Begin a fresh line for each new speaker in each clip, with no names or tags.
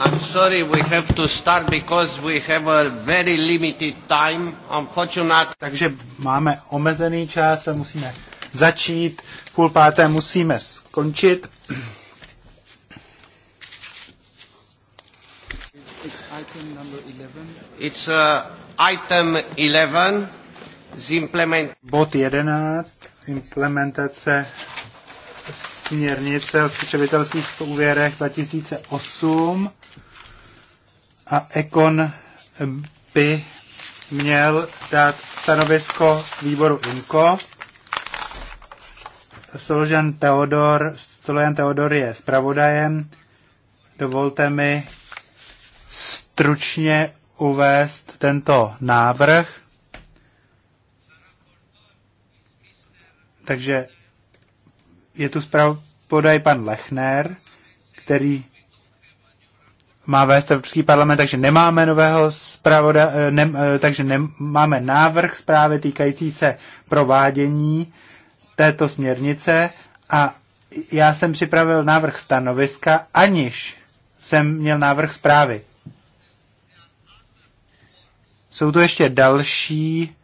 I'm sorry, we have to start because we have a very limited time, unfortunately. Takže máme omezený čas a musíme začít. půl páté musíme skončit. It's item number 11. It's uh, item 11. Implement... Bod 11. Implementace směrnice o spotřebitelských úvěrech 2008 a Ekon by měl dát stanovisko výboru INKO. Složen Teodor, Stolojan Teodor je zpravodajem. Dovolte mi stručně uvést tento návrh. Takže je tu zpravodaj pan Lechner, který má vést Evropský parlament, takže nemáme nového zpravoda, eh, ne, eh, takže nemáme návrh zprávy týkající se provádění této směrnice a já jsem připravil návrh stanoviska, aniž jsem měl návrh zprávy. Jsou tu ještě další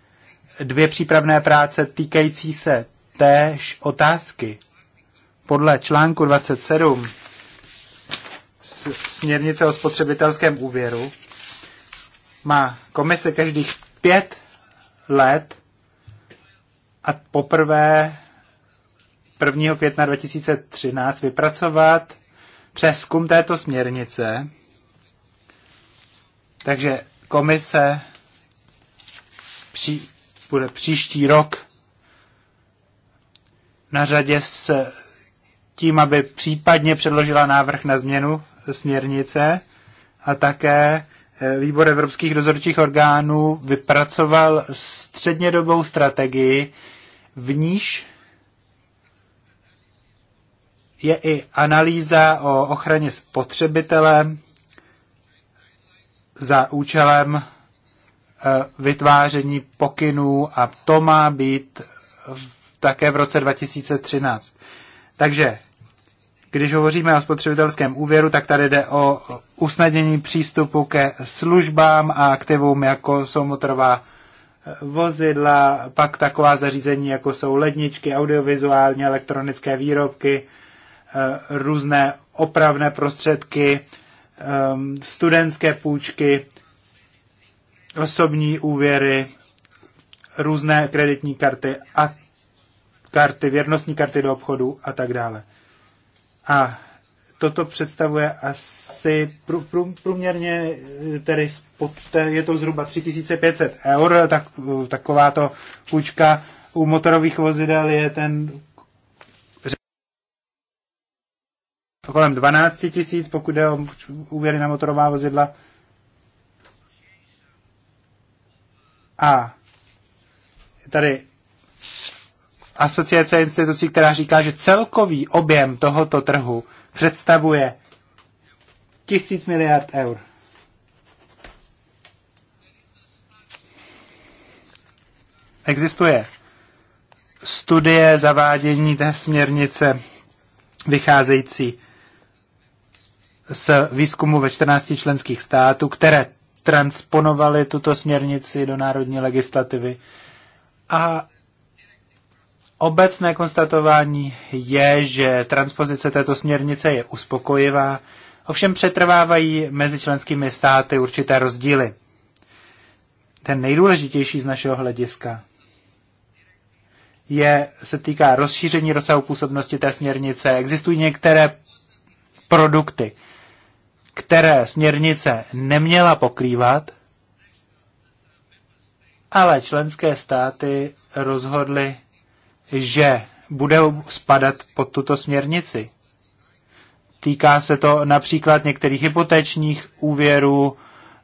dvě přípravné práce týkající se též otázky podle článku 27 směrnice o spotřebitelském úvěru má komise každých pět let a poprvé 1. května 2013 vypracovat přeskum této směrnice. Takže komise pří, bude příští rok na řadě s tím, aby případně předložila návrh na změnu směrnice a také eh, Výbor evropských dozorčích orgánů vypracoval střednědobou strategii, v níž je i analýza o ochraně spotřebitele za účelem eh, vytváření pokynů a to má být také v roce 2013. Takže když hovoříme o spotřebitelském úvěru, tak tady jde o usnadnění přístupu ke službám a aktivům, jako jsou motorová eh, vozidla, pak taková zařízení, jako jsou ledničky, audiovizuální, elektronické výrobky, eh, různé opravné prostředky, eh, studentské půjčky, osobní úvěry, různé kreditní karty a karty, věrnostní karty do obchodu a tak dále. A toto představuje asi průměrně, eh, tedy je to zhruba 3500 eur, tak, eh, taková to půjčka u motorových vozidel je ten kolem 12 tisíc, pokud jde o úvěry na motorová vozidla. A tady asociace institucí, která říká, že celkový objem tohoto trhu představuje tisíc miliard eur. Existuje studie zavádění té směrnice vycházející z výzkumu ve 14 členských států, které transponovaly tuto směrnici do národní legislativy. A Obecné konstatování je, že transpozice této směrnice je uspokojivá, ovšem přetrvávají mezi členskými státy určité rozdíly. Ten nejdůležitější z našeho hlediska je, se týká rozšíření rozsahu působnosti té směrnice. Existují některé produkty, které směrnice neměla pokrývat, ale členské státy rozhodly že bude spadat pod tuto směrnici. Týká se to například některých hypotečních úvěrů,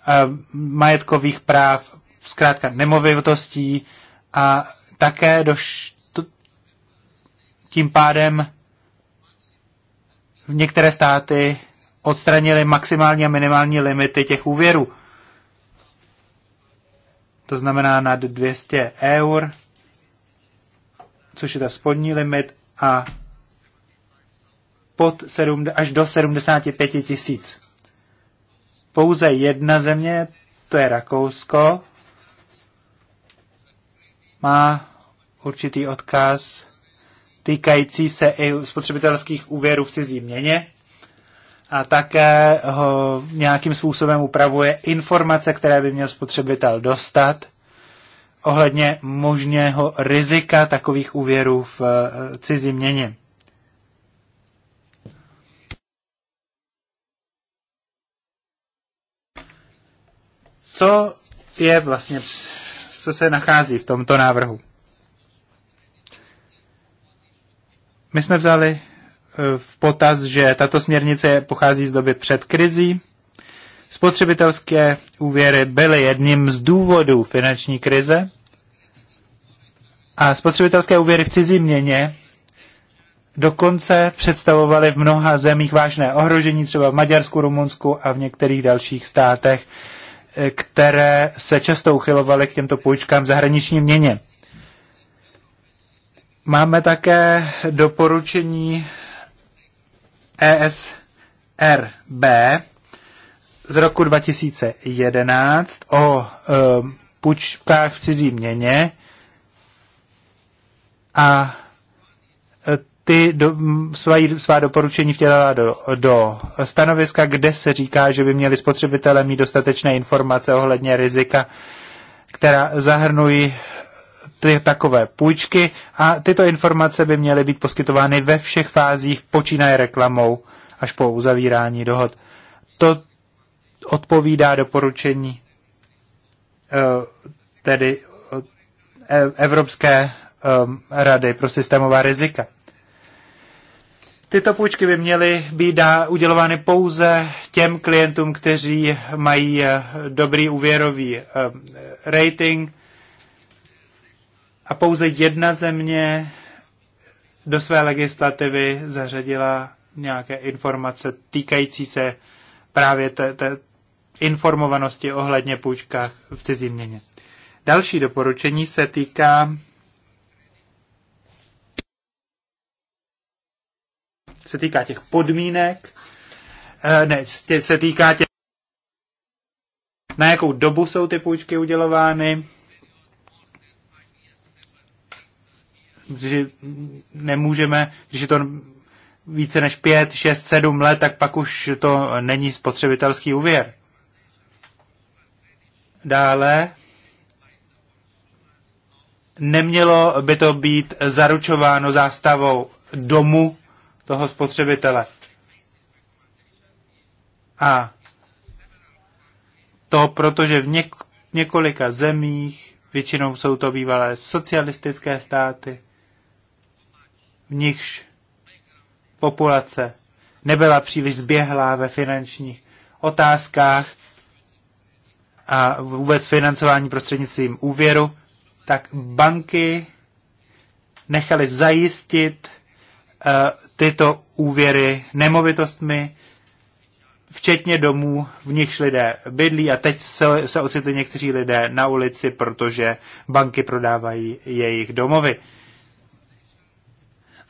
eh, majetkových práv, zkrátka nemovitostí a také doš- tím pádem některé státy odstranili maximální a minimální limity těch úvěrů. To znamená nad 200 eur což je ta spodní limit, a pod 7, až do 75 tisíc. Pouze jedna země, to je Rakousko, má určitý odkaz týkající se i spotřebitelských úvěrů v cizí měně a také ho nějakým způsobem upravuje informace, které by měl spotřebitel dostat ohledně možného rizika takových úvěrů v eh, cizí měně. Co je vlastně, co se nachází v tomto návrhu? My jsme vzali eh, v potaz, že tato směrnice pochází z doby před krizí, Spotřebitelské úvěry byly jedním z důvodů finanční krize a spotřebitelské úvěry v cizí měně dokonce představovaly v mnoha zemích vážné ohrožení, třeba v Maďarsku, Rumunsku a v některých dalších státech, eh, které se často uchylovaly k těmto půjčkám v zahraniční měně. Máme také doporučení ESRB, z roku 2011 o e, půjčkách v cizí měně a eh, ty do, svá, svá doporučení vtělala do, do stanoviska, kde se říká, že by měli spotřebitelé mít dostatečné informace ohledně rizika, která zahrnují eh, ty takové půjčky a tyto informace by měly být poskytovány ve všech fázích, počínaje reklamou až po uzavírání dohod. To odpovídá doporučení eh, tedy eh, Evropské eh, rady pro systémová rizika. Tyto půjčky by měly být dá, udělovány pouze těm klientům, kteří mají dobrý úvěrový rating a pouze jedna země do své legislativy zařadila nějaké informace týkající se právě informovanosti ohledně půjčkách v cizí měně. Další doporučení se týká se týká těch podmínek, eh, ne, se týká těch, na jakou dobu jsou ty půjčky udělovány, že nemůžeme, že to více než 5, 6, 7 let, tak pak už to není spotřebitelský úvěr. Dále nemělo by to být zaručováno zástavou domu toho spotřebitele. A to protože v něk- několika zemích, většinou jsou to bývalé socialistické státy, v nichž populace nebyla příliš zběhlá ve finančních otázkách, a vůbec financování prostřednictvím úvěru, tak banky nechali zajistit uh, tyto úvěry nemovitostmi, včetně domů, v nichž lidé bydlí a teď se, se ocitli někteří lidé na ulici, protože banky prodávají jejich domovy.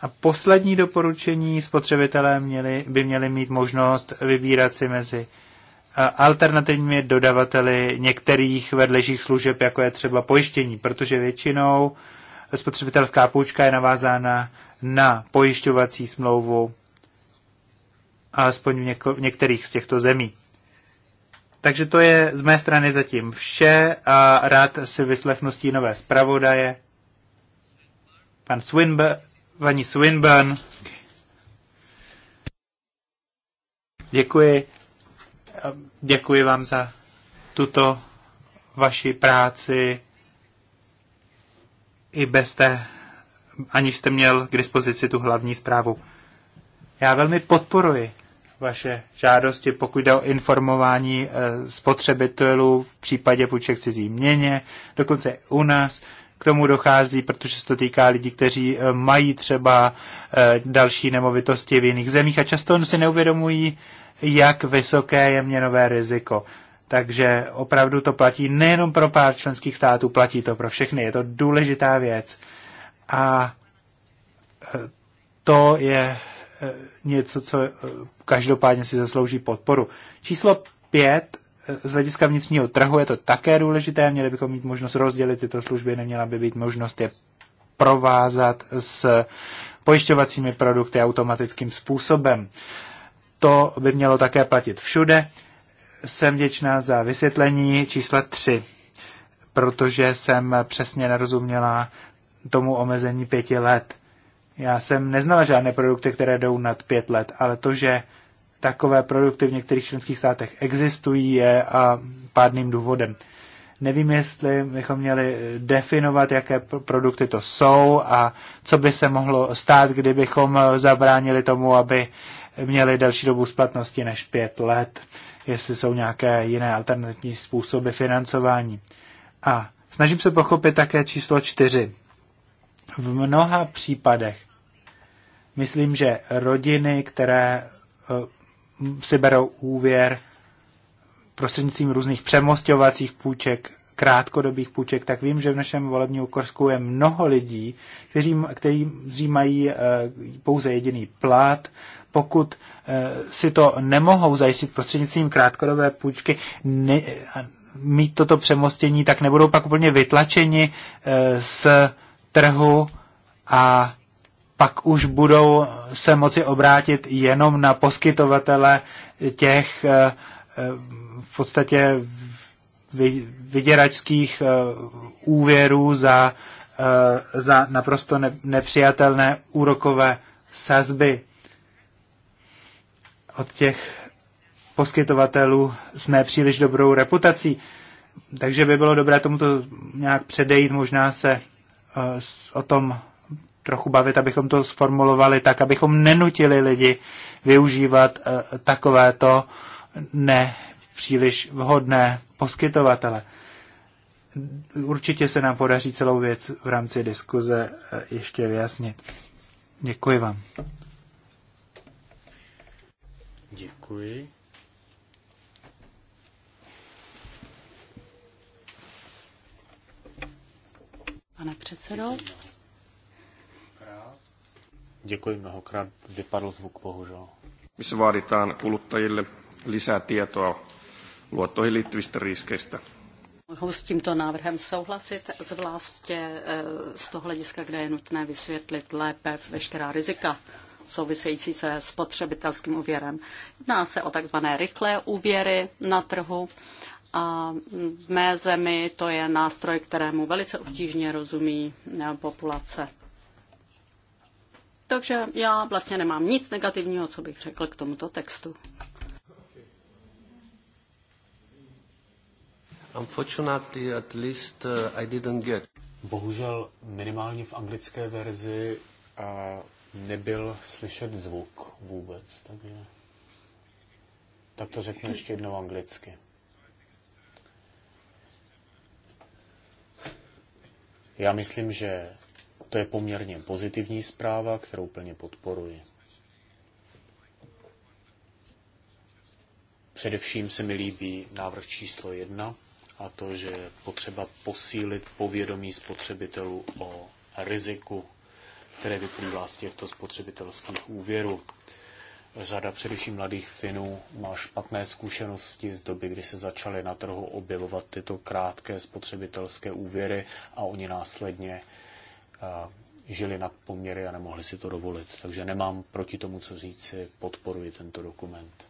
A poslední doporučení spotřebitelé měli, by měli mít možnost vybírat si mezi alternativními dodavateli některých vedlejších služeb, jako je třeba pojištění, protože většinou spotřebitelská půjčka je navázána na pojišťovací smlouvu, alespoň v, něko, některých z těchto zemí. Takže to je z mé strany zatím vše a rád si vyslechnu stínové zpravodaje. Pan Swinburne, paní Swinburne. Děkuji. Děkuji vám za tuto vaši práci i bez té, aniž jste měl k dispozici tu hlavní zprávu. Já velmi podporuji vaše žádosti, pokud jde o informování eh, spotřebitelů v případě půjček cizí měně, dokonce u nás k tomu dochází, protože se to týká lidí, kteří eh, mají třeba eh, další nemovitosti v jiných zemích a často si neuvědomují, jak vysoké je měnové riziko. Takže opravdu to platí nejenom pro pár členských států, platí to pro všechny. Je to důležitá věc. A eh, to je něco, co každopádně si zaslouží podporu. Číslo pět z hlediska vnitřního trhu je to také důležité, měli bychom mít možnost rozdělit tyto služby, neměla by být možnost je provázat s pojišťovacími produkty automatickým způsobem. To by mělo také platit všude. Jsem vděčná za vysvětlení čísla 3, protože jsem přesně nerozuměla tomu omezení pěti let. Já jsem neznala žádné produkty, které jdou nad pět let, ale to, že takové produkty v některých členských státech existují, je a pádným důvodem. Nevím, jestli bychom měli definovat, jaké produkty to jsou a co by se mohlo stát, kdybychom zabránili tomu, aby měli další dobu splatnosti než pět let, jestli jsou nějaké jiné alternativní způsoby financování. A snažím se pochopit také číslo čtyři. V mnoha případech myslím, že rodiny, které eh, si berou úvěr prostřednictvím různých přemostovacích půjček, krátkodobých půjček, tak vím, že v našem volebním okorsku je mnoho lidí, kteří, kteří mají eh, pouze jediný plat. Pokud eh, si to nemohou zajistit prostřednictvím krátkodobé půjčky, ne, eh, mít toto přemostění, tak nebudou pak úplně vytlačeni z trhu a pak už budou se moci obrátit jenom na poskytovatele těch eh, eh, v podstatě vyděračských eh, úvěrů za, za naprosto nepřijatelné úrokové sazby od těch poskytovatelů s nepříliš dobrou reputací. Takže by bylo dobré tomuto nějak předejít, možná se o tom trochu bavit, abychom to sformulovali tak, abychom nenutili lidi využívat eh, takovéto ne příliš vhodné poskytovatele. Určitě se nám podaří celou věc v rámci diskuze eh, ještě vyjasnit. Děkuji vám.
Děkuji.
Pane předsedo.
Děkuji mnohokrát, vypadl zvuk bohužel. Missä vaaditaan kuluttajille lisää tietoa luottoihin liittyvistä riskeistä.
Mohu s tímto návrhem souhlasit, zvláště eh, z toho hlediska, kde je nutné vysvětlit lépe veškerá rizika související se spotřebitelským úvěrem. Jedná se o takzvané rychlé úvěry na trhu a v mé zemi to je nástroj, kterému velice obtížně rozumí populace. Takže já vlastně nemám nic negativního, co bych řekl k tomuto textu.
Unfortunately, at least
uh, I didn't get. Bohužel minimálně v anglické verzi a nebyl slyšet zvuk vůbec, takže... Tak to řeknu ještě jednou anglicky. Já myslím, že to je poměrně pozitivní zpráva, kterou plně podporuji. Především se mi líbí návrh číslo jedna a to, že je potřeba posílit povědomí spotřebitelů o riziku, které vyplývá z těchto spotřebitelských úvěrů. Řada především mladých Finů má špatné zkušenosti z doby, kdy se začaly na trhu objevovat tyto krátké spotřebitelské úvěry a oni následně žili nad poměry a nemohli si to dovolit. Takže nemám proti tomu, co říci, podporuji tento dokument.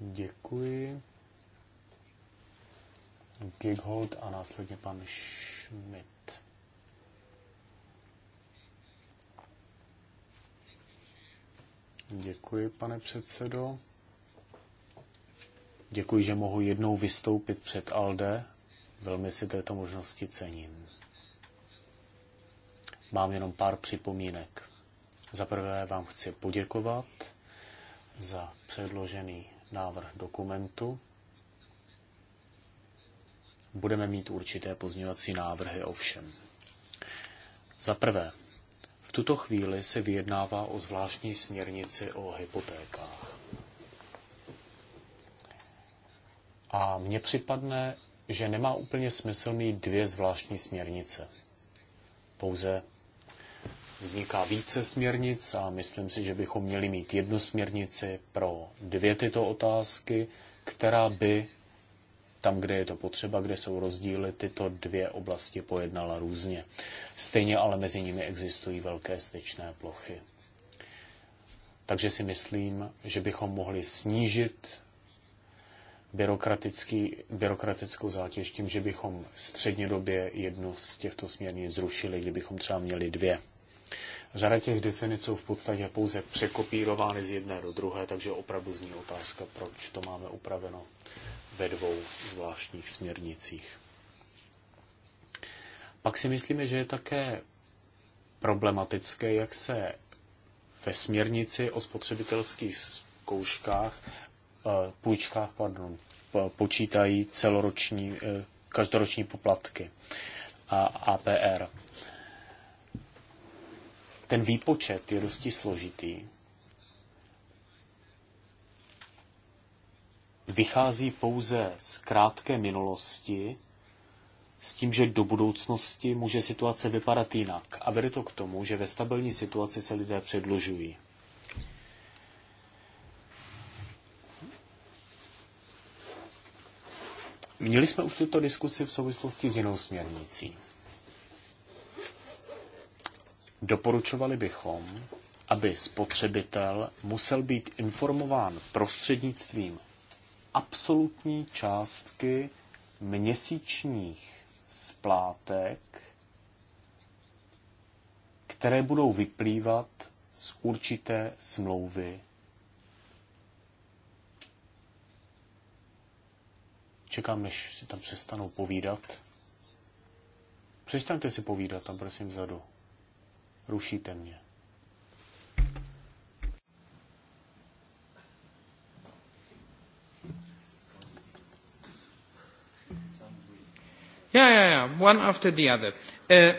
Děkuji. Gighold a následně pan Schmidt. Děkuji, pane předsedo. Děkuji, že mohu jednou vystoupit před ALDE. Velmi si této možnosti cením. Mám jenom pár připomínek. Za prvé vám chci poděkovat za předložený návrh dokumentu. Budeme mít určité pozměňovací návrhy ovšem. Za prvé, v tuto chvíli se vyjednává o zvláštní směrnici o hypotékách. A mně připadne, že nemá úplně smysl mít dvě zvláštní směrnice. Pouze vzniká více směrnic a myslím si, že bychom měli mít jednu směrnici pro dvě tyto otázky, která by tam, kde je to potřeba, kde jsou rozdíly, tyto dvě oblasti pojednala různě. Stejně ale mezi nimi existují velké styčné plochy. Takže si myslím, že bychom mohli snížit byrokratický, byrokratickou zátěž tím, že bychom střednědobě jednu z těchto směrnic zrušili, kdybychom třeba měli dvě. Řada těch definic jsou v podstatě pouze překopírovány z jedné do druhé, takže opravdu zní otázka, proč to máme upraveno ve dvou zvláštních směrnicích. Pak si myslíme, že je také problematické, jak se ve směrnici o spotřebitelských zkouškách, eh, půjčkách, pardon, počítají celoroční, eh, každoroční poplatky a APR ten výpočet je dosti složitý. Vychází pouze z krátké minulosti, s tím, že do budoucnosti může situace vypadat jinak. A vede to k tomu, že ve stabilní situaci se lidé předlužují. Měli jsme už tuto diskusi v souvislosti s jinou směrnicí. Doporučovali bychom, aby spotřebitel musel být informován prostřednictvím absolutní částky měsíčních splátek, které budou vyplývat z určité smlouvy čekám, než si tam přestanou povídat. Přestaňte si povídat tam, prosím, vzadu. Rušíte mě.
Yeah, yeah, yeah. One after the other. Uh,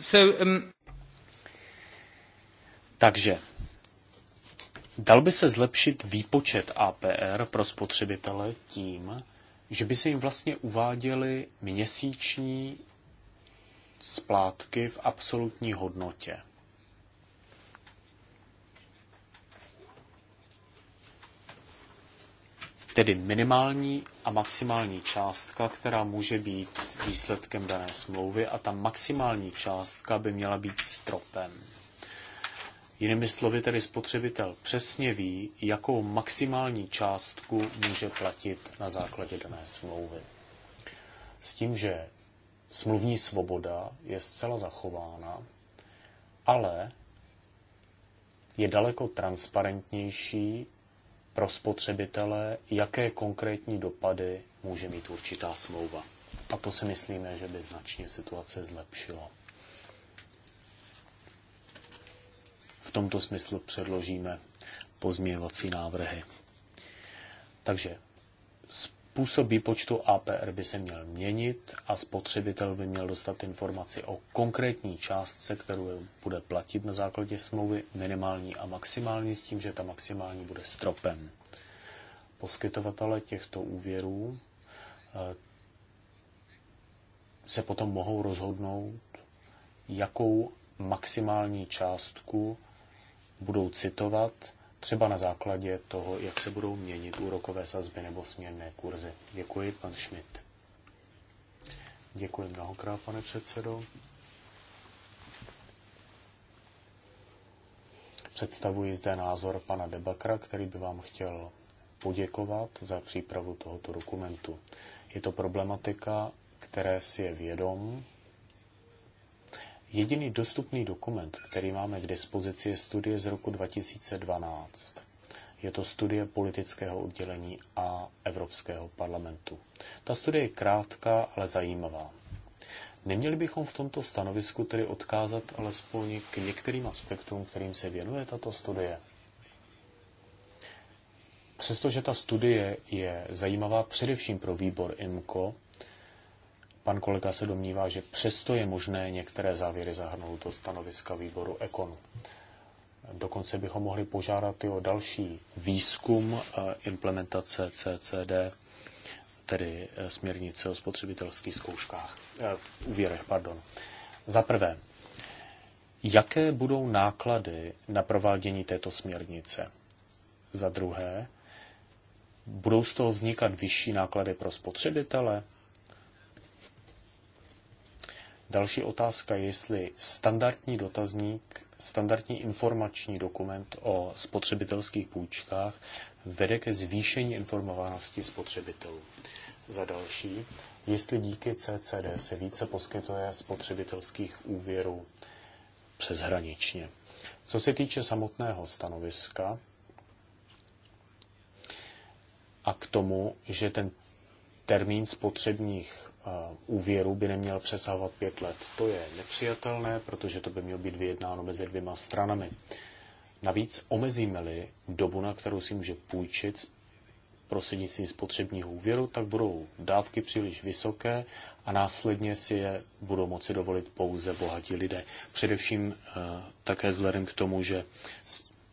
so, um...
Takže, dal by se zlepšit výpočet APR pro spotřebitele tím, že by se jim vlastně uváděly měsíční splátky v absolutní hodnotě. Tedy minimální a maximální částka, která může být výsledkem dané smlouvy a ta maximální částka by měla být stropem. Jinými slovy tedy spotřebitel přesně ví, jakou maximální částku může platit na základě dané smlouvy. S tím, že smluvní svoboda je zcela zachována, ale je daleko transparentnější pro spotřebitele, jaké konkrétní dopady může mít určitá smlouva. A to si myslíme, že by značně situace zlepšilo. V tomto smyslu předložíme pozměňovací návrhy. Takže z Způsob výpočtu APR by se měl měnit a spotřebitel by měl dostat informaci o konkrétní částce, kterou bude platit na základě smlouvy, minimální a maximální, s tím, že ta maximální bude stropem. Poskytovatele těchto úvěrů eh, se potom mohou rozhodnout, jakou maximální částku budou citovat třeba na základě toho, jak se budou měnit úrokové sazby nebo směrné kurzy. Děkuji, pan Schmidt. Děkuji mnohokrát, pane předsedo. Představuji zde názor pana Debakra, který by vám chtěl poděkovat za přípravu tohoto dokumentu. Je to problematika, které si je vědom Jediný dostupný dokument, který máme k dispozici, je studie z roku 2012. Je to studie politického oddělení a Evropského parlamentu. Ta studie je krátká, ale zajímavá. Neměli bychom v tomto stanovisku tedy odkázat alespoň k některým aspektům, kterým se věnuje tato studie? Přestože ta studie je zajímavá především pro výbor IMCO, Pan kolega se domnívá, že přesto je možné některé závěry zahrnout do stanoviska výboru Ekonu. Dokonce bychom mohli požádat i o další výzkum e, implementace CCD, tedy e, směrnice o spotřebitelských zkouškách, e, úvěrech, pardon. Za prvé, jaké budou náklady na provádění této směrnice? Za druhé, budou z toho vznikat vyšší náklady pro spotřebitele? Další otázka je, jestli standardní dotazník, standardní informační dokument o spotřebitelských půjčkách vede ke zvýšení informovanosti spotřebitelů. Za další, jestli díky CCD se více poskytuje spotřebitelských úvěrů přeshraničně. Co se týče samotného stanoviska a k tomu, že ten termín spotřebních úvěru by neměl přesahovat pět let. To je nepřijatelné, protože to by mělo být vyjednáno mezi dvěma stranami. Navíc omezíme-li dobu, na kterou si může půjčit prostřednictvím spotřebního úvěru, tak budou dávky příliš vysoké a následně si je budou moci dovolit pouze bohatí lidé. Především eh, také vzhledem k tomu, že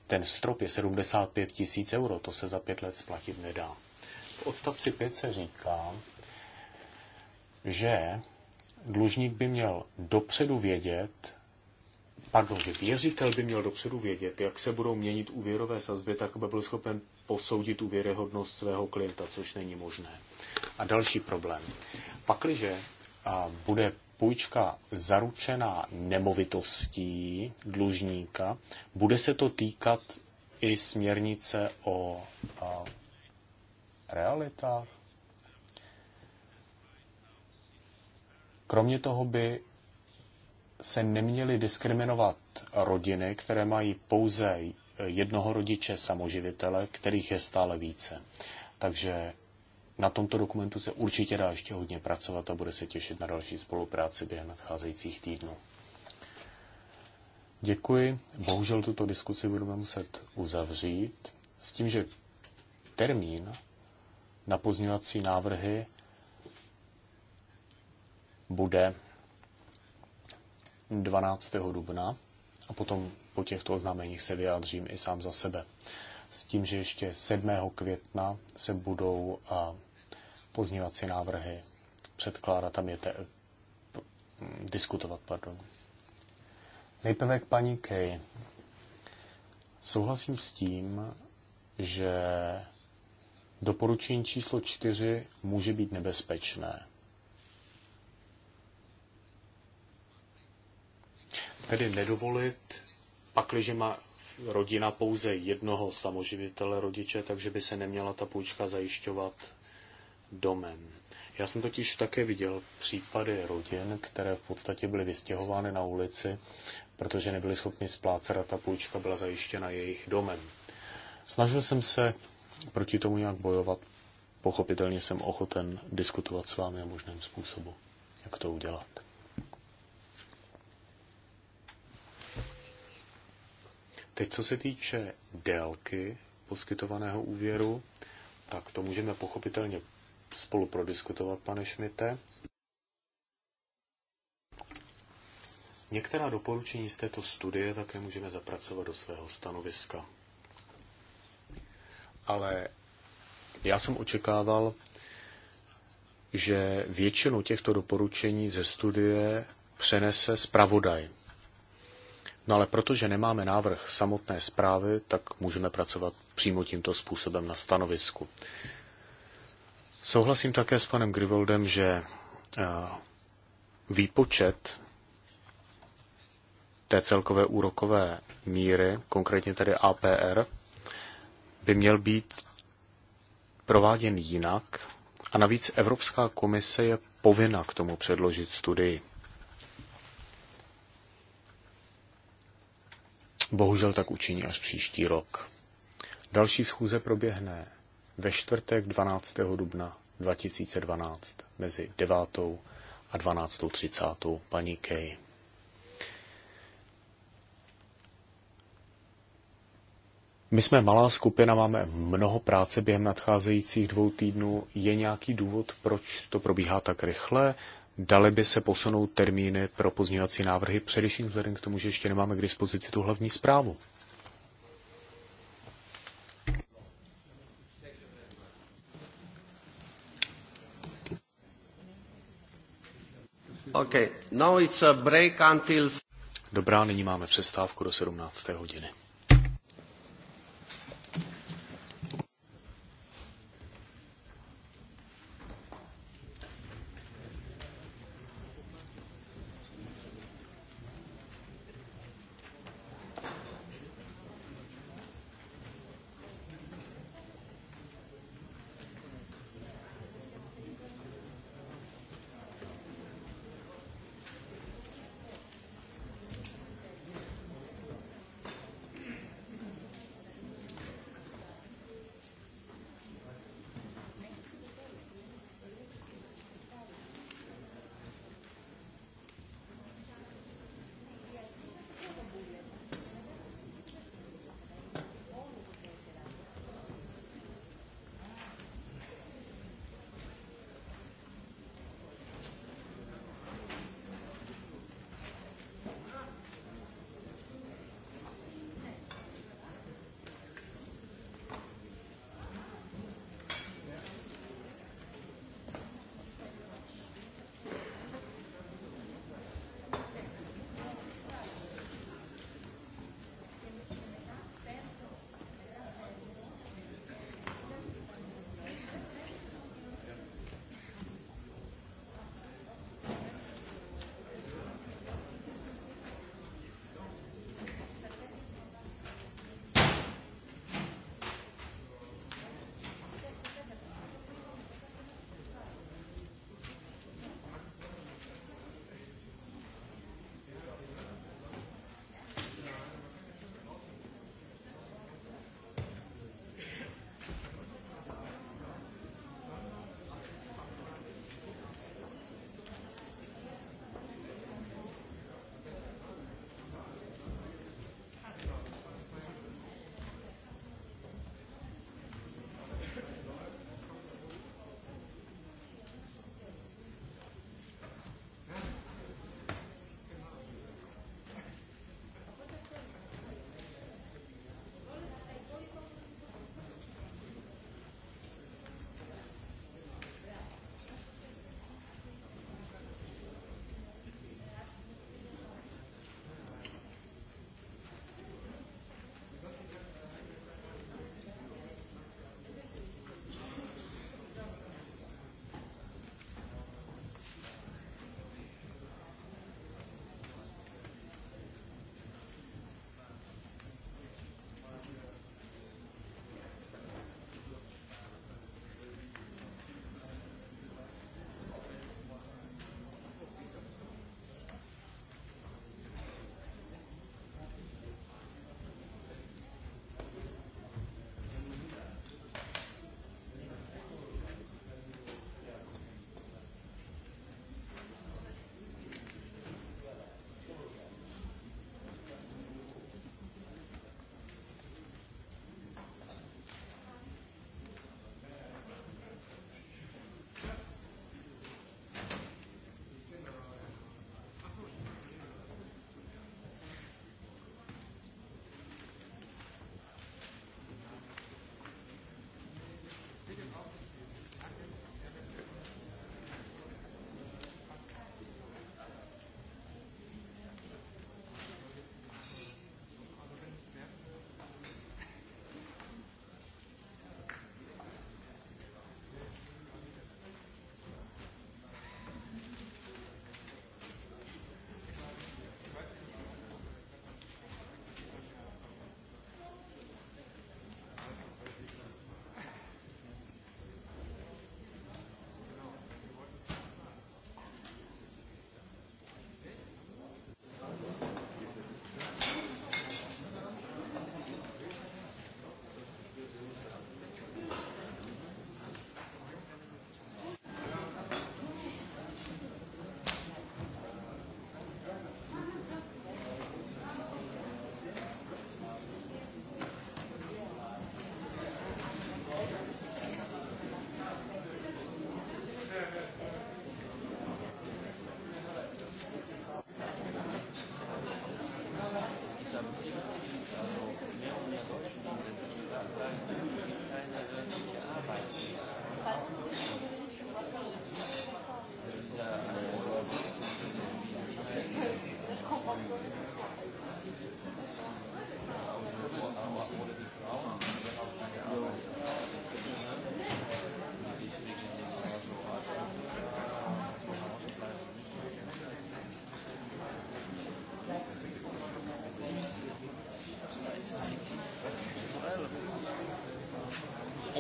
ten strop je 75 tisíc euro, to se za pět let splatit nedá. V odstavci 5 se říká, že dlužník by měl dopředu vědět, pardon, že věřitel by měl dopředu vědět, jak se budou měnit úvěrové sazby, tak aby byl schopen posoudit úvěryhodnost svého klienta, což není možné. A další problém. Pakliže bude půjčka zaručená nemovitostí dlužníka, bude se to týkat i směrnice o realitách? Kromě toho by se neměly diskriminovat rodiny, které mají pouze jednoho rodiče samoživitele, kterých je stále více. Takže na tomto dokumentu se určitě dá ještě hodně pracovat a bude se těšit na další spolupráci během nadcházejících týdnů. Děkuji. Bohužel tuto diskusi budeme muset uzavřít s tím, že termín na pozňovací návrhy bude 12. dubna a potom po těchto oznámeních se vyjádřím i sám za sebe. S tím, že ještě 7. května se budou pozněvací návrhy předkládat a mě te, diskutovat. Pardon. Nejprve k paní Kay. Souhlasím s tím, že doporučení číslo 4 může být nebezpečné. tedy nedovolit, pakliže má rodina pouze jednoho samoživitele rodiče, takže by se neměla ta půjčka zajišťovat domem. Já jsem totiž také viděl případy rodin, které v podstatě byly vystěhovány na ulici, protože nebyly schopni splácet a ta půjčka byla zajištěna jejich domem. Snažil jsem se proti tomu nějak bojovat. Pochopitelně jsem ochoten diskutovat s vámi o možném způsobu, jak to udělat. Teď, co se týče délky poskytovaného úvěru, tak to můžeme pochopitelně spolu prodiskutovat, pane Šmite. Některá doporučení z této studie také můžeme zapracovat do svého stanoviska. Ale já jsem očekával, že většinu těchto doporučení ze studie přenese zpravodaj No ale protože nemáme návrh samotné zprávy, tak můžeme pracovat přímo tímto způsobem na stanovisku. Souhlasím také s panem Grivoldem, že eh, výpočet té celkové úrokové míry, konkrétně tedy APR, by měl být prováděn jinak. A navíc Evropská komise je povinna k tomu předložit studii. Bohužel tak učiní až příští rok. Další schůze proběhne ve čtvrtek 12. dubna 2012 mezi 9. a 12.30. paní Kej. My jsme malá skupina, máme mnoho práce během nadcházejících dvou týdnů. Je nějaký důvod, proč to probíhá tak rychle? dali by se posunout termíny pro pozměňovací návrhy, především vzhledem k tomu, že ještě nemáme k dispozici tu hlavní zprávu. Okay, now
it's a break until...
Dobrá, nyní máme přestávku do 17. hodiny.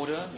oder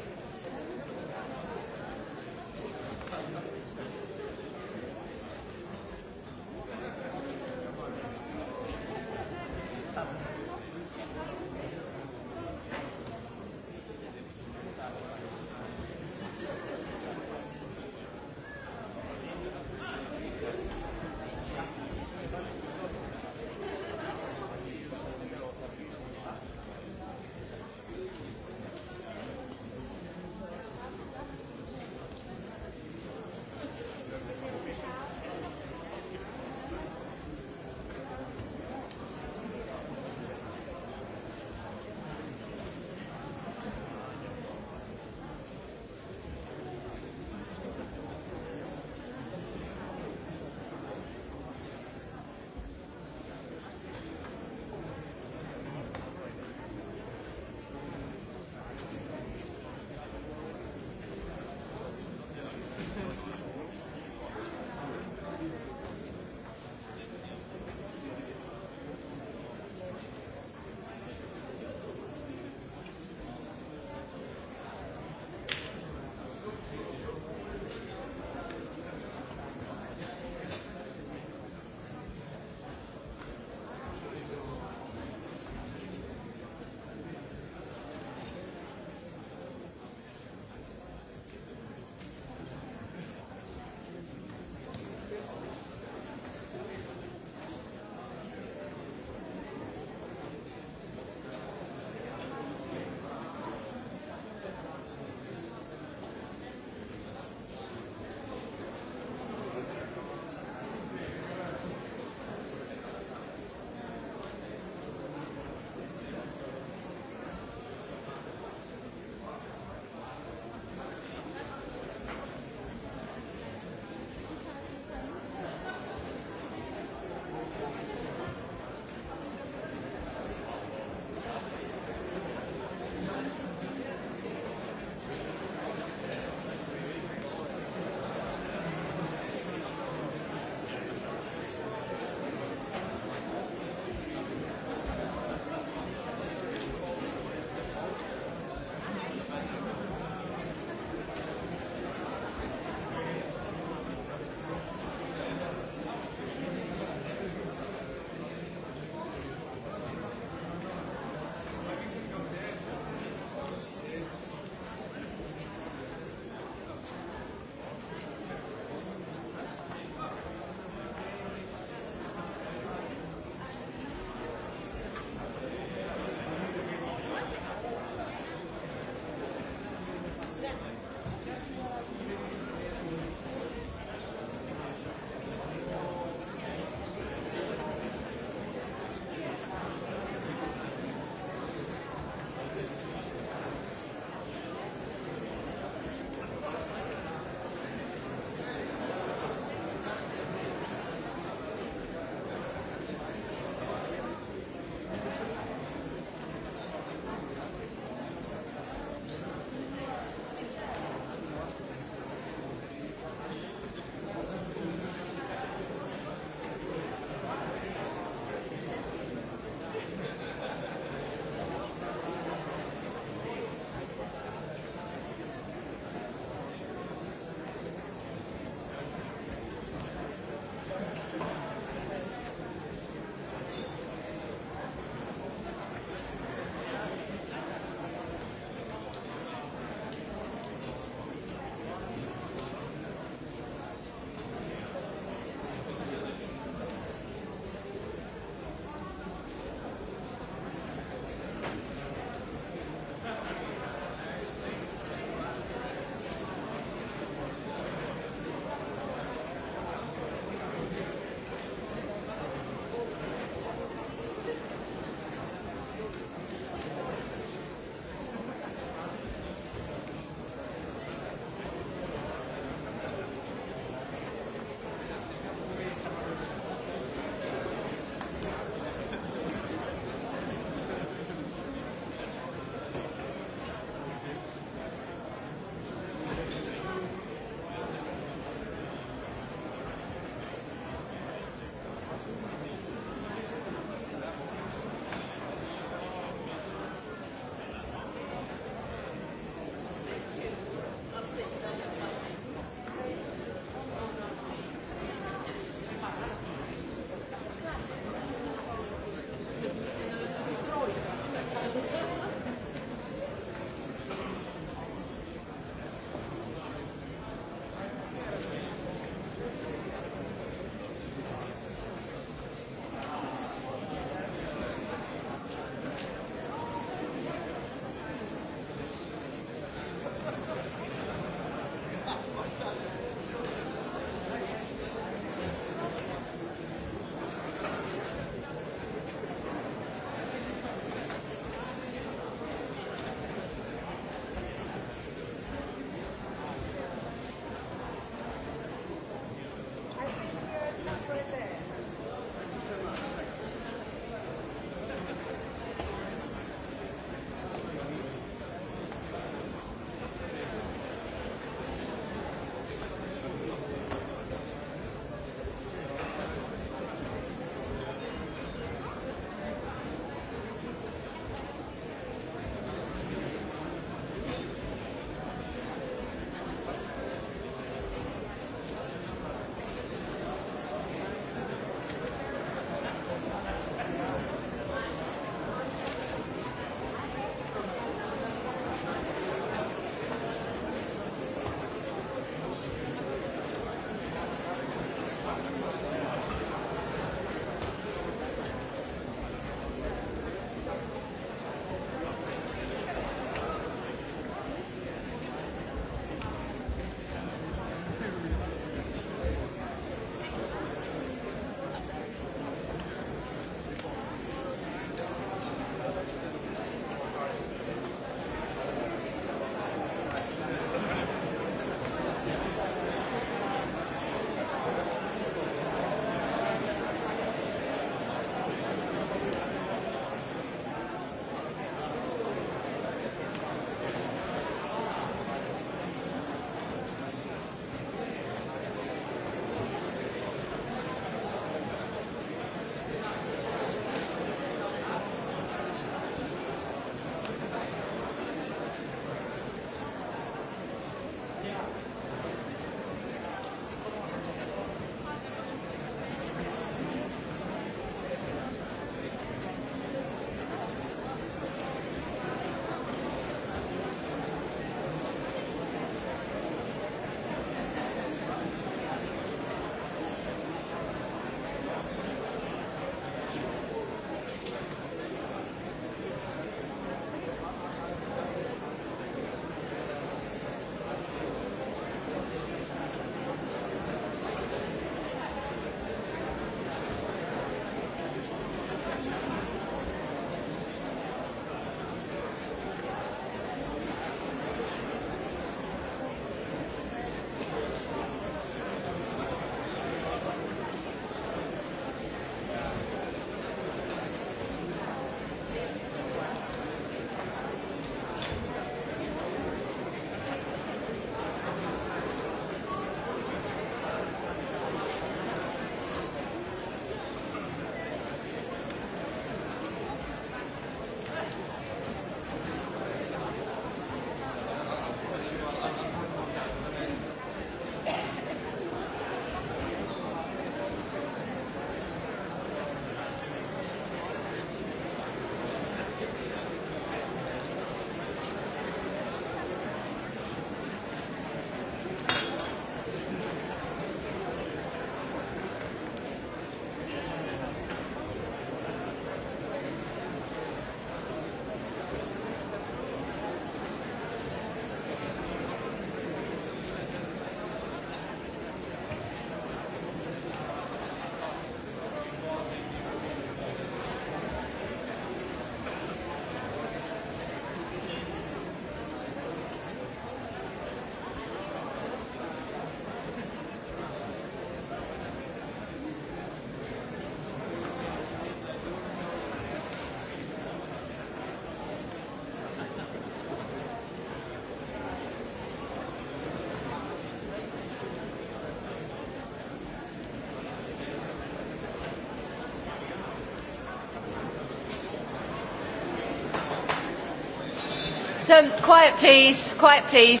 So, quiet please, quiet please.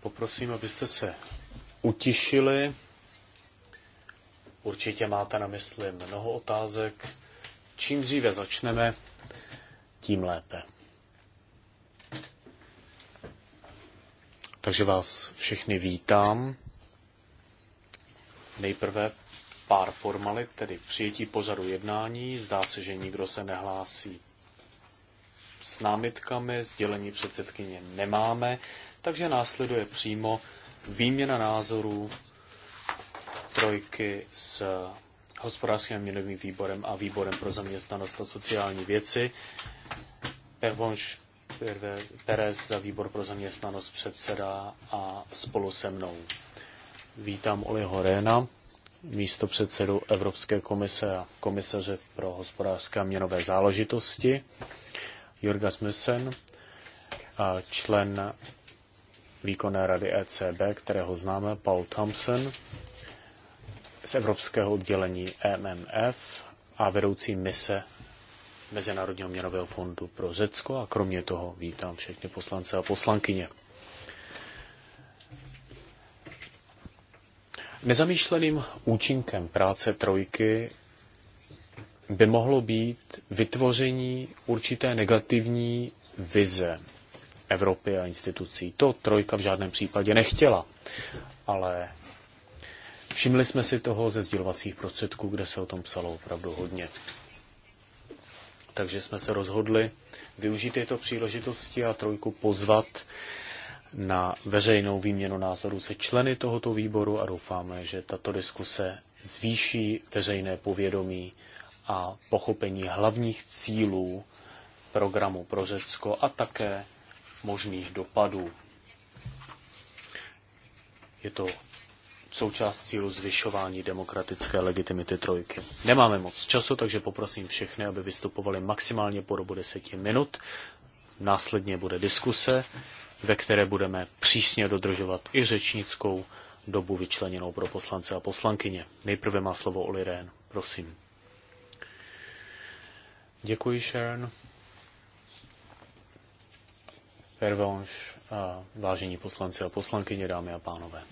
Poprosím, abyste se utišili. Určitě máte na mysli mnoho otázek. Čím dříve začneme, tím lépe. Takže vás všechny vítám. Nejprve pár formalit, tedy přijetí pořadu jednání. Zdá se, že nikdo se nehlásí námitkami, sdělení předsedkyně nemáme, takže následuje přímo výměna názorů trojky s hospodářským a měnovým výborem a výborem pro zaměstnanost a sociální věci. Pervonš Perez za výbor pro zaměstnanost předseda a spolu se mnou. Vítám Oliho Réna, místo předsedu Evropské komise a komisaře pro hospodářské a měnové záležitosti Jurga Smysen, člen výkonné rady ECB, kterého známe, Paul Thompson z evropského oddělení MMF a vedoucí mise Mezinárodního měnového fondu pro Řecko a kromě toho vítám všechny poslance a poslankyně. Nezamýšleným účinkem práce trojky by mohlo být vytvoření určité negativní vize Evropy a institucí. To trojka v žádném případě nechtěla, ale všimli jsme si toho ze sdělovacích prostředků, kde se o tom psalo opravdu hodně. Takže jsme se rozhodli využít této příležitosti a trojku pozvat na veřejnou výměnu názorů se členy tohoto výboru a doufáme, že tato diskuse zvýší veřejné povědomí a pochopení hlavních cílů programu pro Řecko a také možných dopadů. Je to součást cílu zvyšování demokratické legitimity trojky. Nemáme moc času, takže poprosím všechny, aby vystupovali maximálně po dobu deseti minut. Následně bude diskuse, ve které budeme přísně dodržovat i řečnickou dobu vyčleněnou pro poslance a poslankyně. Nejprve má slovo Oli Rén. Prosím. Děkuji, Sharon. Pervonš, uh, vážení poslanci a poslankyně, dámy a pánové.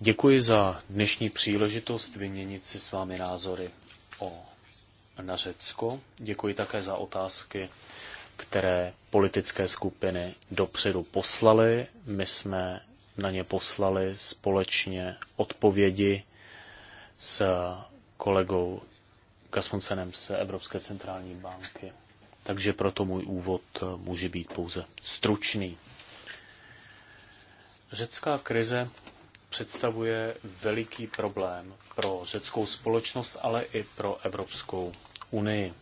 Děkuji za dnešní příležitost vyměnit si s vámi názory o, na Řecko. Děkuji také za otázky, které politické skupiny dopředu poslaly. My jsme na ně poslali společně odpovědi s kolegou Gasmoncenem z Evropské centrální banky. Takže proto můj úvod eh, může být pouze stručný. Řecká krize představuje veliký problém pro řeckou společnost, ale i pro Evropskou unii.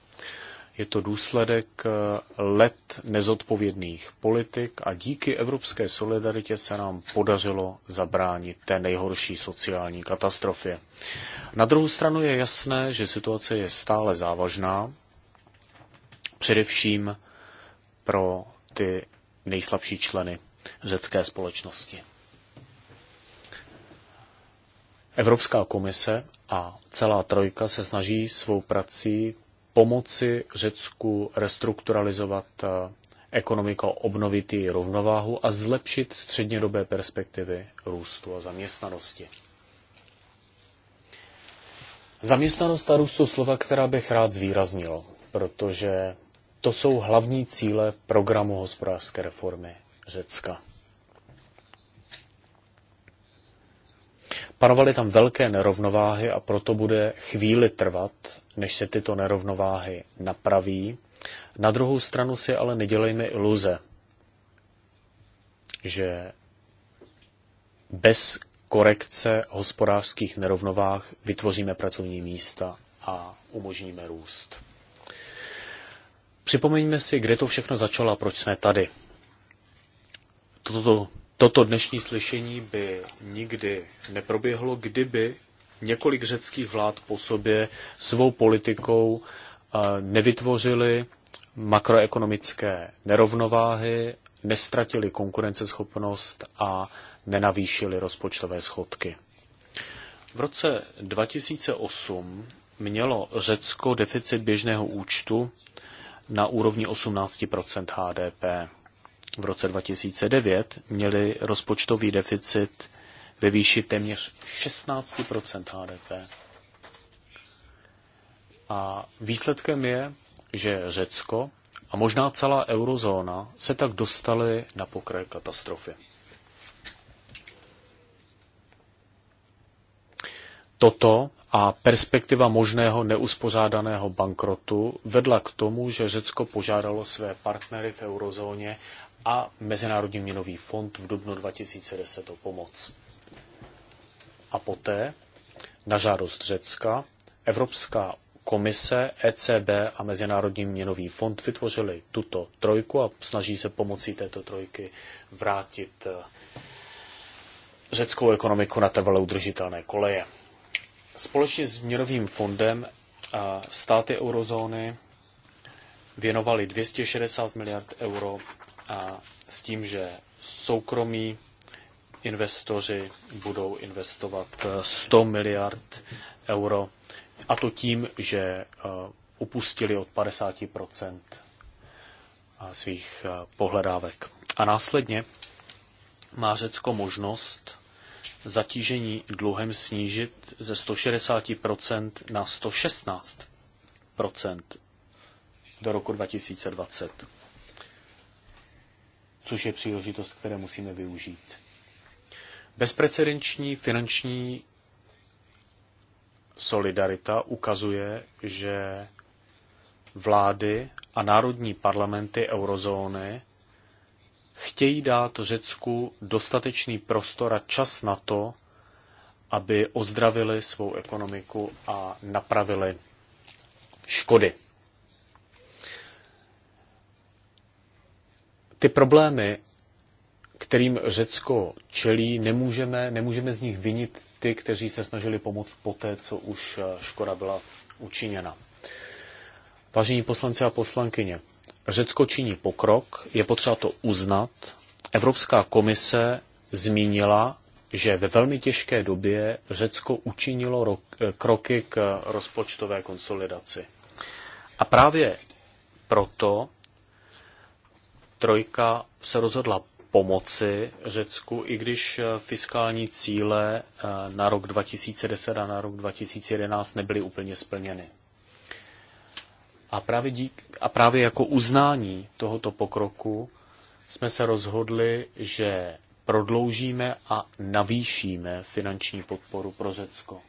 Je to důsledek eh, let nezodpovědných politik a díky evropské solidaritě se nám podařilo zabránit té nejhorší sociální katastrofě. Na druhou stranu je jasné, že situace je stále závažná, především pro ty nejslabší členy řecké společnosti. Evropská komise a celá trojka se snaží svou prací pomoci Řecku restrukturalizovat eh, ekonomiku, obnovit její rovnováhu a zlepšit střednědobé perspektivy růstu a zaměstnanosti. Zaměstnanost a růst jsou slova, která bych rád zvýraznil, protože to jsou hlavní cíle programu hospodářské reformy Řecka. Panovaly tam velké nerovnováhy a proto bude chvíli trvat, než se tyto nerovnováhy napraví. Na druhou stranu si ale nedělejme iluze, že bez korekce hospodářských nerovnovách vytvoříme pracovní místa a umožníme růst. Připomeňme si, kde to všechno začalo a proč jsme tady. Toto Toto dnešní slyšení by nikdy neproběhlo, kdyby několik řeckých vlád po sobě svou politikou eh, nevytvořili makroekonomické nerovnováhy, nestratili konkurenceschopnost a nenavýšili rozpočtové schodky. V roce 2008 mělo Řecko deficit běžného účtu na úrovni 18 HDP v roce 2009 měli rozpočtový deficit ve výši téměř 16 HDP. A výsledkem je, že Řecko a možná celá eurozóna se tak dostaly na pokraj katastrofy. Toto a perspektiva možného neuspořádaného bankrotu vedla k tomu, že Řecko požádalo své partnery v eurozóně, a Mezinárodní měnový fond v dubnu 2010 o pomoc. A poté, na žádost Řecka, Evropská komise, ECB a Mezinárodní měnový fond vytvořili tuto trojku a snaží se pomocí této trojky vrátit eh, řeckou ekonomiku na trvalé udržitelné koleje. Společně s měnovým fondem eh, státy eurozóny věnovali 260 miliard euro a s tím, že soukromí investoři budou investovat 100 eh, miliard euro a to tím, že eh, upustili od 50 eh, svých pohledávek. A následně má Řecko možnost zatížení dluhem snížit ze 160 na 116 do roku 2020 což je příležitost, které musíme využít. Bezprecedenční finanční solidarita ukazuje, že vlády a národní parlamenty eurozóny chtějí dát Řecku dostatečný prostor a čas na to, aby ozdravili svou ekonomiku a napravili škody. Ty problémy, kterým Řecko čelí, nemůžeme, nemůžeme z nich vinit ty, kteří se snažili pomoct poté, co už eh, škoda byla učiněna. Vážení poslanci a poslankyně, Řecko činí pokrok, je potřeba to uznat. Evropská komise zmínila, že ve velmi těžké době Řecko učinilo eh, kroky k rozpočtové konsolidaci. A právě proto Trojka se rozhodla pomoci Řecku, i když eh, fiskální cíle eh, na rok 2010 a na rok 2011 nebyly úplně splněny. A právě, dík, a právě jako uznání tohoto pokroku jsme se rozhodli, že prodloužíme a navýšíme finanční podporu pro Řecko.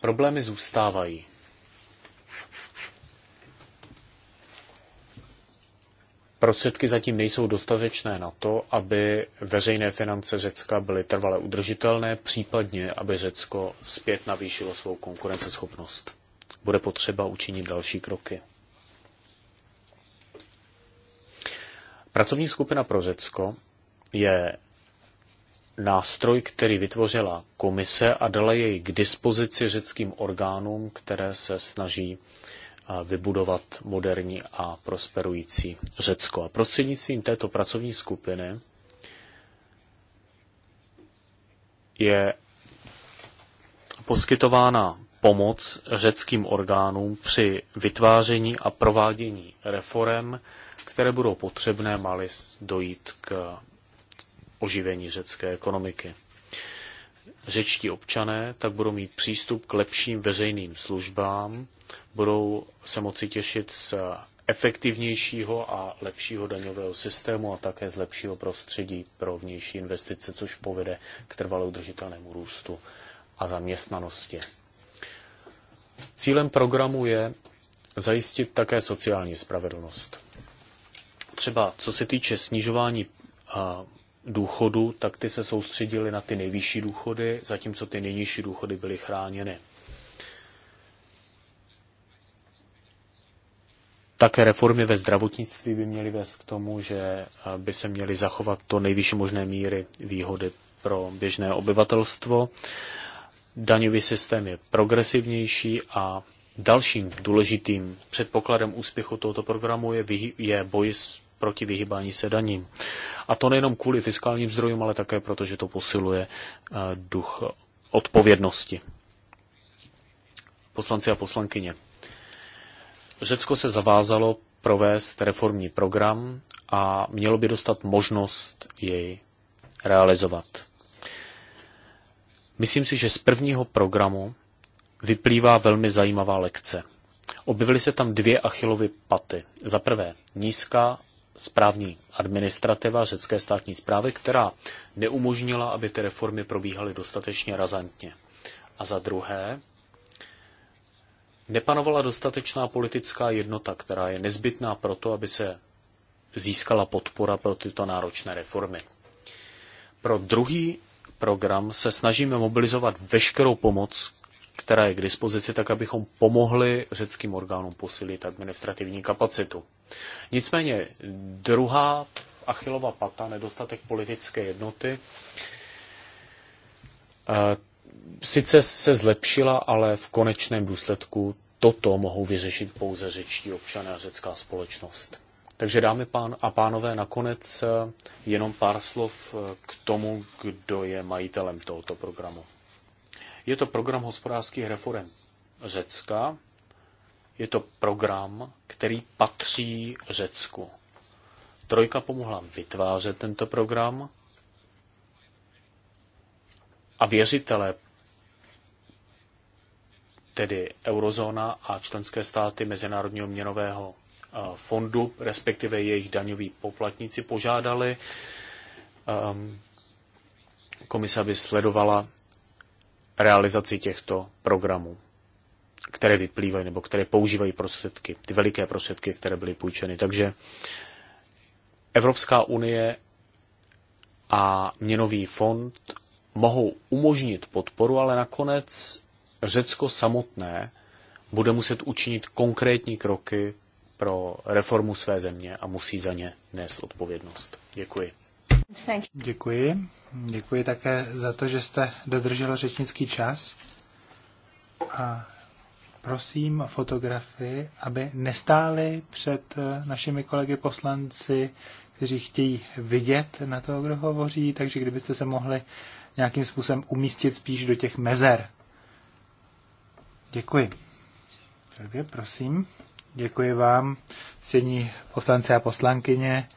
Problémy zůstávají. Prostředky zatím nejsou dostatečné na to, aby veřejné finance Řecka byly trvale udržitelné, případně aby Řecko zpět navýšilo svou konkurenceschopnost. Bude potřeba učinit další kroky. Pracovní skupina pro Řecko je nástroj, který vytvořila komise a dala jej k dispozici řeckým orgánům, které se snaží vybudovat moderní a prosperující Řecko. A prostřednictvím této pracovní skupiny je poskytována pomoc řeckým orgánům při vytváření a provádění reform, které budou potřebné, mali dojít k oživení řecké ekonomiky. Řečtí občané tak budou mít přístup k lepším veřejným službám, budou se moci těšit z efektivnějšího a lepšího daňového systému a také z lepšího prostředí pro vnější investice, což povede k trvalé udržitelnému růstu a zaměstnanosti. Cílem programu je zajistit také sociální spravedlnost. Třeba co se týče snižování důchodu, tak ty se soustředili na ty nejvyšší důchody, zatímco ty nejnižší důchody byly chráněny. Také reformy ve zdravotnictví by měly vést k tomu, že eh, by se měly zachovat to nejvyšší možné míry výhody pro běžné obyvatelstvo. Daňový systém je progresivnější a dalším důležitým předpokladem úspěchu tohoto programu je, je boj s proti vyhybání se daním. A to nejenom kvůli fiskálním zdrojům, ale také proto, že to posiluje eh, duch odpovědnosti. Poslanci a poslankyně, Řecko se zavázalo provést reformní program a mělo by dostat možnost jej realizovat. Myslím si, že z prvního programu vyplývá velmi zajímavá lekce. Objevily se tam dvě achilovy paty. Za prvé, nízká správní administrativa řecké státní zprávy, která neumožnila, aby ty reformy probíhaly dostatečně razantně. A za druhé, nepanovala dostatečná politická jednota, která je nezbytná pro to, aby se získala podpora pro tyto náročné reformy. Pro druhý program se snažíme mobilizovat veškerou pomoc, která je k dispozici, tak abychom pomohli řeckým orgánům posilit administrativní kapacitu. Nicméně druhá achilová pata, nedostatek politické jednoty, eh, sice se zlepšila, ale v konečném důsledku toto mohou vyřešit pouze řečtí občané a řecká společnost. Takže dámy pán a pánové, nakonec eh, jenom pár slov eh, k tomu, kdo je majitelem tohoto programu. Je to program hospodářských reform Řecka. Je to program, který patří Řecku. Trojka pomohla vytvářet tento program a věřitelé tedy eurozóna a členské státy Mezinárodního měnového eh, fondu, respektive jejich daňoví poplatníci, požádali ehm, komise, aby sledovala realizaci těchto programů, které vyplývají nebo které používají prostředky, ty veliké prostředky, které byly půjčeny. Takže Evropská unie a měnový fond mohou umožnit podporu, ale nakonec Řecko samotné bude muset učinit konkrétní kroky pro reformu své země a musí za ně nést odpovědnost. Děkuji.
Děkuji. Děkuji také za to, že jste dodržel řečnický čas. A prosím fotografy, aby nestály před eh, našimi kolegy poslanci, kteří chtějí vidět na to, kdo hovoří, takže kdybyste se mohli nějakým způsobem umístit spíš do těch mezer. Děkuji. Takže prosím. Děkuji vám, cení poslance a poslankyně,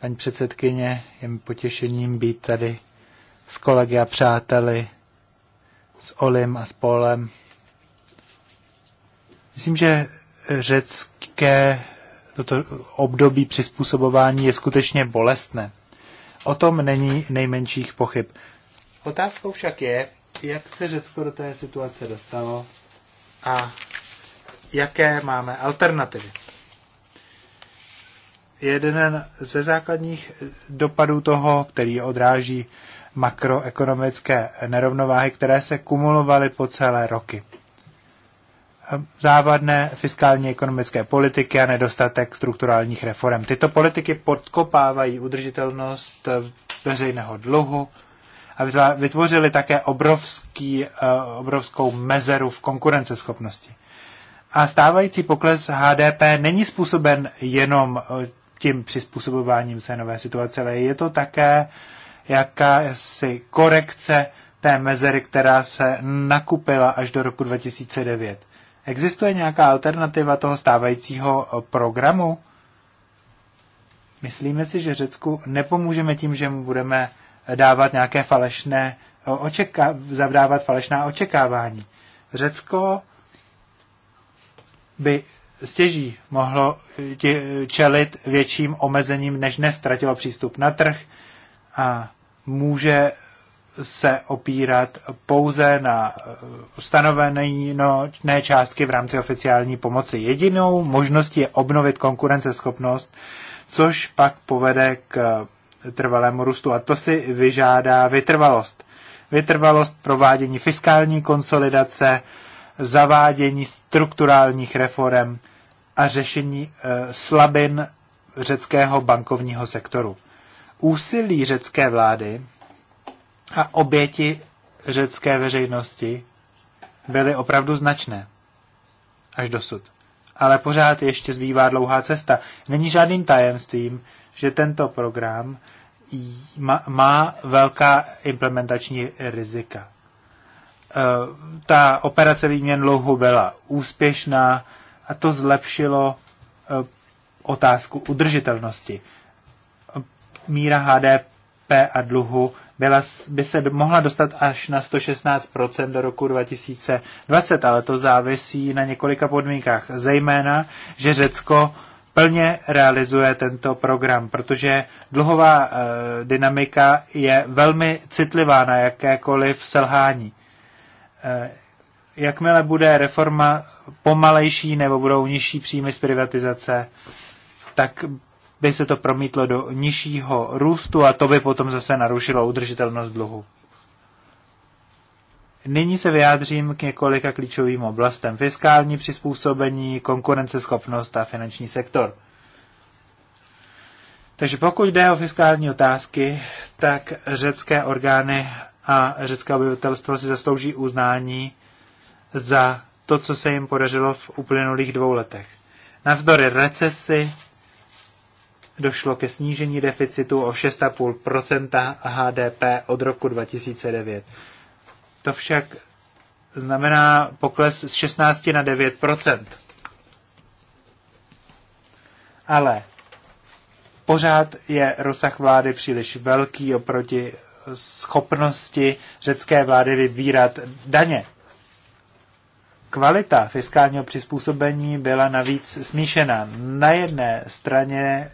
paní předsedkyně. Je mi potěšením být tady s kolegy a přáteli, s Olim a s Polem. Myslím, že řecké toto období přizpůsobování je skutečně bolestné. O tom není nejmenších pochyb. Otázkou však je, jak se Řecko do té situace dostalo a jaké máme alternativy. Jeden ze základních dopadů toho, který odráží makroekonomické nerovnováhy, které se kumulovaly po celé roky. Závadné fiskální ekonomické politiky a nedostatek strukturálních reform. Tyto politiky podkopávají udržitelnost veřejného dluhu, a vytvořili také obrovský, eh, obrovskou mezeru v konkurenceschopnosti. A stávající pokles HDP není způsoben jenom eh, tím přizpůsobováním se nové situace, ale je to také jakási korekce té mezery, která se nakupila až do roku 2009. Existuje nějaká alternativa toho stávajícího eh, programu? Myslíme si, že Řecku nepomůžeme tím, že mu budeme dávat nějaké falešné očeká, zavdávat falešná očekávání. Řecko by stěží mohlo čelit větším omezením, než nestratilo přístup na trh a může se opírat pouze na eh, stanovené no, částky v rámci oficiální pomoci. Jedinou možností je obnovit konkurenceschopnost, což pak povede k trvalému růstu. A to si vyžádá vytrvalost. Vytrvalost provádění fiskální konsolidace, zavádění strukturálních reform a řešení e, slabin řeckého bankovního sektoru. Úsilí řecké vlády a oběti řecké veřejnosti byly opravdu značné. Až dosud. Ale pořád ještě zbývá dlouhá cesta. Není žádným tajemstvím, že tento program má velká implementační rizika. E, ta operace výměn dlouhu byla úspěšná a to zlepšilo e, otázku udržitelnosti. Míra HDP a dluhu byla, by se mohla dostat až na 116% do roku 2020, ale to závisí na několika podmínkách. Zejména, že Řecko uh, plně realizuje tento program, protože dluhová eh, dynamika je velmi citlivá na jakékoliv selhání. Eh, jakmile bude reforma pomalejší nebo budou nižší příjmy z privatizace, tak by se to promítlo do nižšího růstu a to by potom zase narušilo udržitelnost dluhu. Nyní se vyjádřím k několika klíčovým oblastem. Fiskální přizpůsobení, konkurenceschopnost a finanční sektor. Takže pokud jde o fiskální otázky, tak řecké orgány a řecké obyvatelstvo si zaslouží uznání za to, co se jim podařilo v uplynulých dvou letech. Navzdory recesi došlo ke snížení deficitu o 6,5 HDP od roku 2009. To však znamená pokles z 16 na 9 Ale pořád je rozsah vlády příliš velký oproti schopnosti řecké vlády vybírat daně. Kvalita fiskálního přizpůsobení byla navíc smíšená. Na jedné straně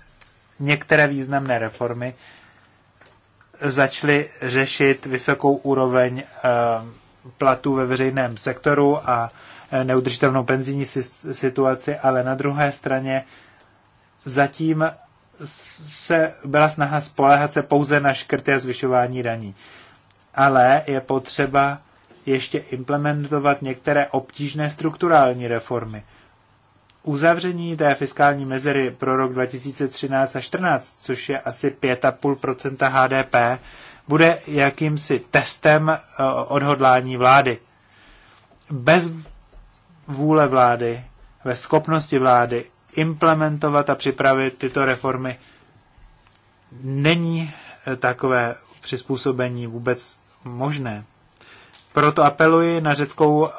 některé významné reformy začali řešit vysokou úroveň eh, platů ve veřejném sektoru a eh, neudržitelnou penzijní situaci, ale na druhé straně zatím se byla snaha spoléhat se pouze na škrty a zvyšování daní. Ale je potřeba ještě implementovat některé obtížné strukturální reformy uzavření té fiskální mezery pro rok 2013 a 2014, což je asi 5,5 HDP, bude jakýmsi testem eh, odhodlání vlády. Bez vůle vlády, ve schopnosti vlády implementovat a připravit tyto reformy není eh, takové přizpůsobení vůbec možné. Proto apeluji na řeckou eh,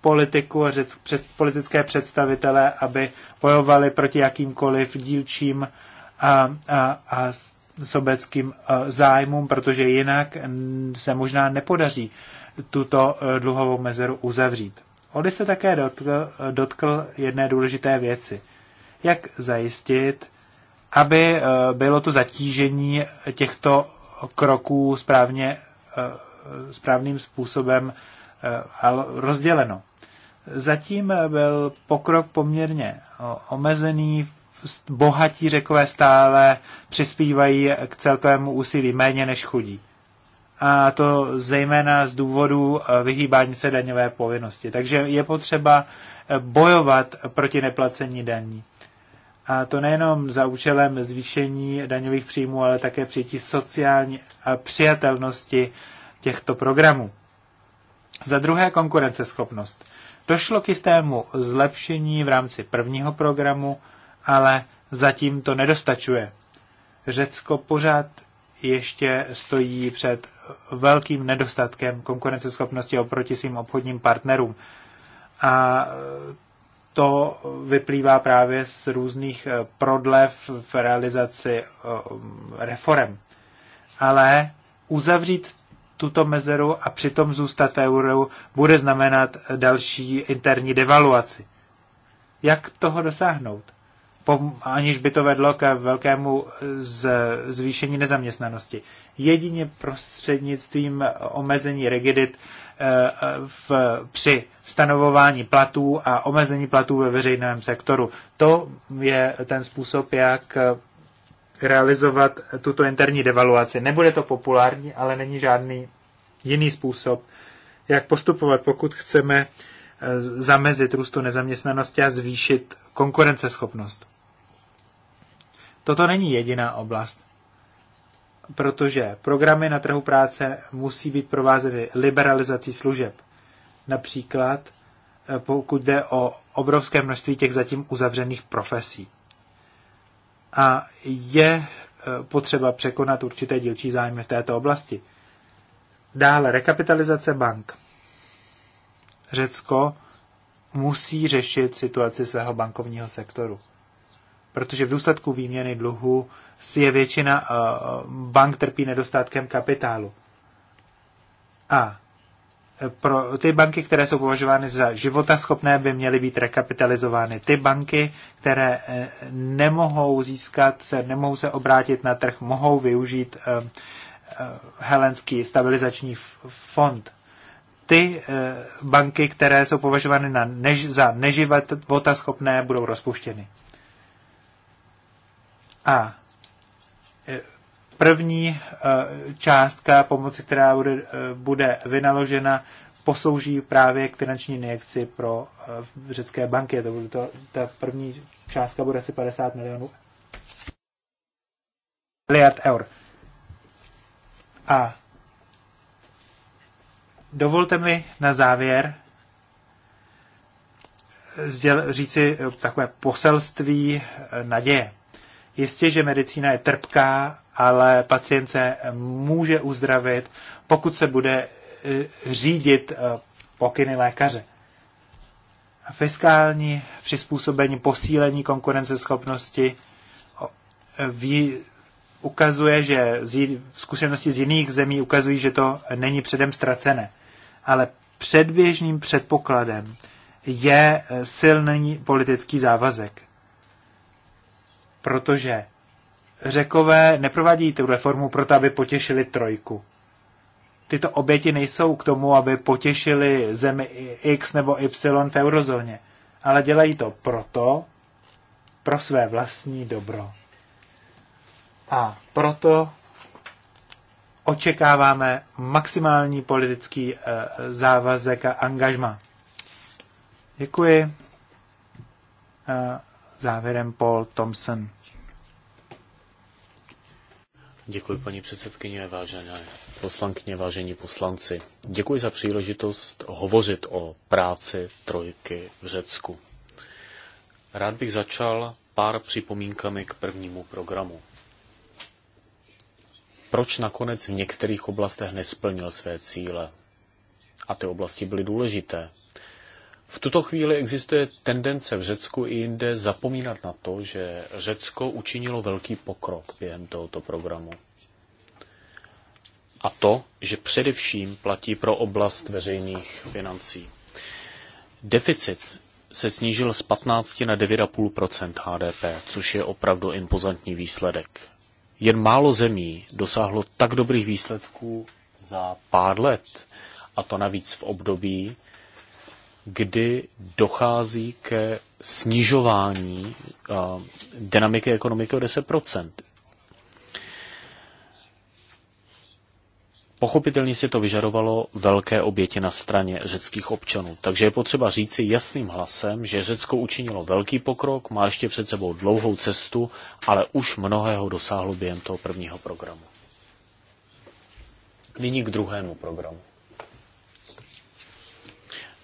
politiku a řec, před, politické představitele, aby bojovali proti jakýmkoliv dílčím a, a, a sobeckým e, zájmům, protože jinak se možná nepodaří tuto e, dluhovou mezeru uzavřít. Oli se také dotkl, dotkl jedné důležité věci. Jak zajistit, aby e, bylo to zatížení těchto kroků správně, správným způsobem rozděleno. Zatím byl pokrok poměrně omezený, bohatí řekové stále přispívají k celkovému úsilí méně než chudí. A to zejména z důvodu e, vyhýbání se daňové povinnosti. Takže je potřeba e, bojovat proti neplacení daní. A to nejenom za účelem zvýšení daňových příjmů, ale také přijetí sociální e, přijatelnosti těchto programů. Za druhé konkurenceschopnost. Došlo k jistému zlepšení v rámci prvního programu, ale zatím to nedostačuje. Řecko pořád ještě stojí před velkým nedostatkem konkurenceschopnosti oproti svým obchodním partnerům. A to vyplývá právě z různých eh, prodlev v realizaci eh, reform. Ale uzavřít tuto mezeru a přitom zůstat v euru bude znamenat další interní devaluaci. Jak toho dosáhnout? Po, aniž by to vedlo k velkému z, zvýšení nezaměstnanosti. Jedině prostřednictvím omezení rigidit eh, v, při stanovování platů a omezení platů ve veřejném sektoru. To je ten způsob, jak realizovat tuto interní devaluaci. Nebude to populární, ale není žádný jiný způsob, jak postupovat, pokud chceme eh, zamezit růstu nezaměstnanosti a zvýšit konkurenceschopnost. Toto není jediná oblast, protože programy na trhu práce musí být provázeny liberalizací služeb. Například eh, pokud jde o obrovské množství těch zatím uzavřených profesí a je e, potřeba překonat určité dílčí zájmy v této oblasti. Dále rekapitalizace bank. Řecko musí řešit situaci svého bankovního sektoru. Protože v důsledku výměny dluhu si je většina e, bank trpí nedostatkem kapitálu. A pro ty banky, které jsou považovány za životaschopné, by měly být rekapitalizovány. Ty banky, které eh, nemohou získat, se, nemohou se obrátit na trh, mohou využít eh, eh, helenský stabilizační fond. Ty banky, které jsou považovány na než, za neživotaschopné, budou rozpuštěny. A První eh, částka pomoci, která bude, eh, bude vynaložena, poslouží právě k finanční injekci pro eh, řecké banky. To bude to, ta první částka bude asi 50 milionů miliard eur. A dovolte mi na závěr říci takové poselství naděje. Jistě, že medicína je trpká, ale pacient se může uzdravit, pokud se bude e, řídit e, pokyny lékaře. Fiskální přizpůsobení, posílení konkurenceschopnosti ukazuje, že zkušenosti z jiných zemí ukazují, že to není předem ztracené. Ale předběžným předpokladem je e, silný politický závazek protože řekové neprovádí tu reformu proto, aby potěšili trojku. Tyto oběti nejsou k tomu, aby potěšili zemi X nebo Y v eurozóně, ale dělají to proto, pro své vlastní dobro. A proto očekáváme maximální politický eh, závazek a angažma. Děkuji. Eh, závěrem Paul Thompson.
Děkuji, paní předsedkyně, vážené poslankyně, vážení poslanci. Děkuji za příležitost hovořit o práci trojky v Řecku. Rád bych začal pár připomínkami k prvnímu programu. Proč nakonec v některých oblastech nesplnil své cíle? A ty oblasti byly důležité. V tuto chvíli existuje tendence v Řecku i jinde zapomínat na to, že Řecko učinilo velký pokrok během tohoto programu. A to, že především platí pro oblast veřejných financí. Deficit se snížil z 15 na 9,5 HDP, což je opravdu impozantní výsledek. Jen málo zemí dosáhlo tak dobrých výsledků za pár let, a to navíc v období, kdy dochází ke snižování uh, dynamiky ekonomiky o 10%. Pochopitelně si to vyžadovalo velké oběti na straně řeckých občanů, takže je potřeba říci jasným hlasem, že Řecko učinilo velký pokrok, má ještě před sebou dlouhou cestu, ale už mnohého dosáhlo během toho prvního programu. Nyní k druhému programu.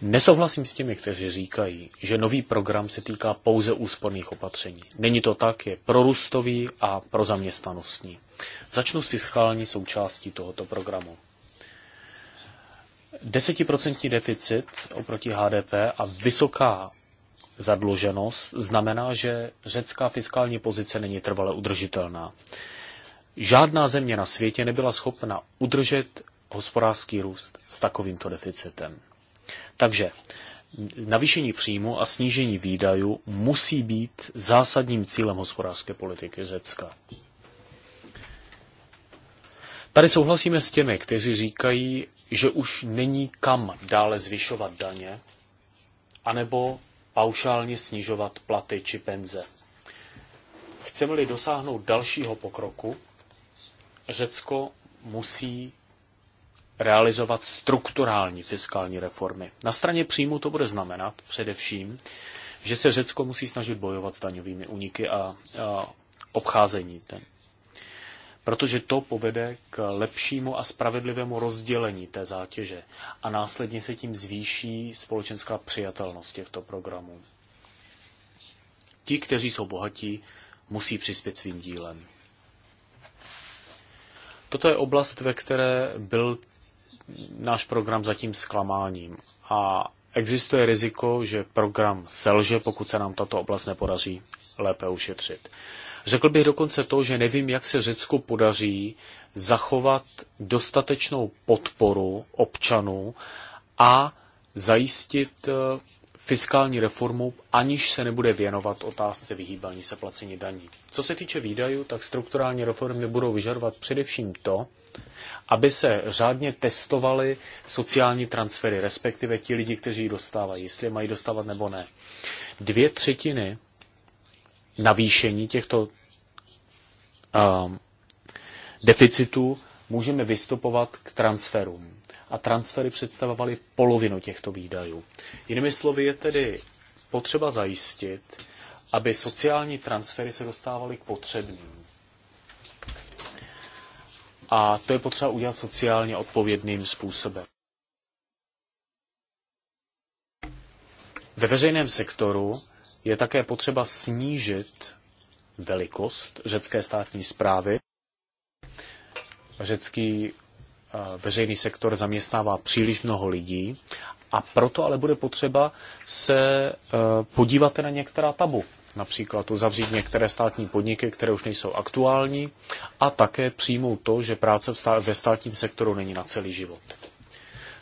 Nesouhlasím s těmi, kteří říkají, že nový program se týká pouze úsporných opatření. Není to tak, je prorůstový a prozaměstnanostní. Začnu s fiskální součástí tohoto programu. Desetiprocentní deficit oproti HDP a vysoká zadluženost znamená, že řecká fiskální pozice není trvale udržitelná. Žádná země na světě nebyla schopna udržet hospodářský růst s takovýmto deficitem. Takže navýšení příjmu a snížení výdajů musí být zásadním cílem hospodářské politiky Řecka. Tady souhlasíme s těmi, kteří říkají, že už není kam dále zvyšovat daně, anebo paušálně snižovat platy či penze. Chceme-li dosáhnout dalšího pokroku, Řecko musí realizovat strukturální fiskální reformy. Na straně příjmu to bude znamenat především, že se Řecko musí snažit bojovat s daňovými úniky a, a obcházení. Ten. Protože to povede k lepšímu a spravedlivému rozdělení té zátěže a následně se tím zvýší společenská přijatelnost těchto programů. Ti, kteří jsou bohatí, musí přispět svým dílem. Toto je oblast, ve které byl náš program zatím zklamáním a existuje riziko, že program selže, pokud se nám tato oblast nepodaří lépe ušetřit. Řekl bych dokonce to, že nevím, jak se Řecku podaří zachovat dostatečnou podporu občanů a zajistit eh, fiskální reformu, aniž se nebude věnovat otázce vyhýbání se placení daní. Co se týče výdajů, tak strukturální reformy budou vyžadovat především to, aby se řádně testovaly sociální transfery, respektive ti lidi, kteří ji dostávají, jestli je mají dostávat nebo ne. Dvě třetiny navýšení těchto um, deficitů můžeme vystupovat k transferům. A transfery představovaly polovinu těchto výdajů. Jinými slovy je tedy potřeba zajistit, aby sociální transfery se dostávaly k potřebným. A to je potřeba udělat sociálně odpovědným způsobem. Ve veřejném sektoru je také potřeba snížit velikost řecké státní zprávy. Řecký eh, veřejný sektor zaměstnává příliš mnoho lidí a proto ale bude potřeba se eh, podívat na některá tabu například uzavřít některé státní podniky, které už nejsou aktuální, a také přijmout to, že práce ve státním sektoru není na celý život.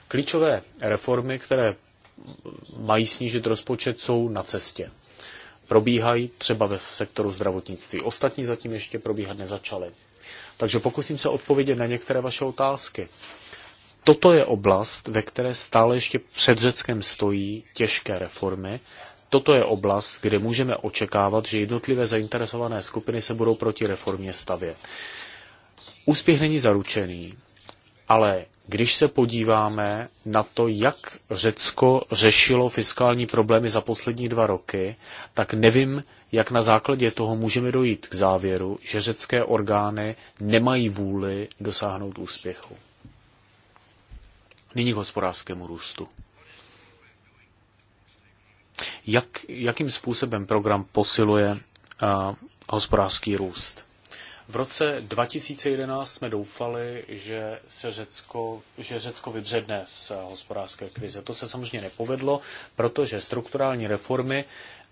Klíčové reformy, které mají snížit rozpočet, jsou na cestě. Probíhají třeba ve sektoru zdravotnictví. Ostatní zatím ještě probíhat nezačaly. Takže pokusím se odpovědět na některé vaše otázky. Toto je oblast, ve které stále ještě před Řeckem stojí těžké reformy, toto je oblast, kde můžeme očekávat, že jednotlivé zainteresované skupiny se budou proti reformě stavět. Úspěch není zaručený, ale když se podíváme na to, jak Řecko řešilo fiskální problémy za poslední dva roky, tak nevím, jak na základě toho můžeme dojít k závěru, že řecké orgány nemají vůli dosáhnout úspěchu. Nyní k hospodářskému růstu. Jak, jakým způsobem program posiluje a, eh, hospodářský růst? V roce 2011 jsme doufali, že se Řecko, že Řecko vybředne z eh, hospodářské krize. To se samozřejmě nepovedlo, protože strukturální reformy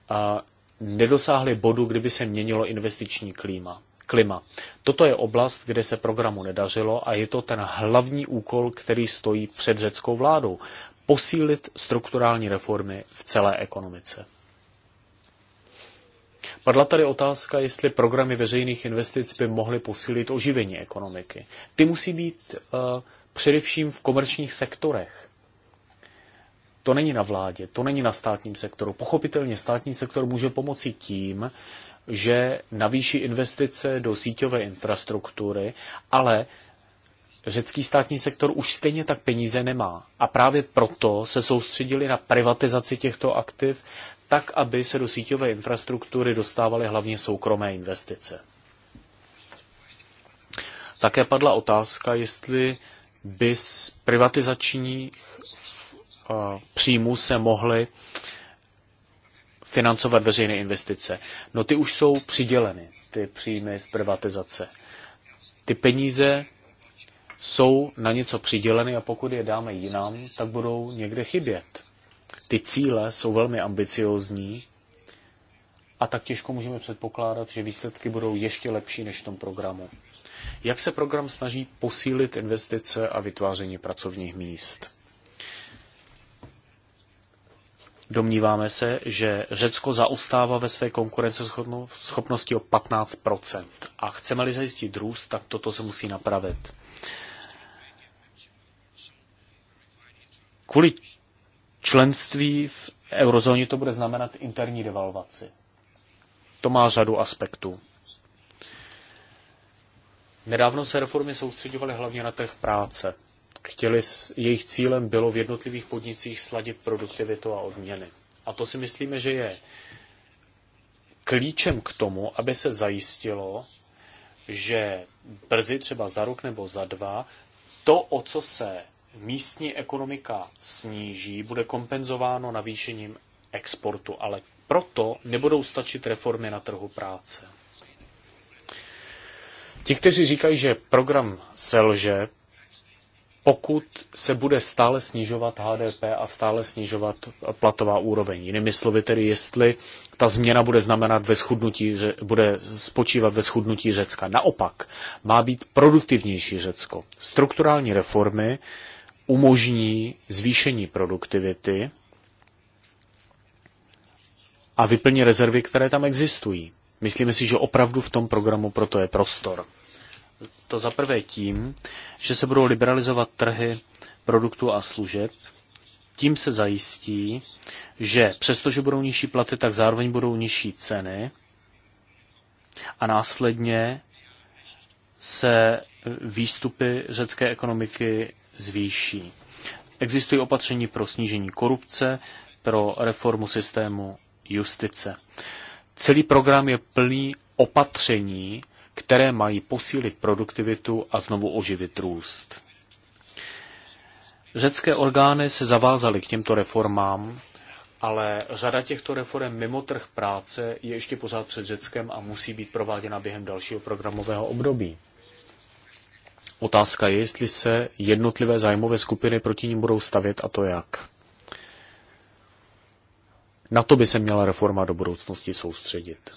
a, eh, nedosáhly bodu, kdyby se měnilo investiční klima. Klima. Toto je oblast, kde se programu nedařilo a je to ten hlavní úkol, který stojí před řeckou vládou, posílit strukturální reformy v celé ekonomice. Padla tady otázka, jestli programy veřejných investic by mohly posílit oživení ekonomiky. Ty musí být uh, především v komerčních sektorech. To není na vládě, to není na státním sektoru. Pochopitelně státní sektor může pomoci tím, že navýší investice do síťové infrastruktury, ale řecký státní sektor už stejně tak peníze nemá. A právě proto se soustředili na privatizaci těchto aktiv, tak aby se do síťové infrastruktury dostávaly hlavně soukromé investice. Také padla otázka, jestli by z privatizačních eh, příjmů se mohly financovat veřejné investice. No ty už jsou přiděleny, ty příjmy z privatizace. Ty peníze jsou na něco přiděleny a pokud je dáme jinam, tak budou někde chybět. Ty cíle jsou velmi ambiciozní a tak těžko můžeme předpokládat, že výsledky budou ještě lepší než v tom programu. Jak se program snaží posílit investice a vytváření pracovních míst? Domníváme se, že Řecko zaostává ve své konkurenceschopnosti o 15 a chceme-li zajistit růst, tak toto se musí napravit. Kvůli členství v eurozóně to bude znamenat interní devalvaci. To má řadu aspektů. Nedávno se reformy soustředovaly hlavně na trh práce. Chtěli, jejich cílem bylo v jednotlivých podnicích sladit produktivitu a odměny. A to si myslíme, že je klíčem k tomu, aby se zajistilo, že brzy, třeba za rok nebo za dva, to, o co se místní ekonomika sníží, bude kompenzováno navýšením exportu, ale proto nebudou stačit reformy na trhu práce. Ti, kteří říkají, že program selže, pokud se bude stále snižovat HDP a stále snižovat platová úroveň. Jinými slovy tedy, jestli ta změna bude znamenat ve schudnutí, bude spočívat ve schudnutí Řecka. Naopak, má být produktivnější Řecko. Strukturální reformy umožní zvýšení produktivity a vyplní rezervy, které tam existují. Myslíme si, že opravdu v tom programu proto je prostor. To za prvé tím, že se budou liberalizovat trhy produktů a služeb, tím se zajistí, že přestože budou nižší platy, tak zároveň budou nižší ceny a následně se výstupy řecké ekonomiky zvýší. Existují opatření pro snížení korupce, pro reformu systému justice. Celý program je plný opatření, které mají posílit produktivitu a znovu oživit růst. Řecké orgány se zavázaly k těmto reformám, ale řada těchto reform mimo trh práce je ještě pořád před Řeckem a musí být prováděna během dalšího programového období. Otázka je, jestli se jednotlivé zájmové skupiny proti ním budou stavět a to jak. Na to by se měla reforma do budoucnosti soustředit.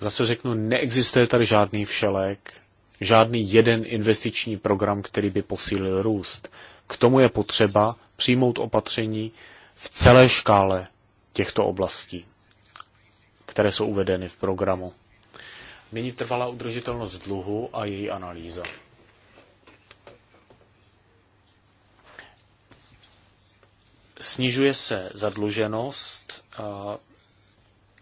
Zase řeknu, neexistuje tady žádný všelek, žádný jeden investiční program, který by posílil růst. K tomu je potřeba přijmout opatření v celé škále těchto oblastí, které jsou uvedeny v programu. Nyní trvalá udržitelnost dluhu a její analýza. Snižuje se zadluženost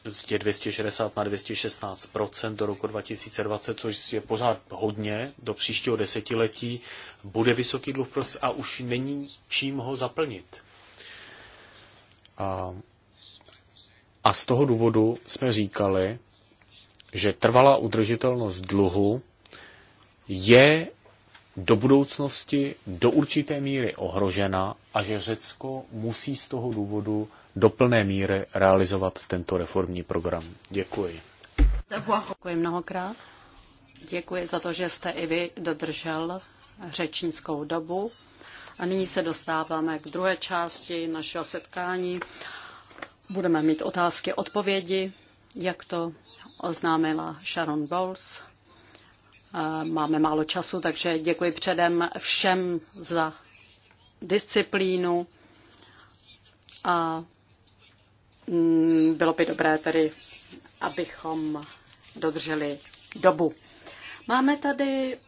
z těch 260 na 216 do roku 2020, což je pořád hodně do příštího desetiletí, bude vysoký dluh prostě a už není čím ho zaplnit. A, a z toho důvodu jsme říkali, že trvalá udržitelnost dluhu je do budoucnosti do určité míry ohrožena a že Řecko musí z toho důvodu do plné míry realizovat tento reformní program. Děkuji.
Děkuji mnohokrát. Děkuji za to, že jste i vy dodržel řečnickou dobu. A nyní se dostáváme k druhé části našeho setkání. Budeme mít otázky, odpovědi, jak to oznámila Sharon Bowles. Máme málo času, takže děkuji předem všem za disciplínu a mm, bylo by dobré tedy, abychom dodrželi dobu. Máme tady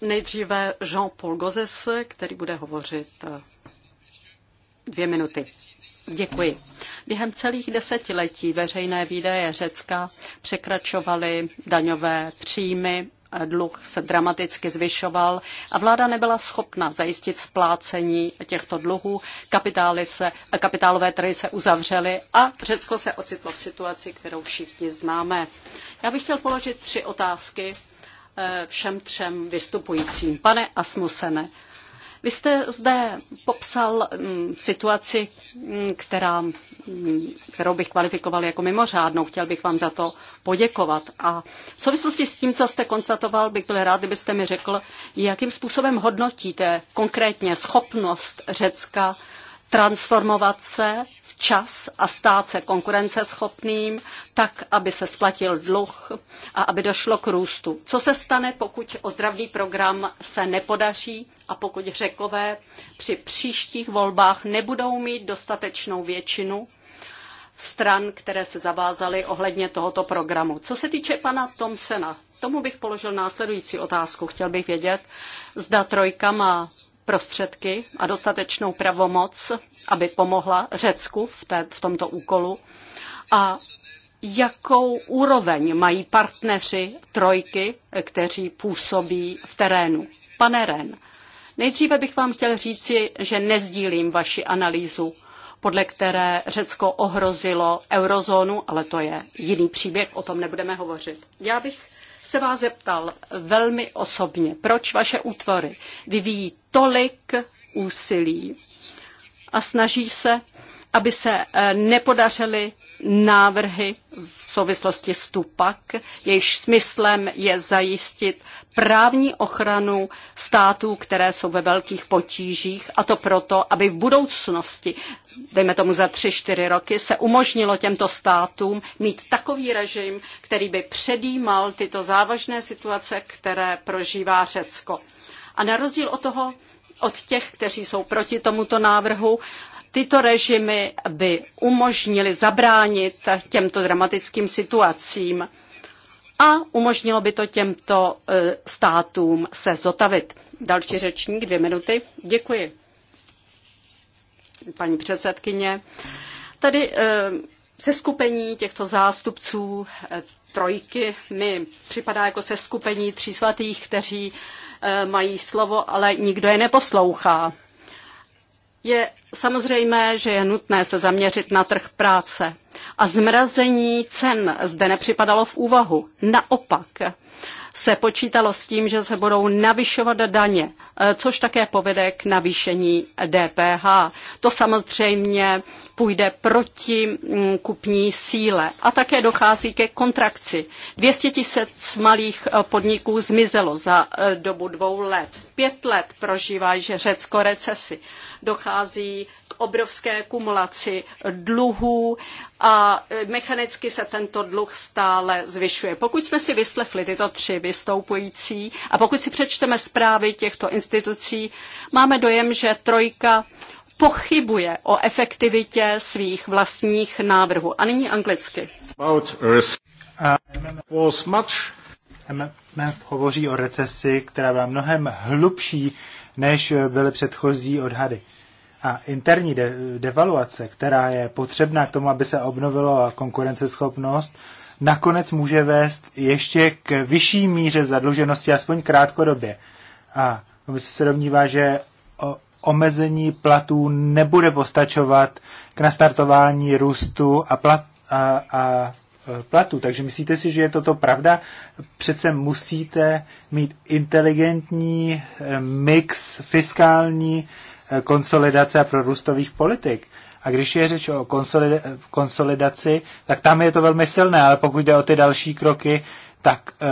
nejdříve Jean-Paul Gozes, který bude hovořit eh, dvě minuty. Děkuji. Během celých desetiletí veřejné výdaje Řecka překračovaly daňové příjmy dluh se dramaticky zvyšoval a vláda nebyla schopna zajistit splácení těchto dluhů. Kapitály se, kapitálové trhy se uzavřely a Řecko se ocitlo v situaci, kterou všichni známe. Já bych chtěl položit tři otázky eh, všem třem vystupujícím. Pane Asmusene, vy jste zde popsal mm, situaci, mm, která, mm, kterou bych kvalifikoval jako mimořádnou. Chtěl bych vám za to poděkovat. A v souvislosti s tím, co jste konstatoval, bych byl rád, kdybyste mi řekl, jakým způsobem hodnotíte konkrétně schopnost Řecka transformovat se včas a stát se konkurenceschopným, tak, aby se splatil dluh a aby došlo k růstu. Co se stane, pokud ozdravný program se nepodaří a pokud řekové při příštích volbách nebudou mít dostatečnou většinu stran, které se zavázaly ohledně tohoto programu. Co se týče pana Tomsena, tomu bych položil následující otázku. Chtěl bych vědět, zda trojka má prostředky a dostatečnou pravomoc, aby pomohla Řecku v, té, v tomto úkolu? A jakou úroveň mají partneři trojky, kteří působí v terénu? Pane Ren, nejdříve bych vám chtěl říci, že nezdílím vaši analýzu, podle které Řecko ohrozilo eurozónu, ale to je jiný příběh, o tom nebudeme hovořit. Já bych se vás zeptal velmi osobně, proč vaše útvory vyvíjí tolik úsilí a snaží se, aby se eh, nepodařily návrhy v souvislosti s TUPAK, jejichž smyslem je zajistit právní ochranu států, které jsou ve velkých potížích a to proto, aby v budoucnosti, dejme tomu za tři čtyři roky, se umožnilo těmto státům mít takový režim, který by předjímal tyto závažné situace, které prožívá Řecko. A na rozdíl od toho, od těch, kteří jsou proti tomuto návrhu, tyto režimy by umožnily zabránit těmto dramatickým situacím a umožnilo by to těmto e, státům se zotavit. Další řečník, dvě minuty. Děkuji. Paní předsedkyně, tady e, se skupení těchto zástupců e, trojky mi připadá jako se skupení svatých, kteří mají slovo, ale nikdo je neposlouchá. Je samozřejmé, že je nutné se zaměřit na trh práce. A zmrazení cen zde nepřipadalo v úvahu. Naopak, se počítalo s tím, že se budou navyšovat daně, e, což také povede k navýšení DPH. To samozřejmě půjde proti mm, kupní síle a také dochází ke kontrakci. 200 tisíc malých e, podniků zmizelo za e, dobu dvou let. Pět let prožívá Řecko recesi. Dochází obrovské kumulaci dluhů a e, mechanicky se tento dluh stále zvyšuje. Pokud jsme si vyslechli tyto tři vystoupující a pokud si přečteme zprávy těchto institucí, máme dojem, že trojka pochybuje o efektivitě svých vlastních návrhů. A nyní anglicky.
About was much... hovoří o recesi, která byla mnohem hlubší, než byly předchozí odhady a interní de- devaluace, která je potřebná k tomu, aby se obnovila konkurenceschopnost, nakonec může vést ještě k vyšší míře zadluženosti, aspoň krátkodobě. A komise se domnívá, že omezení platů nebude postačovat k nastartování růstu a, plat, a, a e, platů. Takže myslíte si, že je toto pravda? Přece musíte mít inteligentní e, mix fiskální Eh, konsolidace a prorůstových politik. A když je řeč o konsolidaci, tak tam je to velmi silné, ale pokud jde o ty další kroky, tak eh,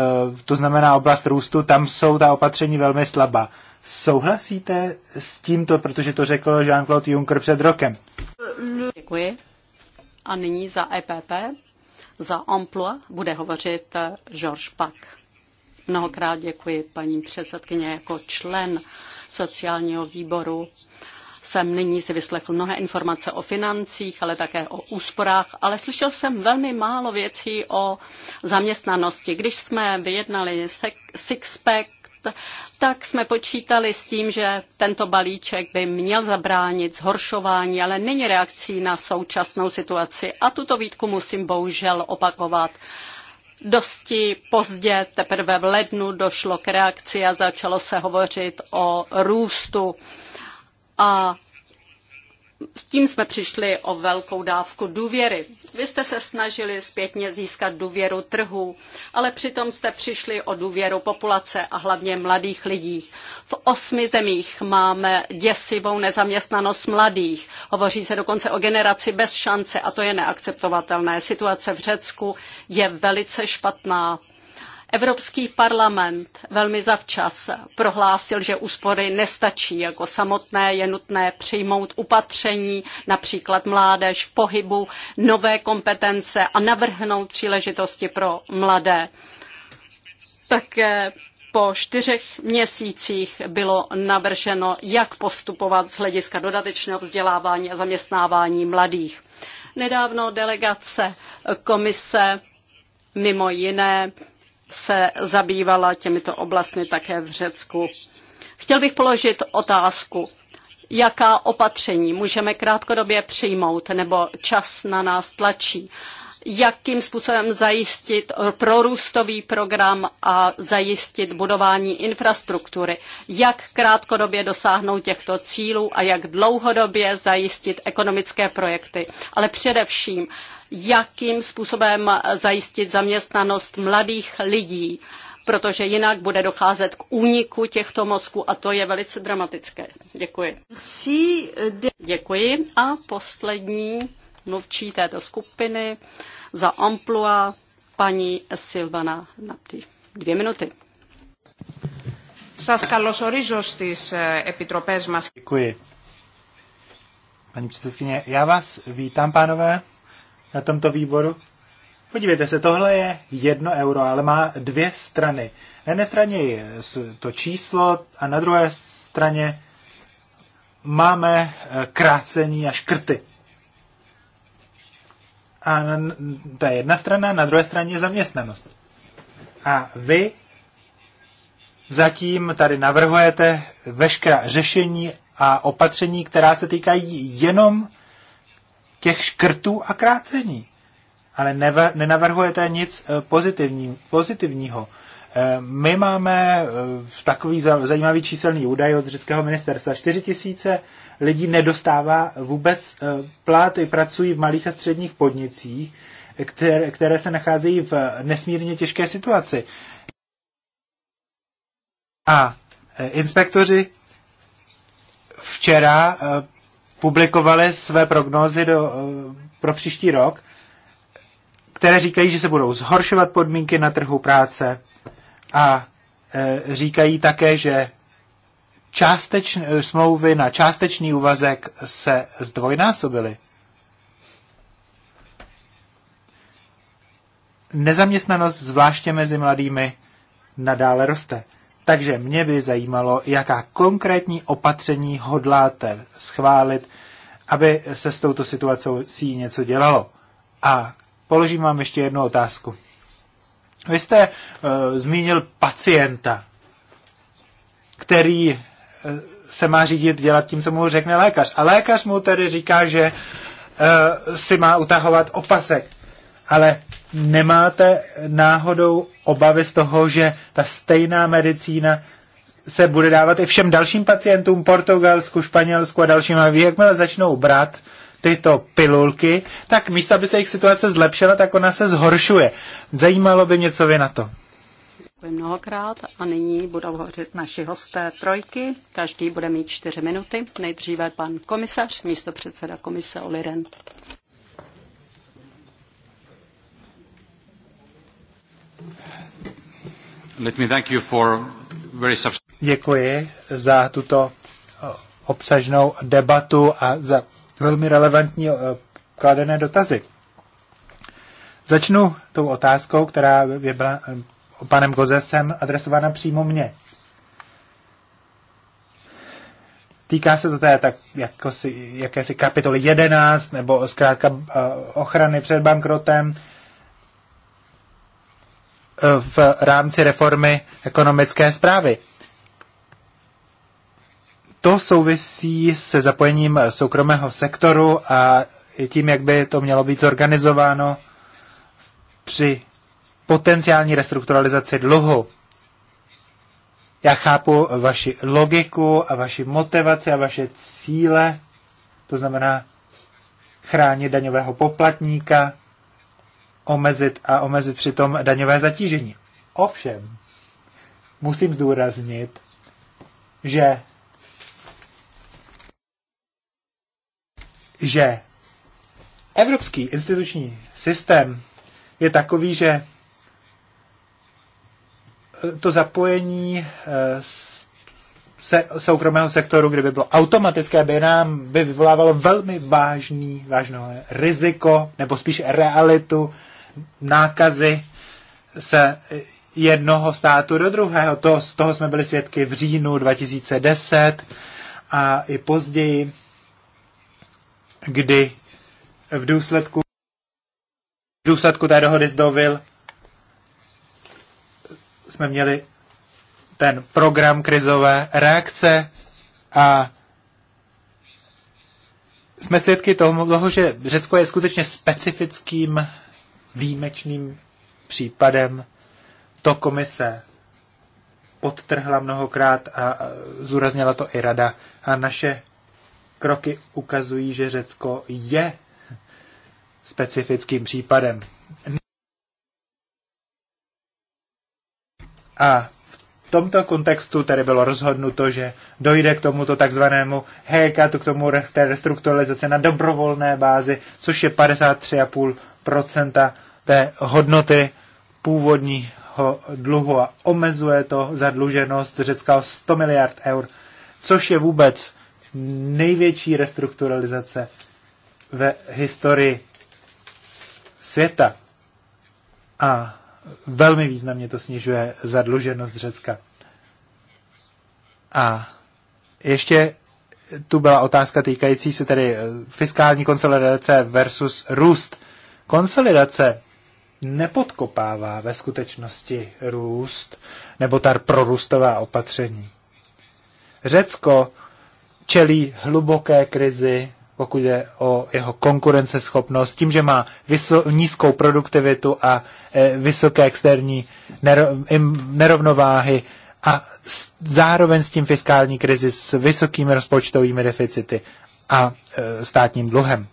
to znamená oblast růstu, tam jsou ta opatření velmi slabá. Souhlasíte s tímto, protože to řekl Jean-Claude Juncker před rokem?
Děkuji. A nyní za EPP, za Emploi bude hovořit eh, Georges Pak. Mnohokrát děkuji paní předsedkyně jako člen uh, sociálního výboru jsem nyní si vyslechl mnohé informace o financích, ale také o úsporách, ale slyšel jsem velmi málo věcí o zaměstnanosti. Když jsme vyjednali Sixpack, tak jsme počítali s tím, že tento balíček by měl zabránit zhoršování, ale není reakcí na současnou situaci. A tuto výtku musím bohužel opakovat. Dosti pozdě, teprve v lednu, došlo k reakci a začalo se hovořit o růstu. A s tím jsme přišli o velkou dávku důvěry. Vy jste se snažili zpětně získat důvěru trhu, ale přitom jste přišli o důvěru populace a hlavně mladých lidí. V osmi zemích máme děsivou nezaměstnanost mladých. Hovoří se dokonce o generaci bez šance a to je neakceptovatelné. Situace v Řecku je velice špatná. Evropský parlament velmi zavčas prohlásil, že úspory nestačí jako samotné, je nutné přijmout upatření, například mládež v pohybu, nové kompetence a navrhnout příležitosti pro mladé. Také po čtyřech měsících bylo navrženo, jak postupovat z hlediska dodatečného vzdělávání a zaměstnávání mladých. Nedávno delegace komise mimo jiné se zabývala těmito oblastmi také v Řecku. Chtěl bych položit otázku, jaká opatření můžeme krátkodobě přijmout, nebo čas na nás tlačí, jakým způsobem zajistit prorůstový program a zajistit budování infrastruktury, jak krátkodobě dosáhnout těchto cílů a jak dlouhodobě zajistit ekonomické projekty. Ale především, jakým způsobem zajistit zaměstnanost mladých lidí, protože jinak bude docházet k úniku těchto mozků a to je velice dramatické. Děkuji. Děkuji. A poslední mluvčí této skupiny za amplua paní Silvana Napty. Dvě minuty.
Děkuji. Paní předsedkyně, já vás vítám, pánové na tomto výboru. Podívejte se, tohle je jedno euro, ale má dvě strany. Na jedné straně je to číslo a na druhé straně máme eh, krácení a škrty. A ta jedna strana, na druhé straně je zaměstnanost. A vy zatím tady navrhujete veškerá řešení a opatření, která se týkají jenom těch škrtů a krácení. Ale nenavrhujete nic eh, pozitivní, pozitivního. Eh, my máme eh, takový zajímavý číselný údaj od řeckého ministerstva. 4 tisíce lidí nedostává vůbec plat, pracují v malých a středních podnicích, které, které se nacházejí v nesmírně těžké situaci. A inspektoři včera publikovali své prognózy do, eh, pro příští rok, které říkají, že se budou zhoršovat podmínky na trhu práce a eh, říkají také, že částeč, smlouvy na částečný úvazek se zdvojnásobily. Nezaměstnanost, zvláště mezi mladými, nadále roste. Takže mě by zajímalo, jaká konkrétní opatření hodláte schválit, aby se s touto situací něco dělalo. A položím vám ještě jednu otázku. Vy jste uh, zmínil pacienta, který uh, se má řídit dělat tím, co mu řekne lékař. A lékař mu tedy říká, že uh, si má utahovat opasek. Ale nemáte náhodou obavy z toho, že ta stejná medicína se bude dávat i všem dalším pacientům, Portugalsku, Španělsku a dalším. A jakmile začnou brát tyto pilulky, tak místo, aby se jejich situace zlepšila, tak ona se zhoršuje. Zajímalo by mě, co vy na to.
Děkuji mnohokrát a nyní budou hovořit naši hosté trojky. Každý bude mít čtyři minuty. Nejdříve pan komisař, místo předseda komise Oliren.
Děkuji za tuto eh, obsažnou debatu a za velmi relevantní eh, kladené dotazy. Začnu tou otázkou, která je byla eh, panem Gozesem adresována přímo mně. Týká se to té tak jako si, jakési kapitoly 11, nebo zkrátka ochrany před bankrotem v rámci reformy ekonomické zprávy. To souvisí se zapojením soukromého sektoru a tím, jak by to mělo být zorganizováno při potenciální restrukturalizaci dluhu. Já chápu vaši logiku a vaši motivaci a vaše cíle, to znamená chránit daňového poplatníka, omezit a omezit přitom daňové zatížení. Ovšem, musím zdůraznit, že že evropský instituční systém je takový, že eh, to zapojení eh, se, soukromého sektoru, kdyby bylo automatické, by nám by vyvolávalo velmi vážný, vážné riziko, nebo spíš realitu nákazy se jednoho státu do druhého. To, z toho jsme byli svědky v říjnu 2010 a i později, kdy v důsledku, v důsledku té dohody z Dovil jsme měli ten program krizové reakce a jsme svědky toho, že Řecko je skutečně specifickým výjimečným případem. To komise podtrhla mnohokrát a zúraznila to i rada. A naše kroky ukazují, že Řecko je specifickým případem. A v tomto kontextu tedy bylo rozhodnuto, že dojde k tomuto takzvanému hejkatu, k tomu té restrukturalizaci na dobrovolné bázi, což je 53,5 procenta té hodnoty původního dluhu a omezuje to zadluženost Řecka o 100 miliard eur, což je vůbec největší restrukturalizace ve historii světa. A velmi významně to snižuje zadluženost Řecka. A ještě tu byla otázka týkající se tedy eh, fiskální konsolidace versus růst. Konsolidace nepodkopává ve skutečnosti růst nebo tar prorůstová opatření. Řecko čelí hluboké krizi, pokud je o jeho konkurenceschopnost, tím, že má nízkou produktivitu a e, vysoké externí nero- im, nerovnováhy a s, zároveň s tím fiskální krizi s vysokými rozpočtovými deficity a e, státním dluhem.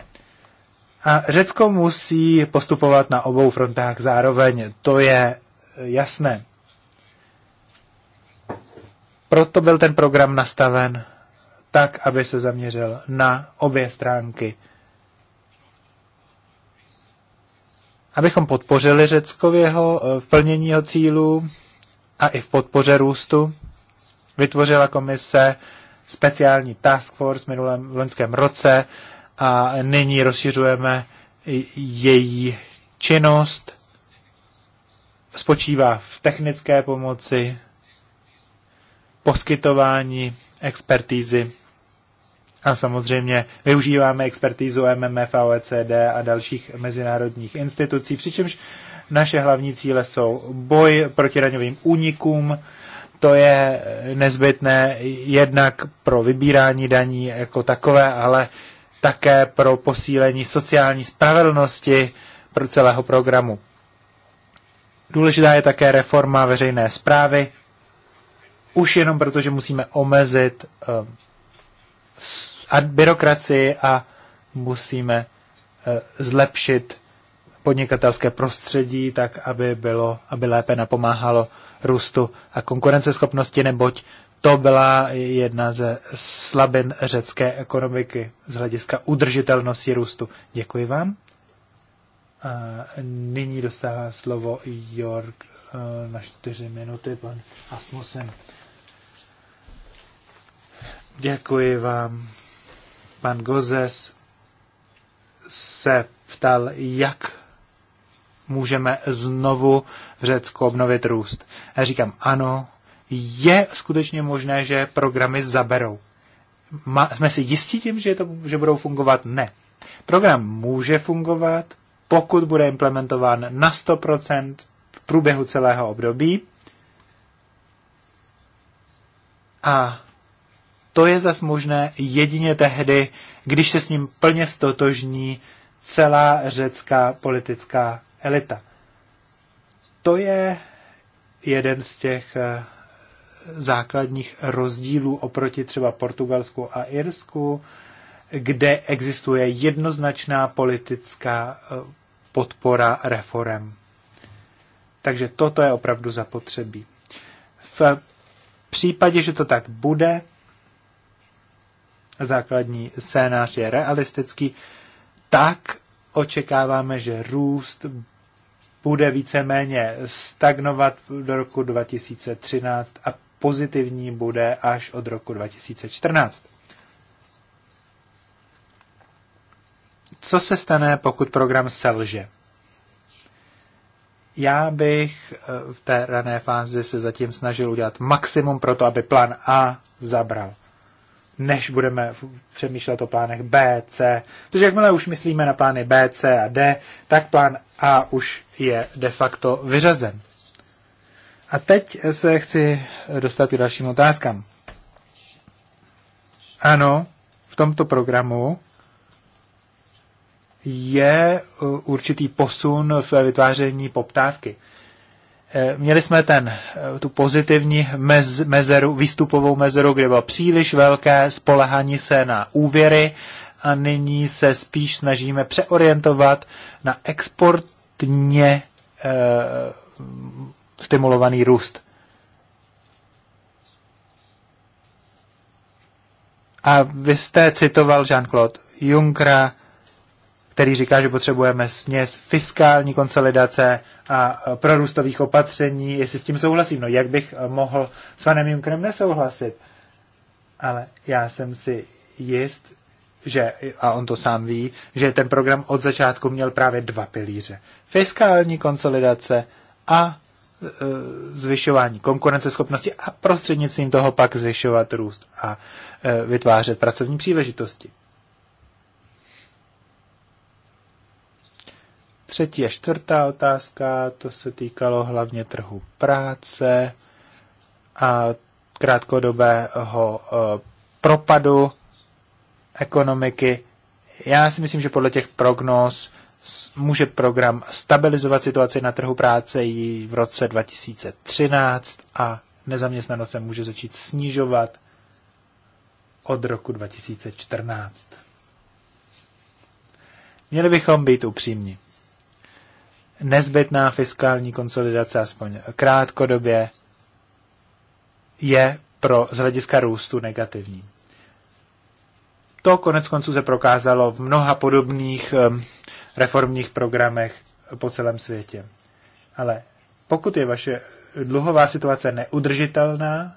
A Řecko musí postupovat na obou frontách zároveň, to je jasné. Proto byl ten program nastaven tak, aby se zaměřil na obě stránky. Abychom podpořili Řecko v jeho eh, v plnění jeho cílů a i v podpoře růstu, vytvořila komise speciální task force minulém v loňském roce, a nyní rozšiřujeme její činnost. Spočívá v technické pomoci, poskytování expertízy a samozřejmě využíváme expertízu MMF OECD a dalších mezinárodních institucí, přičemž naše hlavní cíle jsou boj proti daňovým únikům, to je nezbytné jednak pro vybírání daní jako takové, ale také pro posílení sociální spravedlnosti pro celého programu. Důležitá je také reforma veřejné zprávy, už jenom proto, že musíme omezit uh, byrokracii a musíme uh, zlepšit podnikatelské prostředí tak, aby, bylo, aby lépe napomáhalo růstu a konkurenceschopnosti, neboť to byla jedna ze slabin řecké ekonomiky z hlediska udržitelnosti růstu. Děkuji vám. A nyní dostává slovo Jorg eh, na čtyři minuty, pan Asmusen. Děkuji vám. Pan Gozes se ptal, jak můžeme znovu v Řecku obnovit růst. Já říkám ano, je skutečně možné, že programy zaberou. Ma, jsme si jistí tím, že, to, že budou fungovat? Ne. Program může fungovat, pokud bude implementován na 100% v průběhu celého období. A to je zas možné jedině tehdy, když se s ním plně stotožní celá řecká politická elita. To je jeden z těch eh, základních rozdílů oproti třeba Portugalsku a Irsku, kde existuje jednoznačná politická eh, podpora reform. Takže toto je opravdu zapotřebí. V případě, že to tak bude, základní scénář je realistický, tak očekáváme, že růst bude víceméně stagnovat do roku 2013 a pozitivní bude až od roku 2014. Co se stane, pokud program selže? Já bych eh, v té rané fázi se zatím snažil udělat maximum pro to, aby plán A zabral než budeme přemýšlet o plánech B, C. Protože jakmile už myslíme na plány B, C a D, tak plán A už je de facto vyřazen. A teď se chci dostat k dalším otázkám. Ano, v tomto programu je uh, určitý posun v vytváření poptávky. Eh, měli jsme ten, eh, tu pozitivní mez, mezeru, výstupovou mezeru, kde bylo příliš velké spolehání se na úvěry a nyní se spíš snažíme přeorientovat na exportně eh, stimulovaný růst. A vy jste citoval Jean-Claude Junckera, který říká, že potřebujeme směs fiskální konsolidace a prorůstových opatření, jestli s tím souhlasím. No jak bych mohl s panem Junckerem nesouhlasit? Ale já jsem si jist, že, a on to sám ví, že ten program od začátku měl právě dva pilíře. Fiskální konsolidace a Eh, zvyšování konkurenceschopnosti a prostřednictvím toho pak zvyšovat růst a eh, vytvářet pracovní příležitosti. Třetí a čtvrtá otázka, to se týkalo hlavně trhu práce a krátkodobého eh, propadu ekonomiky. Já si myslím, že podle těch prognóz může program stabilizovat situaci na trhu práce i v roce 2013 a nezaměstnanost se může začít snižovat od roku 2014. Měli bychom být upřímní. Nezbytná fiskální konsolidace, aspoň krátkodobě, je pro z hlediska růstu negativní. To konec konců se prokázalo v mnoha podobných um, reformních programech po celém světě. Ale pokud je vaše dluhová situace neudržitelná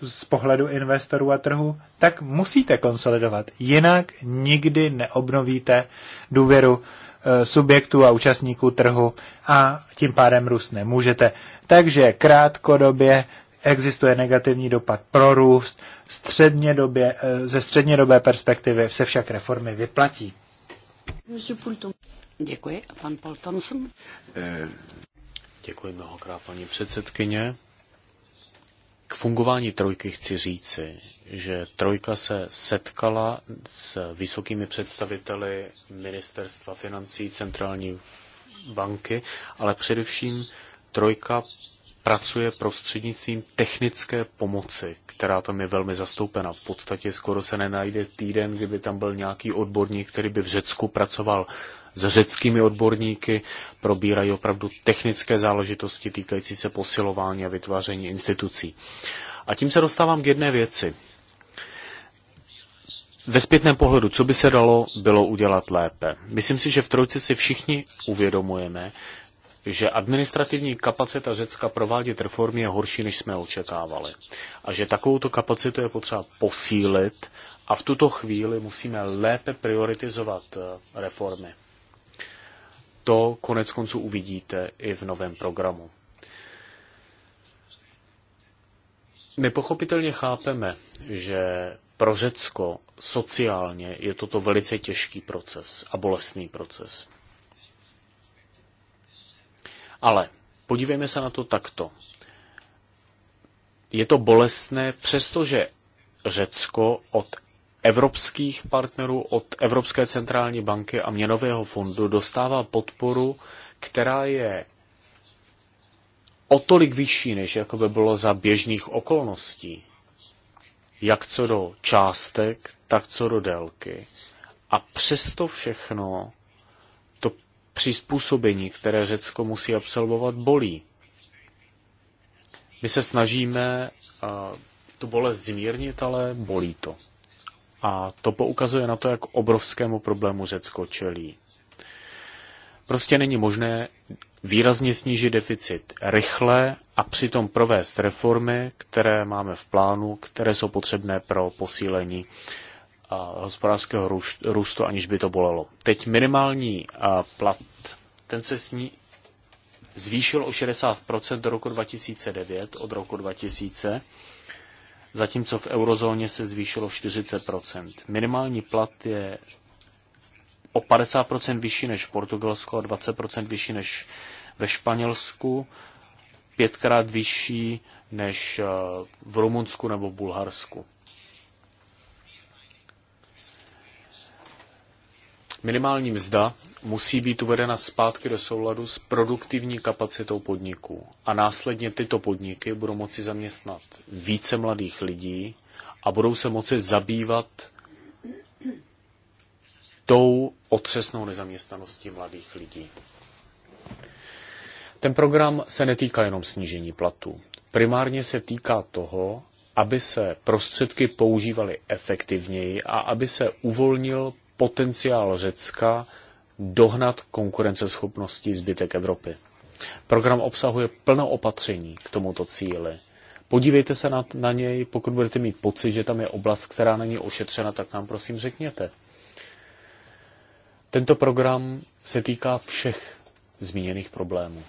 z pohledu investorů a trhu, tak musíte konsolidovat. Jinak nikdy neobnovíte důvěru eh, subjektů a účastníků trhu a tím pádem růst nemůžete. Takže krátkodobě existuje negativní dopad pro růst, střednědobě, eh, ze střednědobé perspektivy se však reformy vyplatí.
Děkuji. A pan Paul Thompson?
Eh. Děkuji mnohokrát, paní předsedkyně. K fungování trojky chci říci, že trojka se setkala s vysokými představiteli ministerstva financí centrální banky, ale především trojka pracuje prostřednictvím technické pomoci, která tam je velmi zastoupena. V podstatě skoro se nenajde týden, kdyby tam byl nějaký odborník, který by v Řecku pracoval s řeckými odborníky, probírají opravdu technické záležitosti týkající se posilování a vytváření institucí. A tím se dostávám k jedné věci. Ve zpětném pohledu, co by se dalo bylo udělat lépe? Myslím si, že v Trojci si všichni uvědomujeme, že administrativní kapacita Řecka provádět reformy je horší, než jsme očekávali. A že takovouto kapacitu je potřeba posílit a v tuto chvíli musíme lépe prioritizovat eh, reformy. To konec konců uvidíte i v novém programu. Nepochopitelně chápeme, že pro Řecko sociálně je toto velice těžký proces a bolestný proces. Ale podívejme se na to takto. Je to bolestné, přestože Řecko od evropských partnerů, od Evropské centrální banky a měnového fondu dostává podporu, která je o tolik vyšší, než jako by bylo za běžných okolností. Jak co do částek, tak co do délky. A přesto všechno přizpůsobení, které Řecko musí absolvovat, bolí. My se snažíme eh, tu bolest zmírnit, ale bolí to. A to poukazuje na to, jak obrovskému problému Řecko čelí. Prostě není možné výrazně snížit deficit rychle a přitom provést reformy, které máme v plánu, které jsou potřebné pro posílení eh, hospodářského růstu, aniž by to bolelo. Teď minimální eh, plat ten se sní, zvýšil o 60% do roku 2009 od roku 2000, zatímco v eurozóně se zvýšilo 40%. Minimální plat je o 50% vyšší než v Portugalsku a 20% vyšší než ve Španělsku, pětkrát vyšší než eh, v Rumunsku nebo Bulharsku. Minimální mzda musí být uvedena zpátky do souladu s produktivní kapacitou podniků a následně tyto podniky budou moci zaměstnat více mladých lidí a budou se moci zabývat tou otřesnou nezaměstnaností mladých lidí. Ten program se netýká jenom snížení platů. Primárně se týká toho, aby se prostředky používaly efektivněji a aby se uvolnil potenciál Řecka dohnat konkurenceschopnosti zbytek Evropy. Program obsahuje plno opatření k tomuto cíli. Podívejte se na, na něj, pokud budete mít pocit, že tam je oblast, která není ošetřena, tak nám prosím řekněte. Tento program se týká všech zmíněných problémů.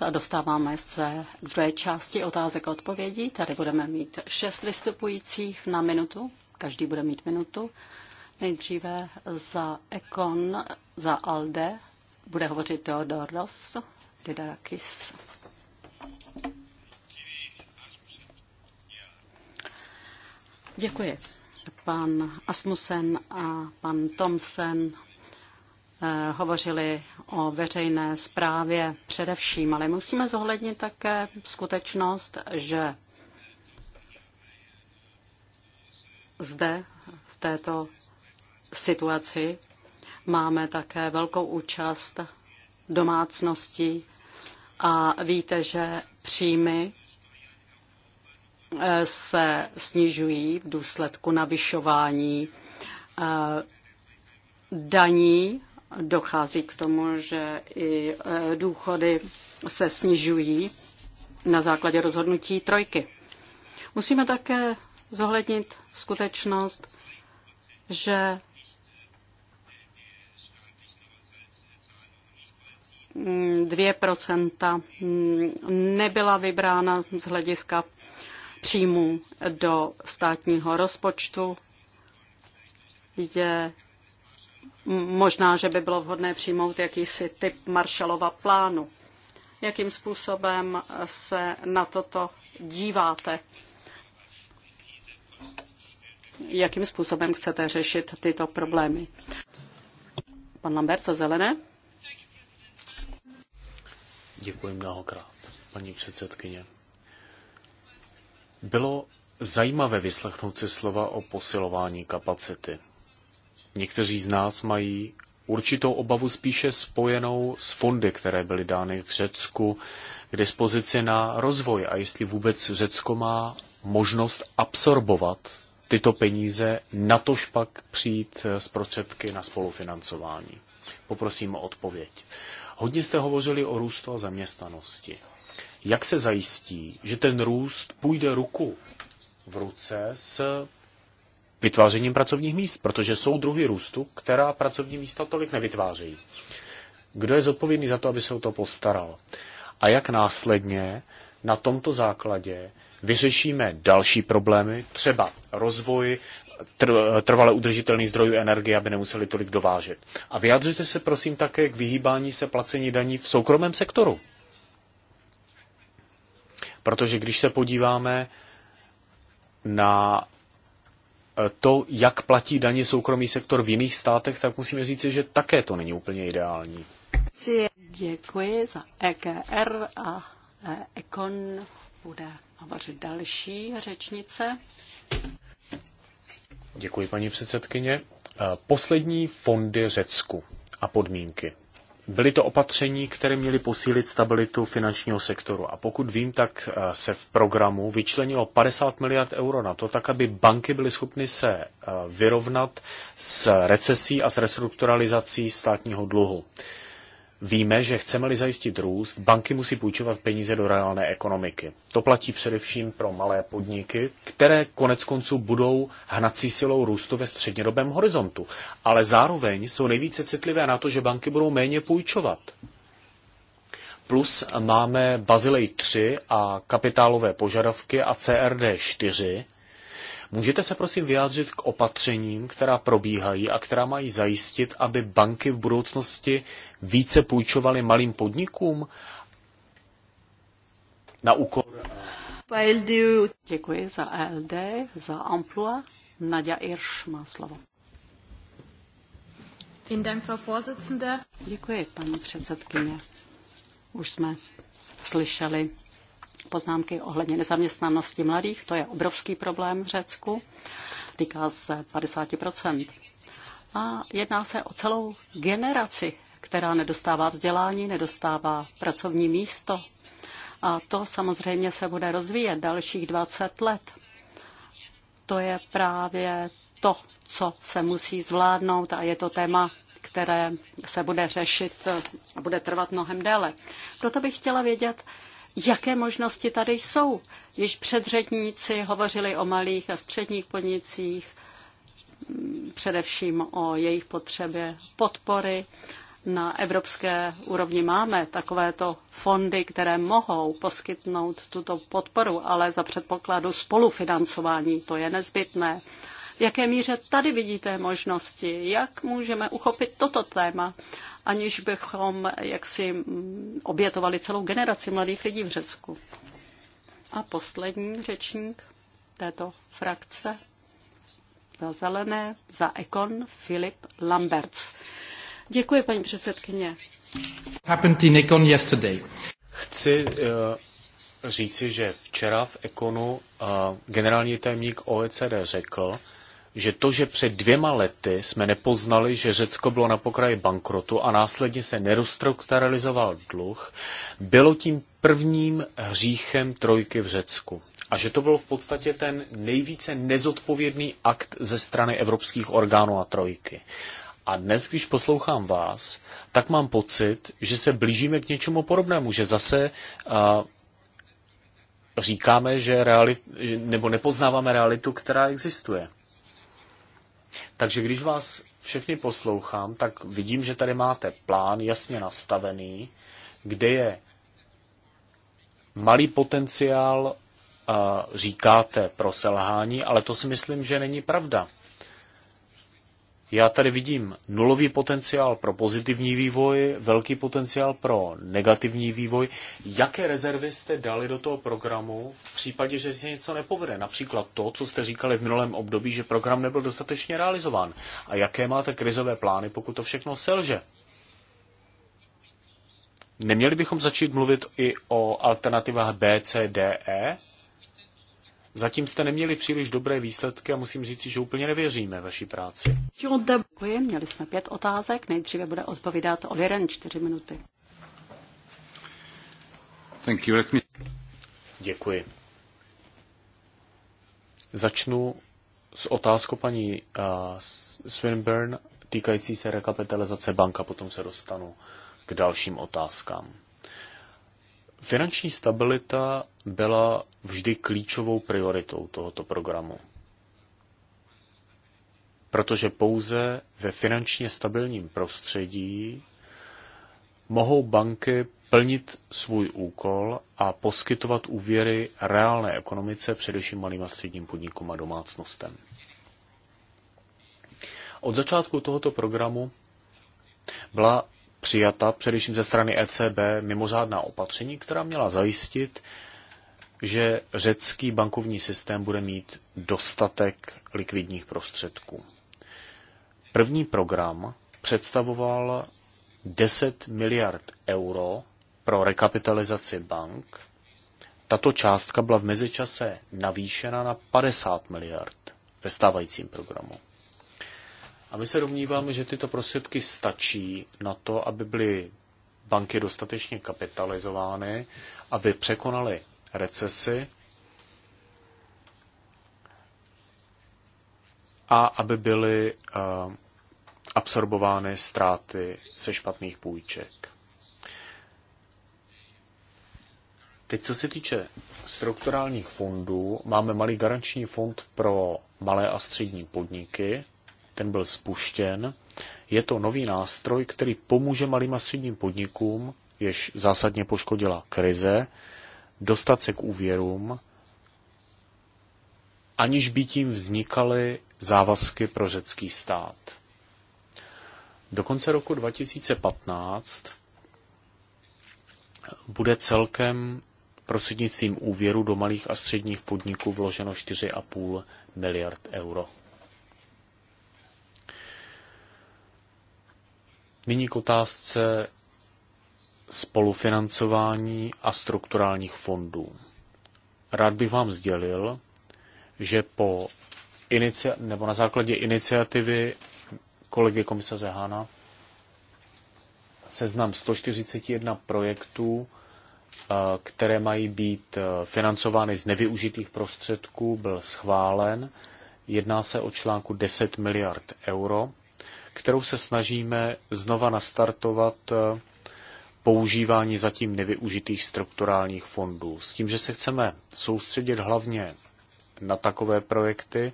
a dostáváme se k druhé části otázek a odpovědí. Tady budeme mít šest vystupujících na minutu. Každý bude mít minutu. Nejdříve za Ekon, za Alde, bude hovořit Teodoros Didarakis. Děkuji. Pan Asmusen a pan Thomsen eh, hovořili o veřejné správě především, ale musíme zohlednit také skutečnost, že zde v této situaci máme také velkou účast domácností a víte, že příjmy eh, se snižují v důsledku navyšování eh, daní. Dochází k tomu, že i eh, důchody se snižují na základě rozhodnutí trojky. Musíme také zohlednit skutečnost, že dvě procenta nebyla vybrána z hlediska příjmů do státního rozpočtu. Je možná, že by bylo vhodné přijmout jakýsi typ Marshallova plánu. Jakým způsobem se na toto díváte? jakým způsobem chcete řešit tyto problémy. Pan Lambert za zelené.
Děkuji mnohokrát, paní předsedkyně. Bylo zajímavé vyslechnout si slova o posilování kapacity. Někteří z nás mají určitou obavu spíše spojenou s fondy, které byly dány v Řecku k dispozici na rozvoj a jestli vůbec Řecko má možnost absorbovat tyto peníze, natož pak přijít eh, z prostředky na spolufinancování. Poprosím o odpověď. Hodně jste hovořili o růstu a zaměstnanosti. Jak se zajistí, že ten růst půjde ruku v ruce s vytvářením pracovních míst, protože jsou druhy růstu, která pracovní místa tolik nevytvářejí. Kdo je zodpovědný za to, aby se o to postaral? A jak následně na tomto základě vyřešíme další problémy, třeba rozvoj trvale udržitelných zdrojů energie, aby nemuseli tolik dovážet. A vyjadřete se prosím také k vyhýbání se placení daní v soukromém sektoru. Protože když se podíváme na eh, to, jak platí daně soukromý sektor v jiných státech, tak musíme říci, že také to není úplně ideální.
Děkuji za EKR a Ekon eh, bude hovořit další řečnice.
Děkuji, paní předsedkyně. Eh, poslední fondy Řecku a podmínky. Byly to opatření, které měly posílit stabilitu finančního sektoru. A pokud vím, tak eh, se v programu vyčlenilo 50 miliard euro na to, tak aby banky byly schopny se eh, vyrovnat s recesí a s restrukturalizací státního dluhu. Víme, že chceme-li zajistit růst, banky musí půjčovat peníze do reálné ekonomiky. To platí především pro malé podniky, které konec konců budou hnací silou růstu ve střednědobém horizontu. Ale zároveň jsou nejvíce citlivé na to, že banky budou méně půjčovat. Plus máme Bazilej 3 a kapitálové požadavky a CRD 4, Můžete se prosím vyjádřit k opatřením, která probíhají a která mají zajistit, aby banky v budoucnosti více půjčovaly malým podnikům na
úkor? Děkuji za ALD, e za Amplua. Nadia Irš má slovo. Děkuji, paní předsedkyně. Už jsme slyšeli poznámky ohledně nezaměstnanosti mladých. To je obrovský problém v Řecku. Týká se 50 A jedná se o celou generaci, která nedostává vzdělání, nedostává pracovní místo. A to samozřejmě se bude rozvíjet dalších 20 let. To je právě to, co se musí zvládnout a je to téma, které se bude řešit a bude trvat mnohem déle. Proto bych chtěla vědět, jaké možnosti tady jsou. Již předředníci hovořili o malých a středních podnicích, především o jejich potřebě podpory. Na evropské úrovni máme takovéto fondy, které mohou poskytnout tuto podporu, ale za předpokladu spolufinancování to je nezbytné. V jaké míře tady vidíte možnosti? Jak můžeme uchopit toto téma? aniž bychom jaksi obětovali celou generaci mladých lidí v Řecku. A poslední řečník této frakce za zelené, za ekon, Filip Lamberts. Děkuji, paní předsedkyně.
Happened in Econ yesterday. Chci uh,
říci, že včera v Ekonu uh, generální tajemník OECD řekl, že to, že před dvěma lety jsme nepoznali, že Řecko bylo na pokraji bankrotu a následně se nerostrukturalizoval dluh, bylo tím prvním hříchem trojky v Řecku. A že to byl v podstatě ten nejvíce nezodpovědný akt ze strany evropských orgánů a trojky. A dnes, když poslouchám vás, tak mám pocit, že se blížíme k něčemu podobnému, že zase uh, říkáme, že realit, nebo nepoznáváme realitu, která existuje. Takže když vás všechny poslouchám, tak vidím, že tady máte plán jasně nastavený, kde je malý potenciál, říkáte, pro selhání, ale to si myslím, že není pravda. Já tady vidím nulový potenciál pro pozitivní vývoj, velký potenciál pro negativní vývoj. Jaké rezervy jste dali do toho programu v případě, že se něco nepovede? Například to, co jste říkali v minulém období, že program nebyl dostatečně realizován. A jaké máte krizové plány, pokud to všechno selže? Neměli bychom začít mluvit i o alternativách B, C, D, E? Zatím jste neměli příliš dobré výsledky a musím říct, že úplně nevěříme vaší práci.
Děkuji, měli jsme pět otázek. Nejdříve bude odpovídat o jeden čtyři minuty. Thank you. Me...
Děkuji. Začnu s otázkou paní uh, Swinburne týkající se rekapitalizace banka, potom se dostanu k dalším otázkám. Finanční stabilita byla vždy klíčovou prioritou tohoto programu. Protože pouze ve finančně stabilním prostředí mohou banky plnit svůj úkol a poskytovat úvěry reálné ekonomice, především malým a středním podnikům a domácnostem. Od začátku tohoto programu byla přijata především ze strany ECB mimořádná opatření, která měla zajistit, že řecký bankovní systém bude mít dostatek likvidních prostředků. První program představoval 10 miliard euro pro rekapitalizaci bank. Tato částka byla v mezičase navýšena na 50 miliard ve stávajícím programu. A my se domníváme, že tyto prostředky stačí na to, aby byly banky dostatečně kapitalizovány, aby překonaly recesi a aby byly eh, absorbovány ztráty ze špatných půjček. Teď, co se týče strukturálních fondů, máme malý garanční fond pro malé a střední podniky, ten byl spuštěn. Je to nový nástroj, který pomůže malým a středním podnikům, jež zásadně poškodila krize, dostat se k úvěrům, aniž by tím vznikaly závazky pro řecký stát. Do konce roku 2015 bude celkem prostřednictvím úvěru do malých a středních podniků vloženo 4,5 miliard euro. Nyní k otázce spolufinancování a strukturálních fondů. Rád bych vám sdělil, že po inicia- nebo na základě iniciativy kolegy komisaře Hána seznam 141 projektů, eh, které mají být eh, financovány z nevyužitých prostředků, byl schválen. Jedná se o článku 10 miliard euro kterou se snažíme znova nastartovat eh, používání zatím nevyužitých strukturálních fondů. S tím, že se chceme soustředit hlavně na takové projekty,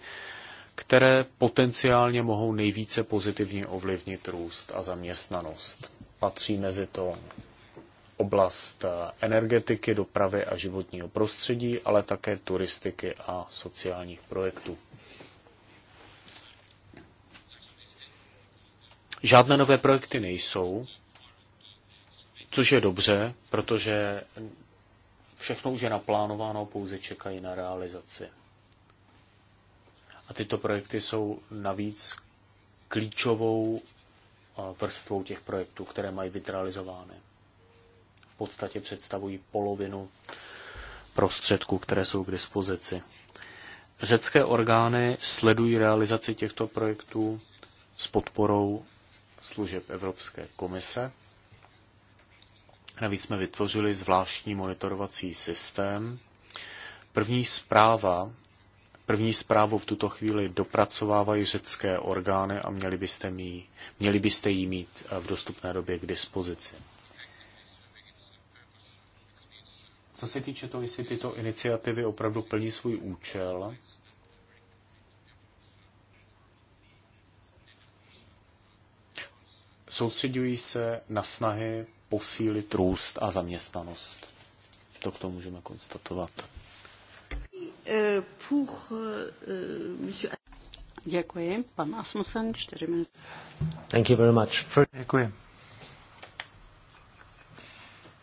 které potenciálně mohou nejvíce pozitivně ovlivnit růst a zaměstnanost. Patří mezi to oblast eh, energetiky, dopravy a životního prostředí, ale také turistiky a sociálních projektů. Žádné nové projekty nejsou, což je dobře, protože všechno už je naplánováno, pouze čekají na realizaci. A tyto projekty jsou navíc klíčovou vrstvou těch projektů, které mají být realizovány. V podstatě představují polovinu prostředků, které jsou k dispozici. Řecké orgány sledují realizaci těchto projektů s podporou služeb Evropské komise. Navíc jsme vytvořili zvláštní monitorovací systém. První zpráva První zprávu v tuto chvíli dopracovávají řecké orgány a měli byste, mít, měli byste ji mít v dostupné době k dispozici. Co se týče toho, jestli tyto iniciativy opravdu plní svůj účel, soustředují se na snahy posílit růst a zaměstnanost. To k tomu můžeme konstatovat.
Euh, euh, Děkuji. Pan Asmussen, čtyři minuty.
Thank you very much. For... Děkuji.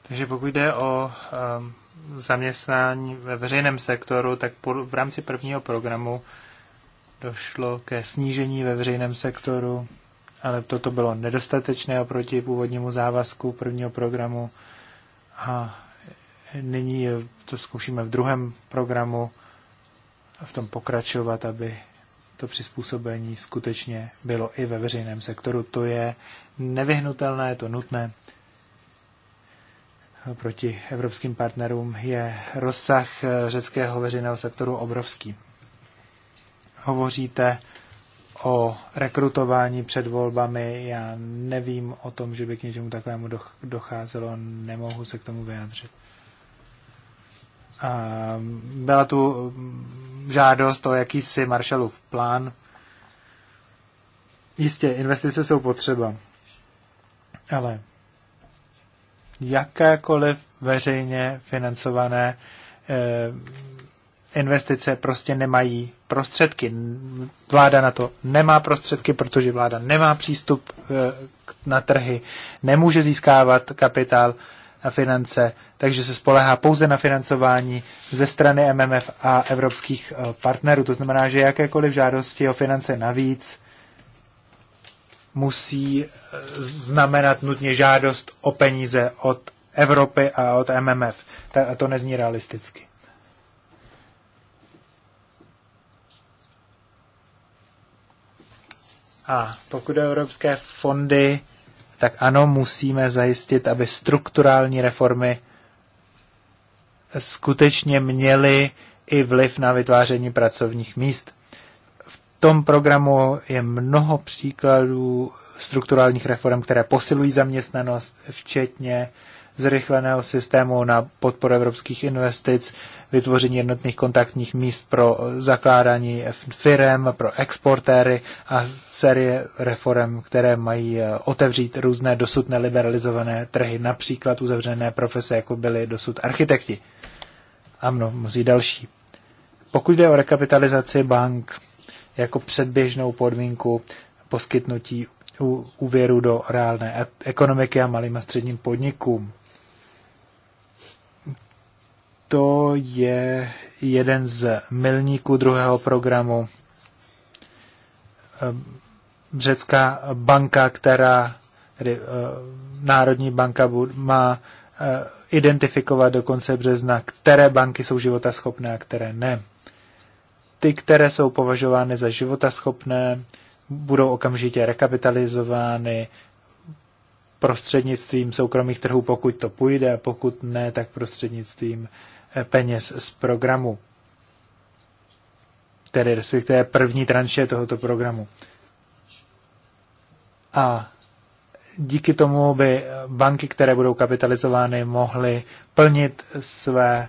Takže pokud jde o um, zaměstnání ve veřejném sektoru, tak po, v rámci prvního programu došlo ke snížení ve veřejném sektoru ale toto bylo nedostatečné oproti původnímu závazku prvního programu a nyní to zkoušíme v druhém programu v tom pokračovat, aby to přizpůsobení skutečně bylo i ve veřejném sektoru. To je nevyhnutelné, je to nutné. Proti evropským partnerům je rozsah řeckého veřejného sektoru obrovský. Hovoříte o rekrutování před volbami. Já nevím o tom, že by k něčemu takovému docházelo, nemohu se k tomu vyjádřit. byla tu mm, žádost o jakýsi Marshallův plán. Jistě, investice jsou potřeba, ale jakékoliv veřejně financované eh, investice prostě nemají prostředky. Vláda na to nemá prostředky, protože vláda nemá přístup eh, na trhy, nemůže získávat kapitál a finance, takže se spolehá pouze na financování ze strany MMF a evropských eh, partnerů. To znamená, že jakékoliv žádosti o finance navíc musí eh, znamenat nutně žádost o peníze od Evropy a od MMF. A to nezní realisticky. A pokud je evropské fondy, tak ano, musíme zajistit, aby strukturální reformy skutečně měly i vliv na vytváření pracovních míst. V tom programu je mnoho příkladů strukturálních reform, které posilují zaměstnanost, včetně zrychleného systému na podporu evropských investic, vytvoření jednotných kontaktních míst pro zakládání firem, pro exportéry a série reform, které mají eh, otevřít různé dosud neliberalizované trhy, například uzavřené profese, jako byly dosud architekti. A mnozí další. Pokud jde o rekapitalizaci bank jako předběžnou podmínku poskytnutí úvěru do reálné e- ekonomiky a malým a středním podnikům to je jeden z milníků druhého programu. Ehm, Řecká banka, která, tedy eh, Národní banka má eh, identifikovat do konce března, které banky jsou životaschopné a které ne. Ty, které jsou považovány za životaschopné, budou okamžitě rekapitalizovány prostřednictvím soukromých trhů, pokud to půjde, a pokud ne, tak prostřednictvím peněz z programu, tedy respektive první tranše tohoto programu. A díky tomu by banky, které budou kapitalizovány, mohly plnit své e,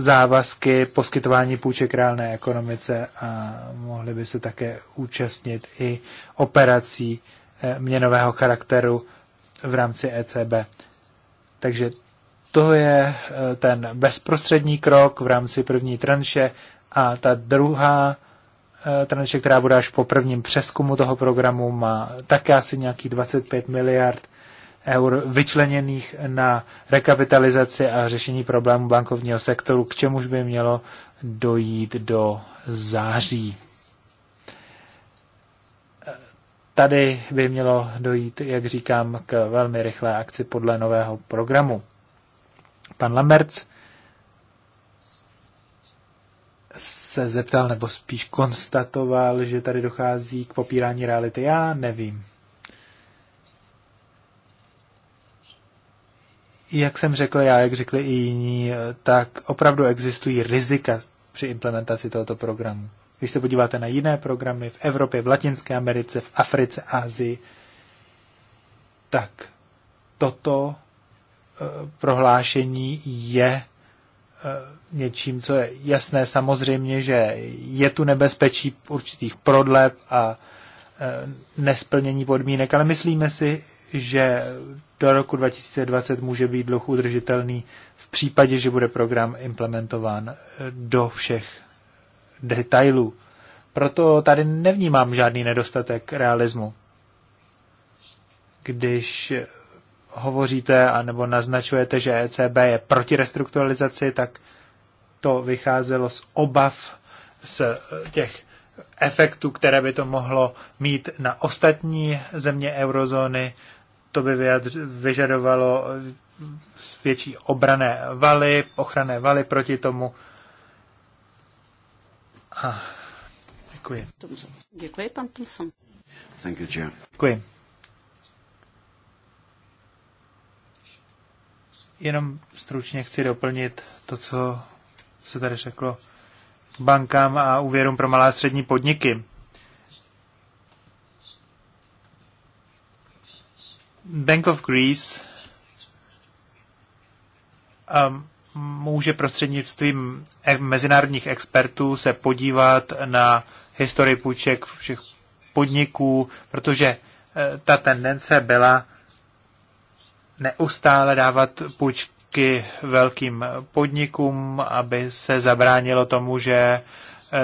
závazky poskytování půjček reálné ekonomice a mohly by se také účastnit i operací e, měnového charakteru v rámci ECB. Takže to je eh, ten bezprostřední krok v rámci první tranše a ta druhá eh, tranše, která bude až po prvním přeskumu toho programu, má také asi nějakých 25 miliard eur vyčleněných na rekapitalizaci a řešení problémů bankovního sektoru, k čemuž by mělo dojít do září. Tady by mělo dojít, jak říkám, k velmi rychlé akci podle nového programu. Pan Lamerc se zeptal, nebo spíš konstatoval, že tady dochází k popírání reality. Já nevím. Jak jsem řekl já, jak řekli i jiní, tak opravdu existují rizika při implementaci tohoto programu. Když se podíváte na jiné programy v Evropě, v Latinské Americe, v Africe, Asii, tak toto prohlášení je eh, něčím, co je jasné. Samozřejmě, že je tu nebezpečí určitých prodleb a eh, nesplnění podmínek, ale myslíme si, že do roku 2020 může být dluh udržitelný v případě, že bude program implementován eh, do všech detailů. Proto tady nevnímám žádný nedostatek realismu. Když hovoříte anebo naznačujete, že ECB je proti restrukturalizaci, tak to vycházelo z obav z eh, těch efektů, které by to mohlo mít na ostatní země eurozóny. To by vyžadovalo eh, větší obrané valy, ochranné valy proti tomu. A děkuji.
Děkuji, pan Thompson. Děkuji.
Jenom stručně chci doplnit to, co se tady řeklo bankám a úvěrům pro malé a střední podniky. Bank of Greece um, může prostřednictvím mezinárodních expertů se podívat na historii půjček všech podniků, protože eh, ta tendence byla neustále dávat půjčky velkým podnikům, aby se zabránilo tomu, že e,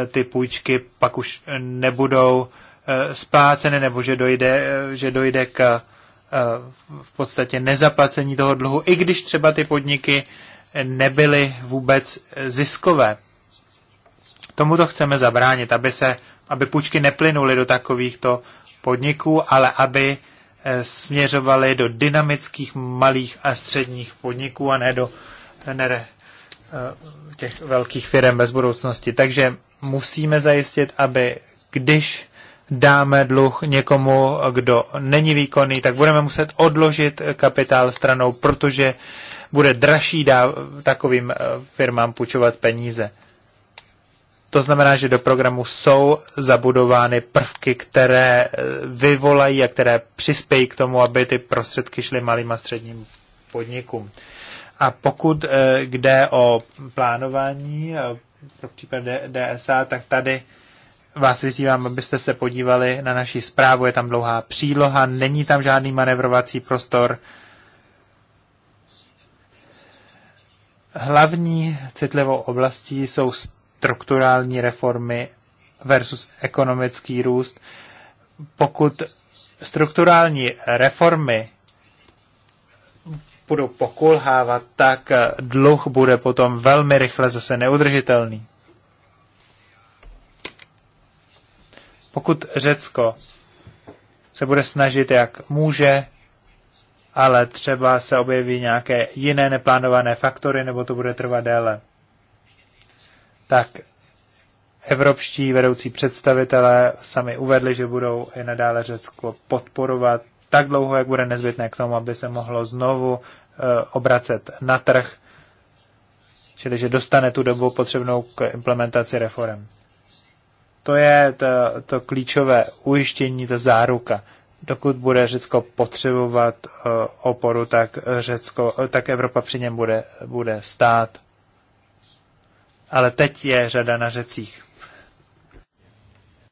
ty půjčky pak už nebudou e, spláceny nebo že dojde, e, že dojde k v podstatě nezaplacení toho dluhu, i když třeba ty podniky nebyly vůbec ziskové. Tomu to chceme zabránit, aby, se, aby půjčky neplynuly do takovýchto podniků, ale aby Eh, směřovaly do dynamických malých a středních podniků a ne do ne, eh, těch velkých firm bez budoucnosti. Takže musíme zajistit, aby když dáme dluh někomu, kdo není výkonný, tak budeme muset odložit kapitál stranou, protože bude dražší dá takovým eh, firmám půjčovat peníze. To znamená, že do programu jsou zabudovány prvky, které eh, vyvolají a které přispějí k tomu, aby ty prostředky šly malým a středním podnikům. A pokud eh, jde o plánování eh, pro případ DSA, tak tady vás vyzývám, abyste se podívali na naši zprávu. Je tam dlouhá příloha, není tam žádný manevrovací prostor. Hlavní citlivou oblastí jsou strukturální reformy versus ekonomický růst. Pokud strukturální reformy budou pokulhávat, tak dluh bude potom velmi rychle zase neudržitelný. Pokud Řecko se bude snažit, jak může, ale třeba se objeví nějaké jiné neplánované faktory, nebo to bude trvat déle tak evropští vedoucí představitelé sami uvedli, že budou i nadále Řecko podporovat tak dlouho, jak bude nezbytné k tomu, aby se mohlo znovu eh, obracet na trh, čili že dostane tu dobu potřebnou k implementaci reform. To je to, to klíčové ujištění, ta záruka. Dokud bude Řecko potřebovat eh, oporu, tak, Řecko, eh, tak Evropa při něm bude, bude stát ale teď je řada na řecích.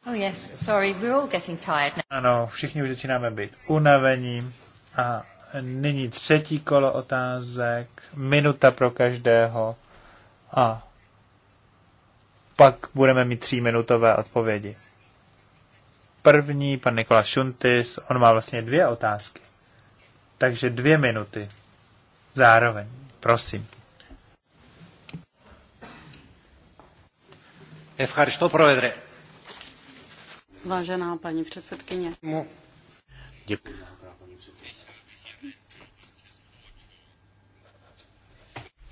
Oh yes, sorry, we're all getting tired now. Ano, všichni už začínáme být unavení. A nyní třetí kolo otázek, minuta pro každého a pak budeme mít tříminutové odpovědi. První, pan Nikola Šuntis, on má vlastně dvě otázky. Takže dvě minuty zároveň. Prosím.
Vážená paní předsedkyně.
Děkuji.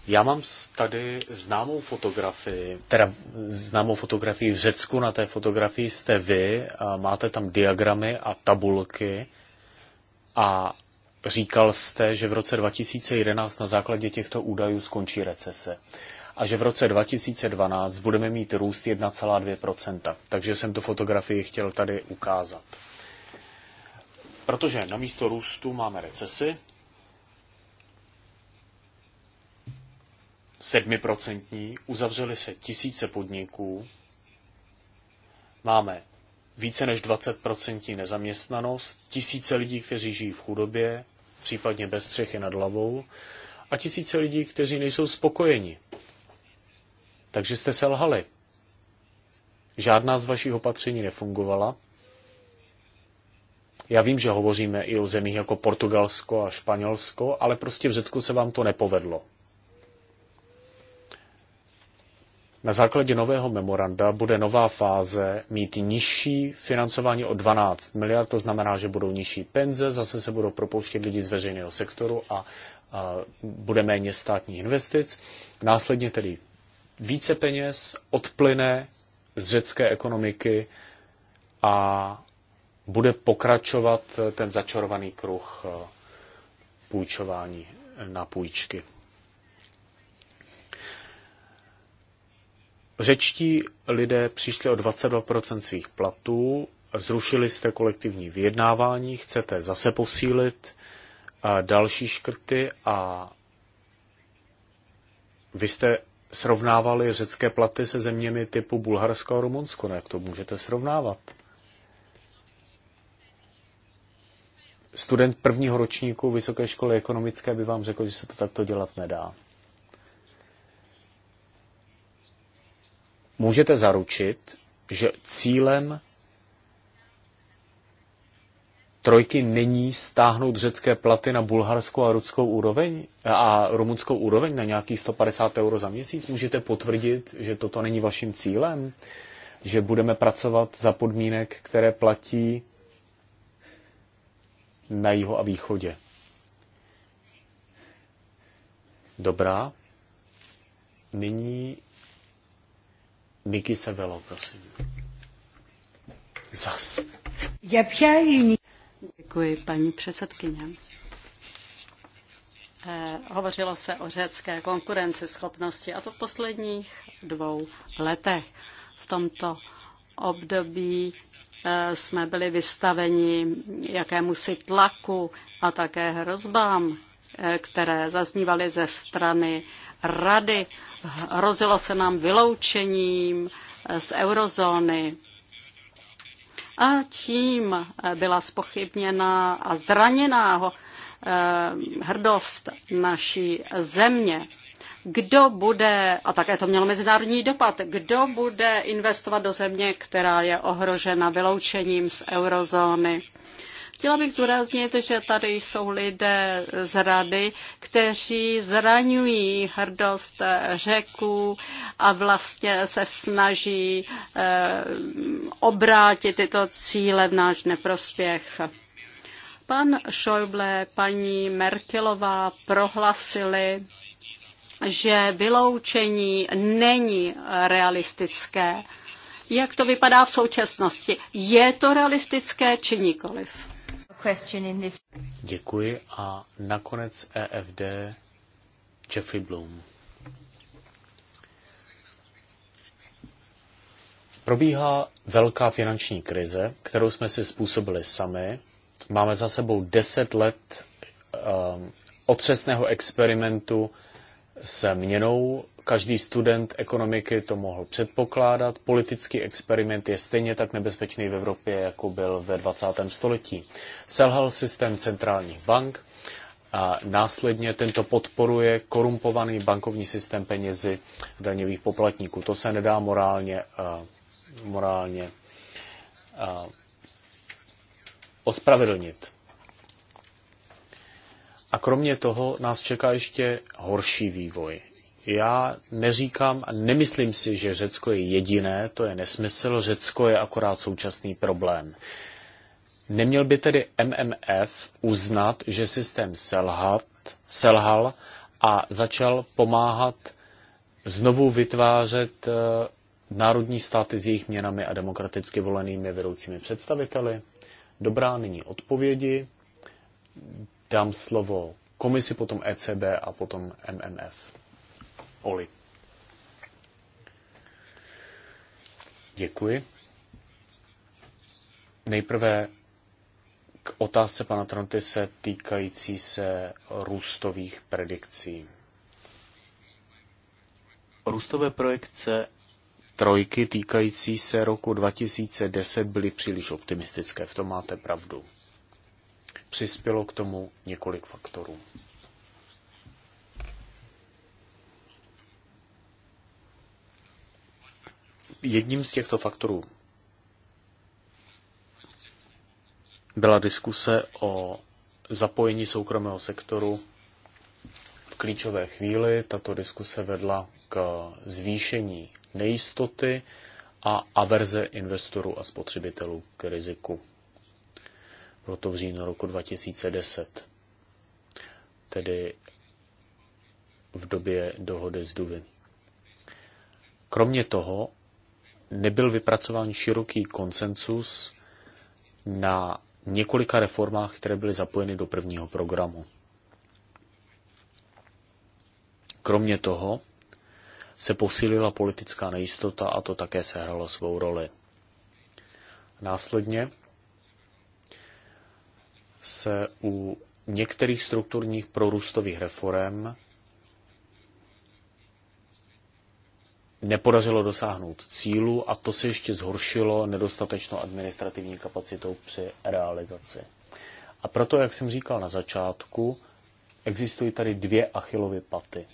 Já mám tady známou fotografii, teda známou fotografii v Řecku, na té fotografii jste vy, a máte tam diagramy a tabulky a říkal jste, že v roce 2011 na základě těchto údajů skončí recese a že v roce 2012 budeme mít růst 1,2%. Takže jsem tu fotografii chtěl tady ukázat. Protože na místo růstu máme recesi, 7%, uzavřely se tisíce podniků, máme více než 20% nezaměstnanost, tisíce lidí, kteří žijí v chudobě, případně bez střechy nad hlavou, a tisíce lidí, kteří nejsou spokojeni takže jste selhali. Žádná z vašich opatření nefungovala. Já vím, že hovoříme i o zemích jako Portugalsko a Španělsko, ale prostě v Řecku se vám to nepovedlo. Na základě nového memoranda bude nová fáze mít nižší financování o 12 miliard, to znamená, že budou nižší penze, zase se budou propouštět lidi z veřejného sektoru a, a bude méně státních investic. Následně tedy více peněz odplyne z řecké ekonomiky a bude pokračovat ten začarovaný kruh eh, půjčování na půjčky. Řečtí lidé přišli o 22% svých platů, zrušili jste kolektivní vyjednávání, chcete zase posílit eh, další škrty a vy jste srovnávali řecké platy se zeměmi typu Bulharsko a Rumunsko. No jak to můžete srovnávat? Student prvního ročníku Vysoké školy ekonomické by vám řekl, že se to takto dělat nedá. Můžete zaručit, že cílem trojky není stáhnout řecké platy na bulharskou a, ruskou úroveň, a rumunskou úroveň na nějakých 150 euro za měsíc? Můžete potvrdit, že toto není vaším cílem? Že budeme pracovat za podmínek, které platí na jihu a východě? Dobrá. Nyní Niky Sevelo, prosím.
Zas. Já Děkuji, paní předsedkyně. Eh, hovořilo se o řecké konkurenceschopnosti a to v posledních dvou letech. V tomto období eh, jsme byli vystaveni jakémusi tlaku a také hrozbám, eh, které zaznívaly ze strany rady. Hrozilo se nám vyloučením z eurozóny a tím eh, byla spochybněna a zraněná eh, hrdost naší země kdo bude, a také to mělo mezinárodní dopad, kdo bude investovat do země, která je ohrožena vyloučením z eurozóny. Chtěla bych zdůraznit, že tady jsou lidé z rady, kteří zraňují hrdost řeků a vlastně se snaží eh, obrátit tyto cíle v náš neprospěch. Pan Schäuble, paní Merkelová prohlasili, že vyloučení není realistické. Jak to vypadá v současnosti? Je to realistické či nikoliv?
Děkuji a nakonec EFD Jeffrey Bloom. Probíhá velká finanční krize, kterou jsme si způsobili sami. Máme za sebou deset let um, otřesného experimentu s měnou. Každý student ekonomiky to mohl předpokládat. Politický experiment je stejně tak nebezpečný v Evropě, jako byl ve 20. století. Selhal systém centrálních bank a následně tento podporuje korumpovaný bankovní systém penězi daňových poplatníků. To se nedá morálně, uh, morálně uh, ospravedlnit. A kromě toho nás čeká ještě horší vývoj. Já neříkám a nemyslím si, že Řecko je jediné, to je nesmysl, Řecko je akorát současný problém. Neměl by tedy MMF uznat, že systém selhat, selhal a začal pomáhat znovu vytvářet eh, národní státy s jejich měnami a demokraticky volenými vedoucími představiteli? Dobrá, nyní odpovědi dám slovo komisi, potom ECB a potom MMF. Oli. Děkuji. Nejprve k otázce pana se týkající se růstových predikcí. Růstové projekce trojky týkající se roku 2010 byly příliš optimistické, v tom máte pravdu. Přispělo k tomu několik faktorů. Jedním z těchto faktorů byla diskuse o zapojení soukromého sektoru v klíčové chvíli. Tato diskuse vedla k zvýšení nejistoty a averze investorů a spotřebitelů k riziku bylo to v říjnu roku 2010, tedy v době dohody z Duvy. Kromě toho nebyl vypracován široký konsensus na několika reformách, které byly zapojeny do prvního programu. Kromě toho se posílila politická nejistota a to také sehralo svou roli. Následně se u některých strukturních prorůstových reform nepodařilo dosáhnout cílu a to se ještě zhoršilo nedostatečnou administrativní kapacitou při realizaci. A proto, jak jsem říkal na začátku, existují tady dvě achilovy paty.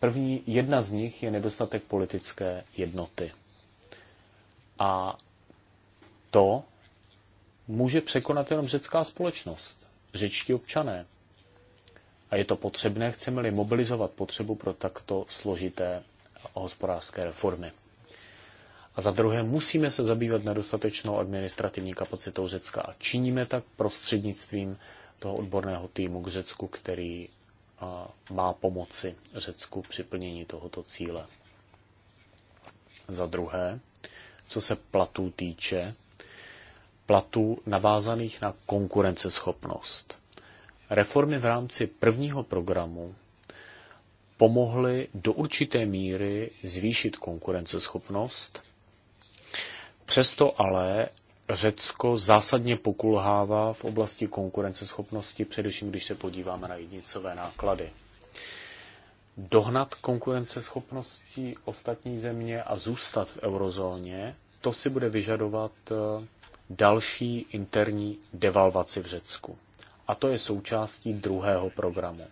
První, jedna z nich je nedostatek politické jednoty. A to může překonat jenom řecká společnost, řečtí občané. A je to potřebné, chceme-li mobilizovat potřebu pro takto složité hospodářské reformy. A za druhé, musíme se zabývat nedostatečnou administrativní kapacitou Řecka a činíme tak prostřednictvím toho odborného týmu k Řecku, který má pomoci Řecku při plnění tohoto cíle. Za druhé, co se platů týče, platů navázaných na konkurenceschopnost. Reformy v rámci prvního programu pomohly do určité míry zvýšit konkurenceschopnost, přesto ale Řecko zásadně pokulhává v oblasti konkurenceschopnosti, především když se podíváme na jednicové náklady. Dohnat konkurenceschopnosti ostatní země a zůstat v eurozóně, to si bude vyžadovat eh, další interní devalvaci v Řecku. A to je součástí druhého programu.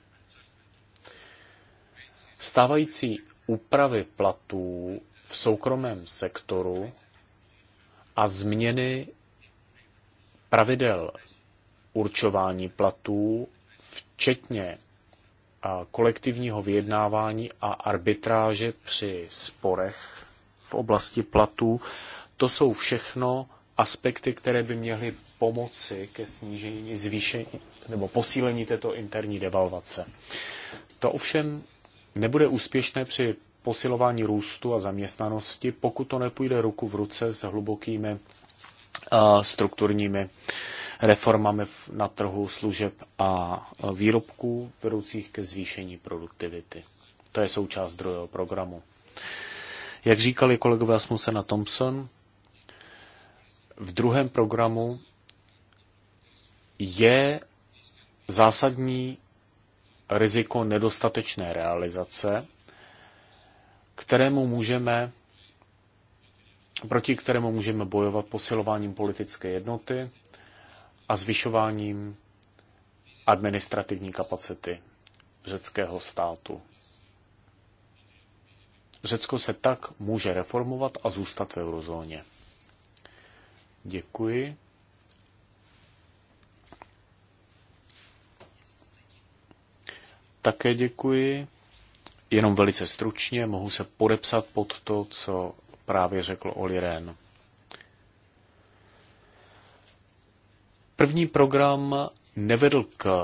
Vstávající úpravy platů v soukromém sektoru a změny pravidel určování platů, včetně kolektivního vyjednávání a arbitráže při sporech v oblasti platů, to jsou všechno aspekty, které by měly pomoci ke snížení, zvýšení nebo posílení této interní devalvace. To ovšem nebude úspěšné při posilování růstu a zaměstnanosti, pokud to nepůjde ruku v ruce s hlubokými strukturními reformami na trhu služeb a výrobků vedoucích ke zvýšení produktivity. To je součást druhého programu. Jak říkali kolegové Asmussen a Thompson, v druhém programu je zásadní riziko nedostatečné realizace, kterému můžeme, proti kterému můžeme bojovat posilováním politické jednoty a zvyšováním administrativní kapacity řeckého státu. Řecko se tak může reformovat a zůstat v eurozóně. Děkuji. Také děkuji. Jenom velice stručně mohu se podepsat pod to, co právě řekl Oli Ren. První program nevedl k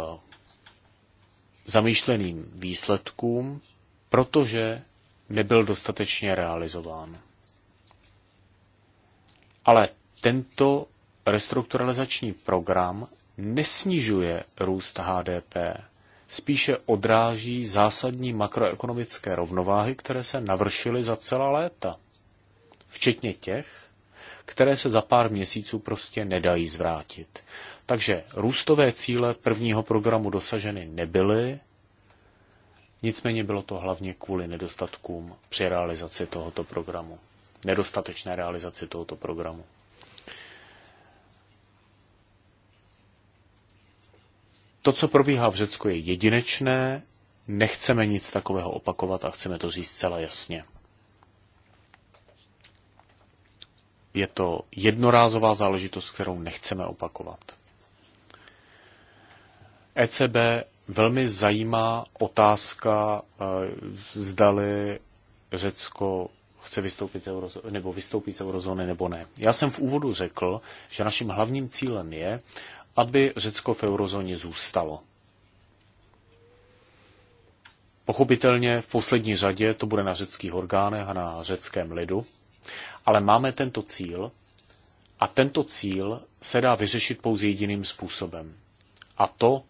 zamýšleným výsledkům, protože nebyl dostatečně realizován. Ale tento restrukturalizační program nesnižuje růst HDP, spíše odráží zásadní makroekonomické rovnováhy, které se navršily za celá léta, včetně těch, které se za pár měsíců prostě nedají zvrátit. Takže růstové cíle prvního programu dosaženy nebyly, nicméně bylo to hlavně kvůli nedostatkům při realizaci tohoto programu. Nedostatečné realizaci tohoto programu. To, co probíhá v Řecku, je jedinečné, nechceme nic takového opakovat a chceme to říct zcela jasně. Je to jednorázová záležitost, kterou nechceme opakovat. ECB velmi zajímá otázka, eh, zdali Řecko chce vystoupit z eurozóny, nebo vystoupit z eurozóny nebo ne. Já jsem v úvodu řekl, že naším hlavním cílem je, aby Řecko v eurozóně zůstalo. Pochopitelně v poslední řadě to bude na řeckých orgánech a na řeckém lidu, ale máme tento cíl a tento cíl se dá vyřešit pouze jediným způsobem. A to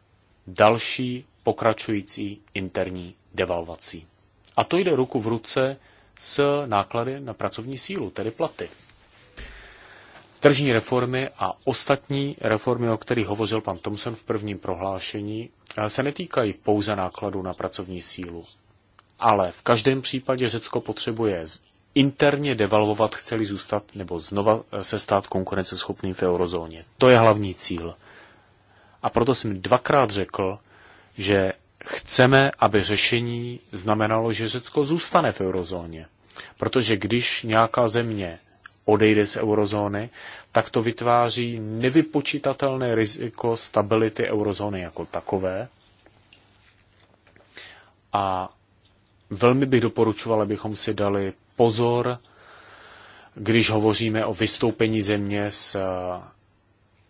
další pokračující interní devalvací. A to jde ruku v ruce s náklady na pracovní sílu, tedy platy. Tržní reformy a ostatní reformy, o kterých hovořil pan Thomson v prvním prohlášení, eh, se netýkají pouze nákladu na pracovní sílu. Ale v každém případě Řecko potřebuje interně devalvovat, chceli zůstat nebo znova eh, se stát konkurenceschopným v eurozóně. To je hlavní cíl. A proto jsem dvakrát řekl, že chceme, aby řešení znamenalo, že Řecko zůstane v eurozóně. Protože když nějaká země odejde z eurozóny, tak to vytváří nevypočítatelné riziko stability eurozóny jako takové. A velmi bych doporučoval, abychom si dali pozor, když hovoříme o vystoupení země z eh,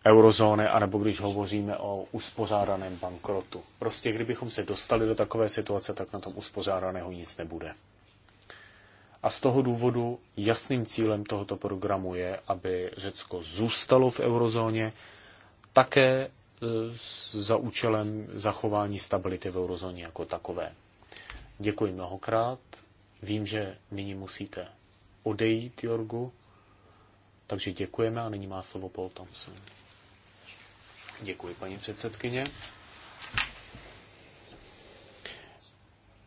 eurozóny, anebo když hovoříme o uspořádaném bankrotu. Prostě kdybychom se dostali do takové situace, tak na tom uspořádaného nic nebude. A z toho důvodu jasným cílem tohoto programu je, aby Řecko zůstalo v eurozóně, také e, za účelem zachování stability v eurozóně jako takové. Děkuji mnohokrát. Vím, že nyní musíte odejít, Jorgu, takže děkujeme a nyní má slovo Paul Thompson. Děkuji, paní předsedkyně.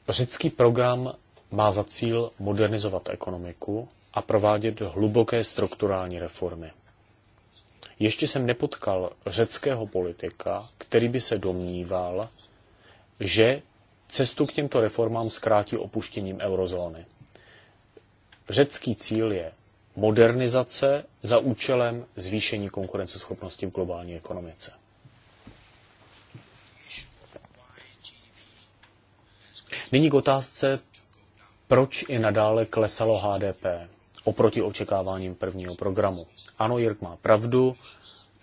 Řecký program má za cíl modernizovat ekonomiku a provádět hluboké strukturální reformy. Ještě jsem nepotkal řeckého politika, který by se domníval, že cestu k těmto reformám zkrátí opuštěním eurozóny. Řecký cíl je modernizace za účelem zvýšení konkurenceschopnosti v globální ekonomice. Nyní k otázce proč i nadále klesalo HDP oproti očekáváním prvního programu. Ano, Jirk má pravdu,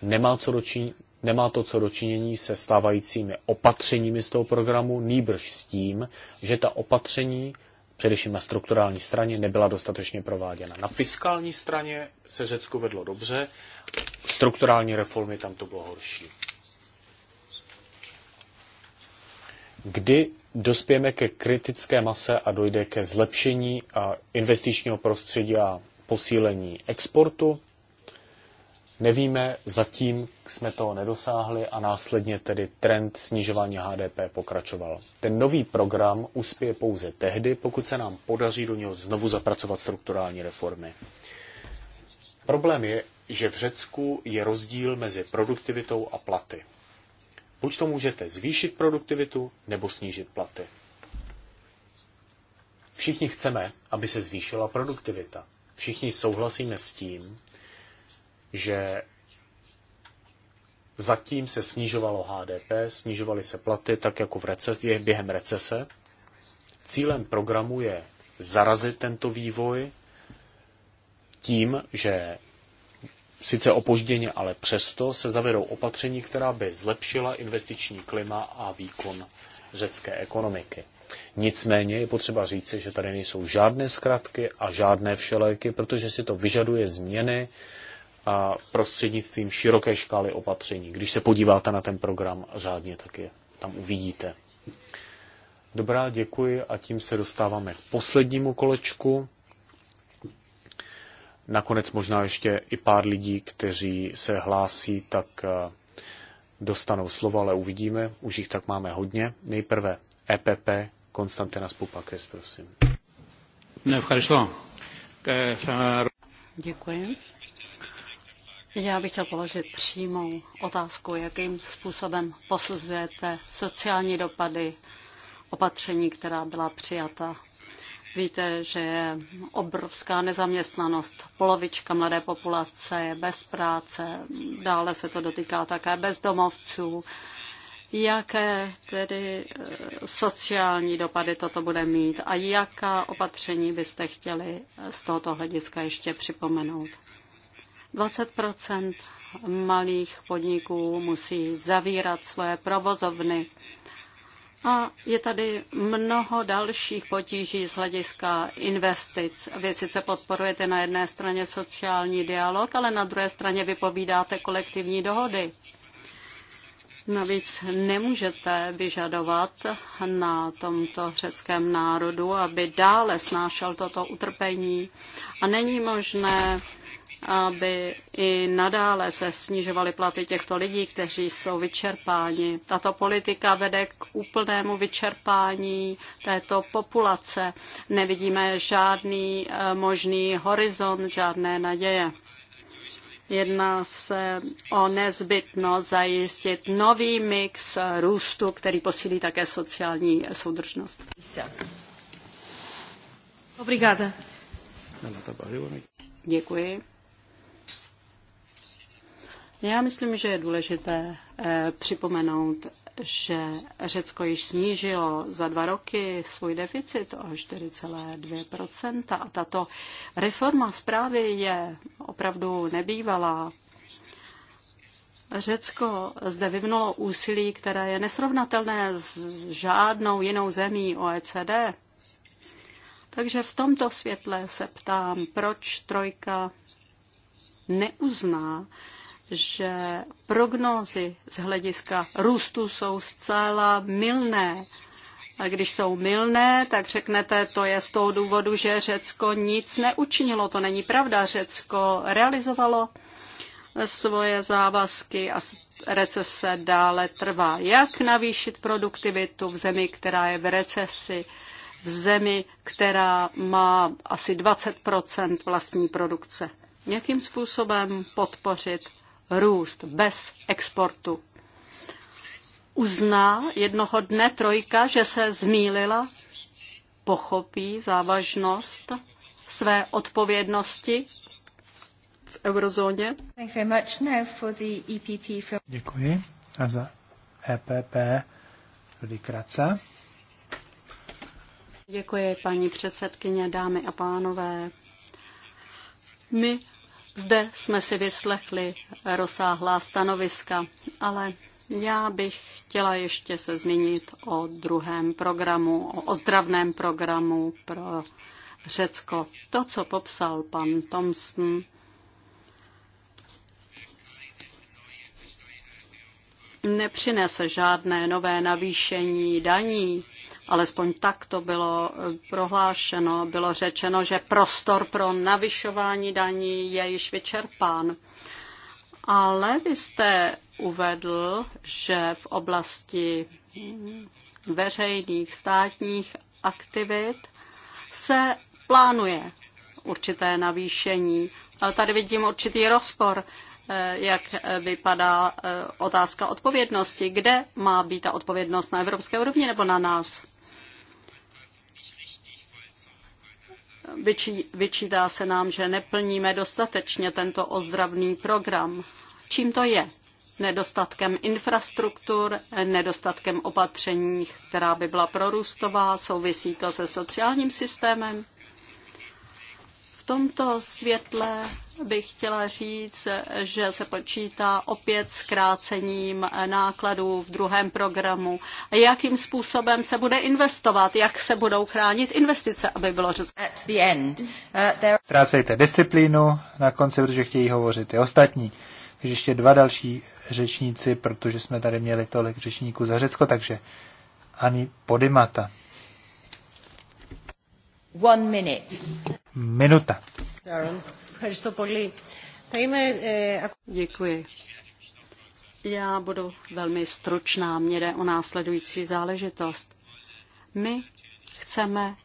nemá, co dočin, nemá to co dočinění se stávajícími opatřeními z toho programu, nýbrž s tím, že ta opatření především na strukturální straně, nebyla dostatečně prováděna. Na fiskální straně se Řecko vedlo dobře, strukturální reformy tam to bylo horší. Kdy dospějeme ke kritické mase a dojde ke zlepšení investičního prostředí a posílení exportu. Nevíme, zatím jsme toho nedosáhli a následně tedy trend snižování HDP pokračoval. Ten nový program uspěje pouze tehdy, pokud se nám podaří do něho znovu zapracovat strukturální reformy. Problém je, že v Řecku je rozdíl mezi produktivitou a platy. Buď to můžete zvýšit produktivitu, nebo snížit platy. Všichni chceme, aby se zvýšila produktivita. Všichni souhlasíme s tím, že zatím se snižovalo HDP, snižovaly se platy, tak jako v recesi, je během recese. Cílem programu je zarazit tento vývoj tím, že sice opožděně, ale přesto se zavedou opatření, která by zlepšila investiční klima a výkon řecké ekonomiky. Nicméně je potřeba říci, že tady nejsou žádné zkratky a žádné všeléky, protože si to vyžaduje změny a prostřednictvím široké škály opatření. Když se podíváte na ten program řádně, tak je tam uvidíte. Dobrá, děkuji a tím se dostáváme k poslednímu kolečku nakonec možná ještě i pár lidí, kteří se hlásí, tak eh, dostanou slovo, ale uvidíme. Už jich tak máme hodně. Nejprve EPP, Konstantina Spupakis, prosím. Děkuji.
Já bych chtěl položit přímou otázku, jakým způsobem posuzujete sociální dopady opatření, která byla přijata Víte, že je obrovská nezaměstnanost, polovička mladé populace je bez práce, dále se to dotýká také bezdomovců. Jaké tedy eh, sociální dopady toto bude mít a jaká opatření byste chtěli z tohoto hlediska ještě připomenout? 20 malých podniků musí zavírat svoje provozovny a je tady mnoho dalších potíží z hlediska investic. Vy sice podporujete na jedné straně sociální dialog, ale na druhé straně vypovídáte kolektivní dohody. Navíc nemůžete vyžadovat na tomto řeckém národu, aby dále snášel toto utrpení. A není možné aby i nadále se snižovaly platy těchto lidí, kteří jsou vyčerpáni. Tato politika vede k úplnému vyčerpání této populace. Nevidíme žádný eh, možný horizont, žádné naděje. Jedná se o nezbytnost zajistit nový mix růstu, který posílí také sociální soudržnost. Obrigada. Děkuji. Já myslím, že je důležité eh, připomenout, že Řecko již snížilo za dva roky svůj deficit o 4,2 a tato reforma zprávy je opravdu nebývalá. Řecko zde vyvnulo úsilí, které je nesrovnatelné s žádnou jinou zemí OECD. Takže v tomto světle se ptám, proč trojka neuzná že prognózy z hlediska růstu jsou zcela milné. A když jsou milné, tak řeknete, to je z toho důvodu, že Řecko nic neučinilo. To není pravda. Řecko realizovalo svoje závazky a recese dále trvá. Jak navýšit produktivitu v zemi, která je v recesi, v zemi, která má asi 20 vlastní produkce? Jakým způsobem podpořit růst bez exportu. Uzná jednoho dne trojka, že se zmílila, pochopí závažnost své odpovědnosti v eurozóně. E
Děkuji. A za EPP Rudy
Děkuji, paní předsedkyně, dámy a pánové. My zde jsme si vyslechli rozsáhlá stanoviska, ale já bych chtěla ještě se zmínit o druhém programu, o ozdravném programu pro Řecko. To, co popsal pan Thompson, nepřinese žádné nové navýšení daní, alespoň tak to bylo eh, prohlášeno, bylo řečeno, že prostor pro navyšování daní je již vyčerpán. Ale vy jste uvedl, že v oblasti veřejných státních aktivit se plánuje určité navýšení. Ale tady vidím určitý rozpor, eh, jak vypadá eh, otázka odpovědnosti. Kde má být ta odpovědnost na evropské úrovni nebo na nás? Vyčí, vyčítá se nám, že neplníme dostatečně tento ozdravný program. Čím to je? Nedostatkem infrastruktur, nedostatkem opatření, která by byla prorůstová, souvisí to se sociálním systémem? tomto světle bych chtěla říct, že se počítá opět s krácením nákladů v druhém programu. Jakým způsobem se bude investovat, jak se budou chránit investice, aby bylo řečeno. Uh,
Ztrácejte disciplínu na konci, protože chtějí hovořit i ostatní. Takže ještě dva další řečníci, protože jsme tady měli tolik řečníků za Řecko, takže ani Podimata.
One minute.
Minuta.
Eh, Děkuji. Já budu velmi stručná. Mně jde o následující záležitost. My chceme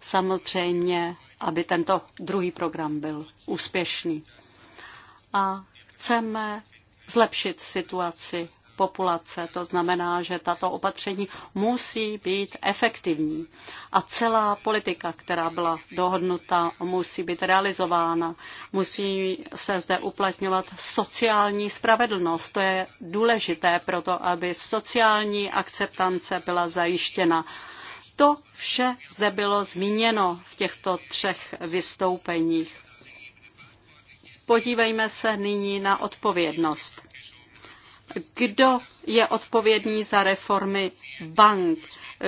samozřejmě, aby tento druhý program byl úspěšný. A chceme zlepšit situaci populace. To znamená, že tato opatření musí být efektivní a celá politika, která byla dohodnuta, musí být realizována. Musí se zde uplatňovat sociální spravedlnost. To je důležité pro to, aby sociální akceptance byla zajištěna. To vše zde bylo zmíněno v těchto třech vystoupeních. Podívejme se nyní na odpovědnost kdo je odpovědný za reformy bank,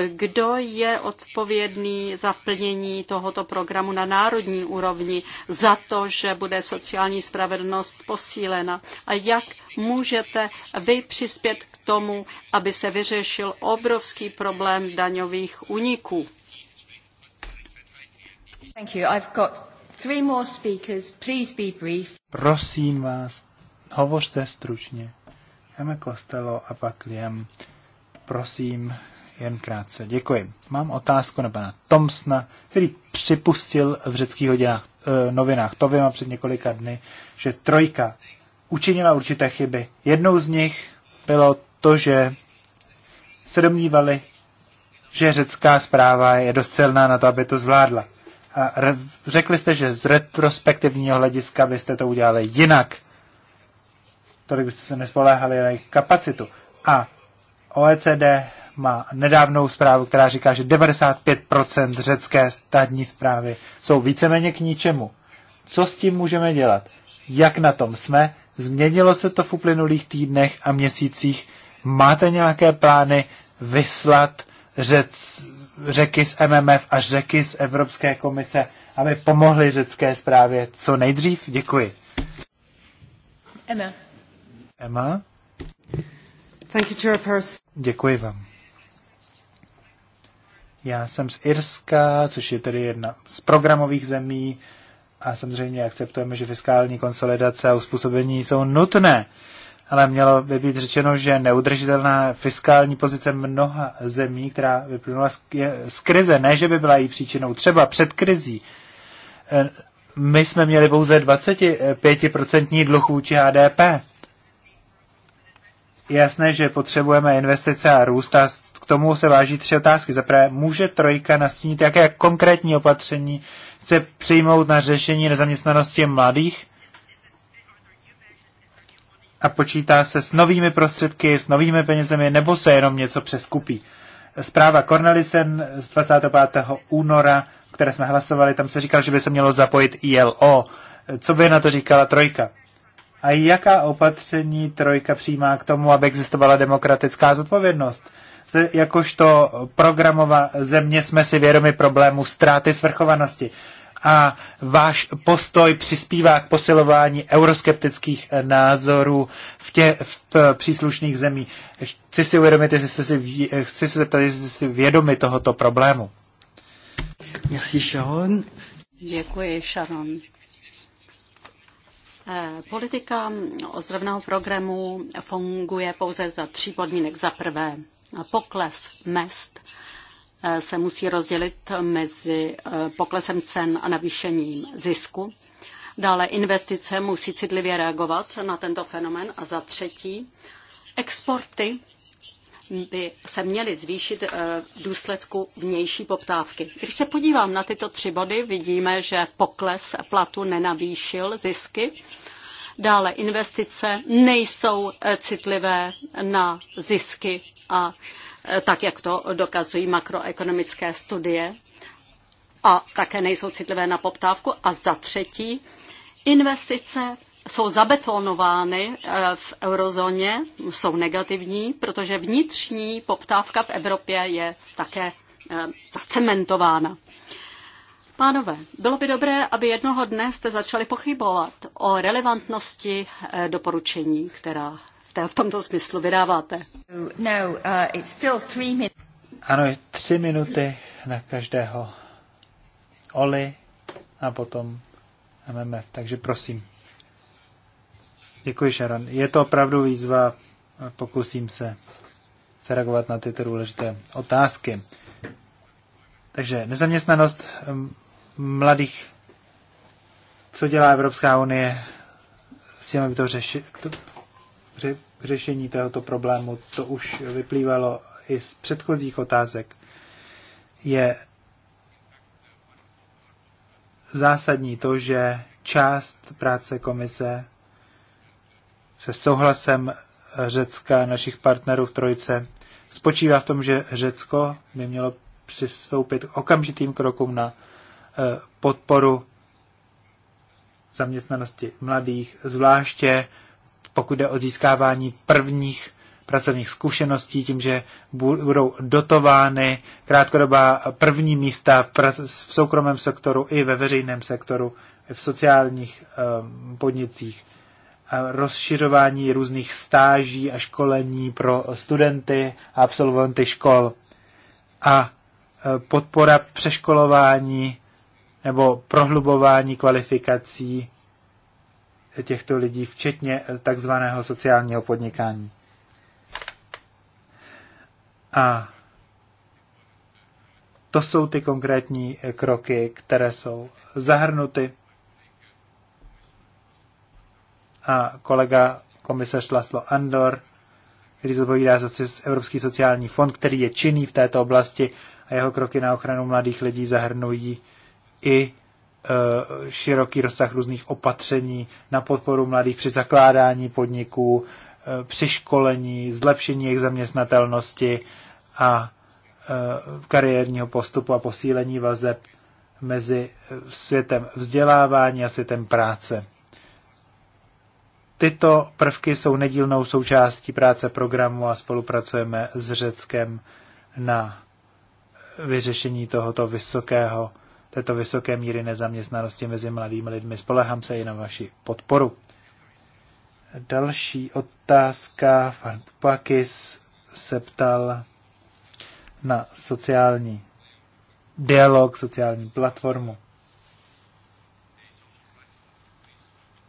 kdo je odpovědný za plnění tohoto programu na národní úrovni, za to, že bude sociální spravedlnost posílena a jak můžete vy přispět k tomu, aby se vyřešil obrovský problém daňových úniků. Thank you. I've got three more speakers. Please be brief.
Prosím vás, hovořte stručně. Eme kostelo a pak Liam. Prosím, jen krátce. Děkuji. Mám otázku na pana Tomsna, který připustil v řeckých hodinách, eh, novinách Tovima před několika dny, že trojka učinila určité chyby. Jednou z nich bylo to, že se domnívali, že řecká zpráva je dost silná na to, aby to zvládla. A řekli jste, že z retrospektivního hlediska byste to udělali jinak tolik byste se nespoléhali na jejich kapacitu. A OECD má nedávnou zprávu, která říká, že 95% řecké státní zprávy jsou víceméně k ničemu. Co s tím můžeme dělat? Jak na tom jsme? Změnilo se to v uplynulých týdnech a měsících? Máte nějaké plány vyslat řec, řeky z MMF a řeky z Evropské komise, aby pomohly řecké zprávě co nejdřív? Děkuji. Emma. Emma. Thank you, Chairperson. Děkuji vám. Já jsem z Irska, což je tedy jedna z programových zemí a samozřejmě akceptujeme, že fiskální konsolidace a uspůsobení jsou nutné. Ale mělo by být řečeno, že neudržitelná fiskální pozice mnoha zemí, která vyplynula z krize, ne, že by byla její příčinou, třeba před krizí, eh, my jsme měli pouze 25% dluh vůči HDP jasné, že potřebujeme investice a růst a k tomu se váží tři otázky. Zaprvé, může trojka nastínit, jaké konkrétní opatření chce přijmout na řešení nezaměstnanosti mladých? A počítá se s novými prostředky, s novými penězemi, nebo se jenom něco přeskupí? Zpráva Cornelisen z 25. února, které jsme hlasovali, tam se říkal, že by se mělo zapojit ILO. Co by na to říkala trojka? A jaká opatření trojka přijímá k tomu, aby existovala demokratická zodpovědnost? Jakožto programová země jsme si vědomi problému ztráty svrchovanosti. A váš postoj přispívá k posilování euroskeptických názorů v, tě, v příslušných zemí. Chci si uvědomit, jestli jste si, chci se zeptat, jestli jste si vědomi tohoto problému. Merci, Sharon.
Děkuji, Sharon. Eh, politika ozdravného programu funguje pouze za tří podmínek. Za prvé, pokles mest eh, se musí rozdělit mezi eh, poklesem cen a navýšením zisku. Dále investice musí citlivě reagovat na tento fenomen. A za třetí, exporty by se měly zvýšit eh, v důsledku vnější poptávky. Když se podívám na tyto tři body, vidíme, že pokles platu nenavýšil zisky. Dále investice nejsou eh, citlivé na zisky a eh, tak, jak to dokazují makroekonomické studie a také nejsou citlivé na poptávku. A za třetí, investice jsou zabetonovány eh, v eurozóně, jsou negativní, protože vnitřní poptávka v Evropě je také eh, zacementována. Pánové, bylo by dobré, aby jednoho dne jste začali pochybovat o relevantnosti eh, doporučení, která v tomto smyslu vydáváte. No, uh, it's still three min-
ano, je tři minuty na každého. Oli a potom MMF, takže prosím. Děkuji, Sharon. Je to opravdu výzva. Pokusím se zareagovat na tyto důležité otázky. Takže nezaměstnanost mladých, co dělá Evropská unie s aby to, řeši, to ře, řešení tohoto problému, to už vyplývalo i z předchozích otázek, je zásadní to, že část práce komise se souhlasem Řecka, našich partnerů v Trojce, spočívá v tom, že Řecko by mělo přistoupit k okamžitým krokům na eh, podporu zaměstnanosti mladých, zvláště pokud jde o získávání prvních pracovních zkušeností, tím, že budou dotovány krátkodobá první místa v soukromém sektoru i ve veřejném sektoru, v sociálních eh, podnicích rozšiřování různých stáží a školení pro studenty a absolventy škol a e, podpora přeškolování nebo prohlubování kvalifikací těchto lidí, včetně e, takzvaného sociálního podnikání. A to jsou ty konkrétní e, kroky, které jsou zahrnuty a kolega komisař Laslo Andor, který zodpovídá za Evropský sociální fond, který je činný v této oblasti a jeho kroky na ochranu mladých lidí zahrnují i e, široký rozsah různých opatření na podporu mladých při zakládání podniků, e, při školení, zlepšení jejich zaměstnatelnosti a e, kariérního postupu a posílení vazeb mezi světem vzdělávání a světem práce. Tyto prvky jsou nedílnou součástí práce programu a spolupracujeme s Řeckem na vyřešení tohoto vysokého, této vysoké míry nezaměstnanosti mezi mladými lidmi. Spolehám se i na vaši podporu. Další otázka. Pan Pupakis se ptal na sociální dialog, sociální platformu.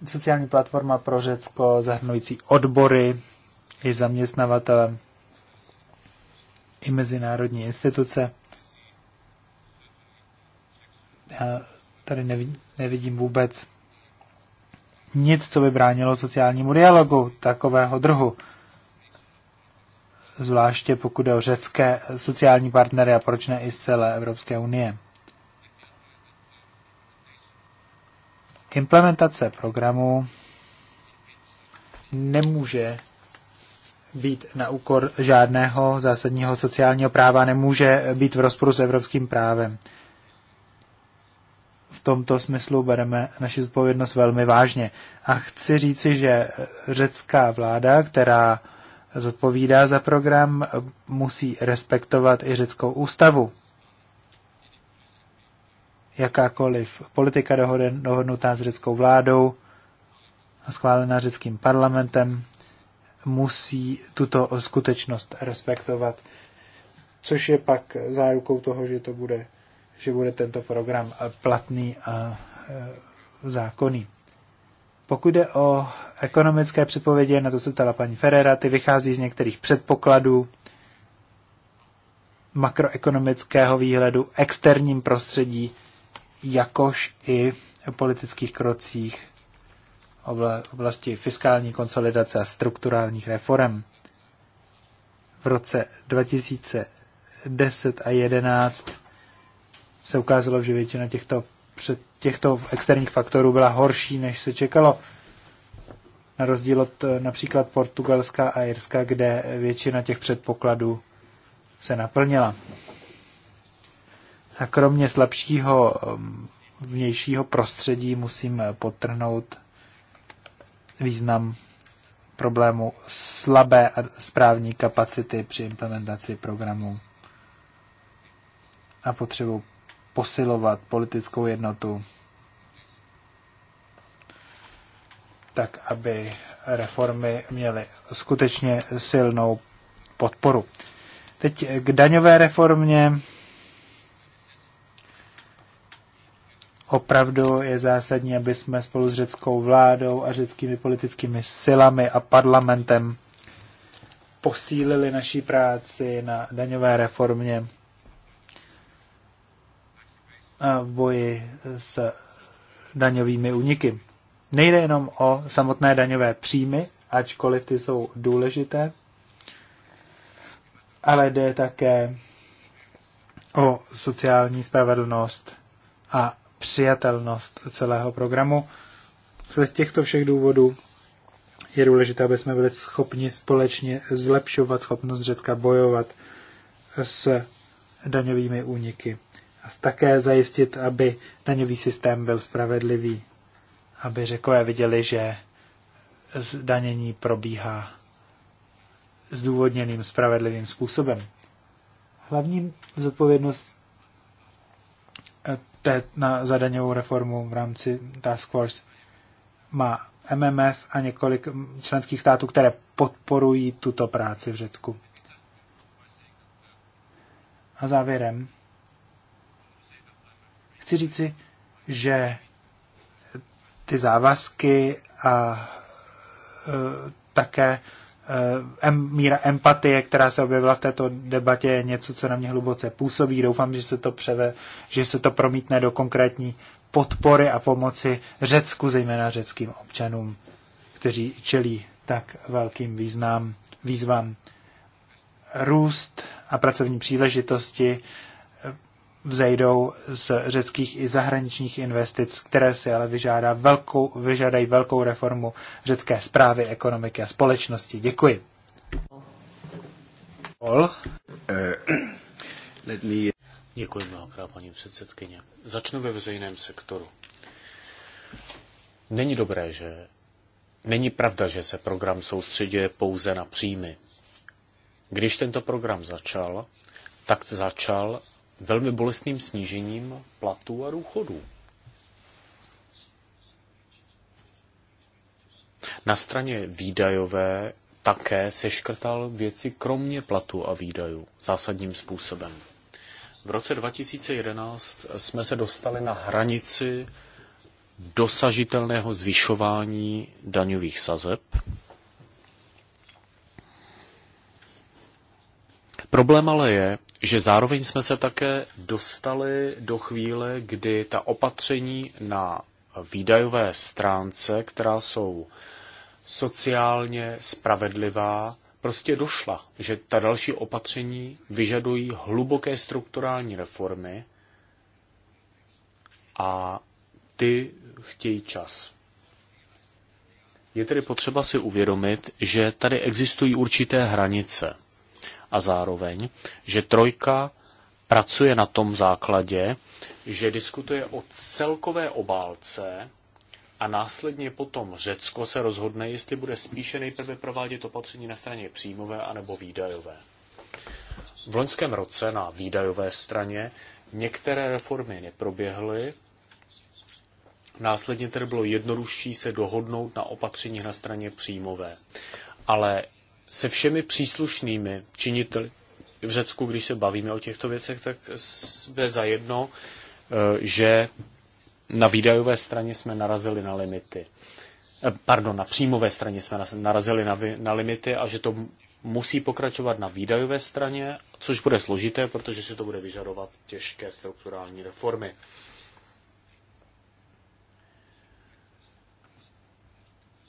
sociální platforma pro Řecko, zahrnující odbory i zaměstnavatele, i mezinárodní instituce. Já tady nevidím, vůbec nic, co by bránilo sociálnímu dialogu takového druhu. Zvláště pokud je o řecké sociální partnery a proč ne i z celé Evropské unie. Implementace programu nemůže být na úkor žádného zásadního sociálního práva, nemůže být v rozporu s evropským právem. V tomto smyslu bereme naši zodpovědnost velmi vážně. A chci říci, že řecká vláda, která zodpovídá za program, musí respektovat i řeckou ústavu jakákoliv politika dohodnutá s řeckou vládou a schválená řeckým parlamentem musí tuto skutečnost respektovat, což je pak zárukou toho, že to bude, že bude tento program platný a e, zákonný. Pokud jde o ekonomické předpovědi, na to se ptala paní Ferrera, ty vychází z některých předpokladů makroekonomického výhledu, externím prostředí, jakož i politických krocích oblasti fiskální konsolidace a strukturálních reform. V roce 2010 a 2011 se ukázalo, že většina těchto, před, těchto externích faktorů byla horší, než se čekalo. Na rozdíl od eh, například Portugalska a Irska, kde většina těch předpokladů se naplnila. A kromě slabšího um, vnějšího prostředí musím potrhnout význam problému slabé a správní kapacity při implementaci programů a potřebu posilovat politickou jednotu tak, aby reformy měly skutečně silnou podporu. Teď k daňové reformě opravdu je zásadní, aby jsme spolu s řeckou vládou a řeckými politickými silami a parlamentem posílili naší práci na daňové reformě a v boji s daňovými úniky. Nejde jenom o samotné daňové příjmy, ačkoliv ty jsou důležité, ale jde také o sociální spravedlnost a přijatelnost celého programu. Z těchto všech důvodů je důležité, aby jsme byli schopni společně zlepšovat schopnost Řecka bojovat s daňovými úniky a také zajistit, aby daňový systém byl spravedlivý, aby Řekové viděli, že zdanění probíhá zdůvodněným spravedlivým způsobem. Hlavním zodpovědnost té, na zadaňovou reformu v rámci Task Force má MMF a několik členských států, které podporují tuto práci v Řecku. A závěrem chci říci, že ty závazky a e, také Eh, em, míra empatie, která se objevila v této debatě, je něco, co na mě hluboce působí. Doufám, že se to převe, že se to promítne do konkrétní podpory a pomoci Řecku, zejména řeckým občanům, kteří čelí tak velkým význam, výzvám. Růst a pracovní příležitosti vzejdou z řeckých i zahraničních investic, které si ale vyžádá velkou, vyžádají velkou reformu řecké zprávy, ekonomiky a společnosti. Děkuji.
Ol. Eh,
Děkuji mnohokrát, paní předsedkyně. Začnu ve veřejném sektoru. Není dobré, že není pravda, že se program soustředuje pouze na příjmy. Když tento program začal, tak začal velmi bolestným snížením platů a důchodů. Na straně výdajové také se škrtal věci kromě platu a výdajů zásadním způsobem. V roce 2011 jsme se dostali na hranici dosažitelného zvyšování daňových sazeb Problém ale je, že zároveň jsme se také dostali do chvíle, kdy ta opatření na výdajové stránce, která jsou sociálně spravedlivá, prostě došla, že ta další opatření vyžadují hluboké strukturální reformy a ty chtějí čas. Je tedy potřeba si uvědomit, že tady existují určité hranice – a zároveň, že trojka pracuje na tom základě, že diskutuje o celkové obálce a následně potom Řecko se rozhodne, jestli bude spíše nejprve provádět opatření na straně příjmové anebo výdajové. V loňském roce na výdajové straně některé reformy neproběhly, následně tedy bylo jednodušší se dohodnout na opatřeních na straně příjmové. Ale se všemi příslušnými činiteli v Řecku, když se bavíme o těchto věcech, tak jsme zajedno, eh, že na výdajové straně jsme narazili na limity. Eh, pardon, na příjmové straně jsme narazili na, na limity a že to musí pokračovat na výdajové straně, což bude složité, protože se to bude vyžadovat těžké strukturální reformy.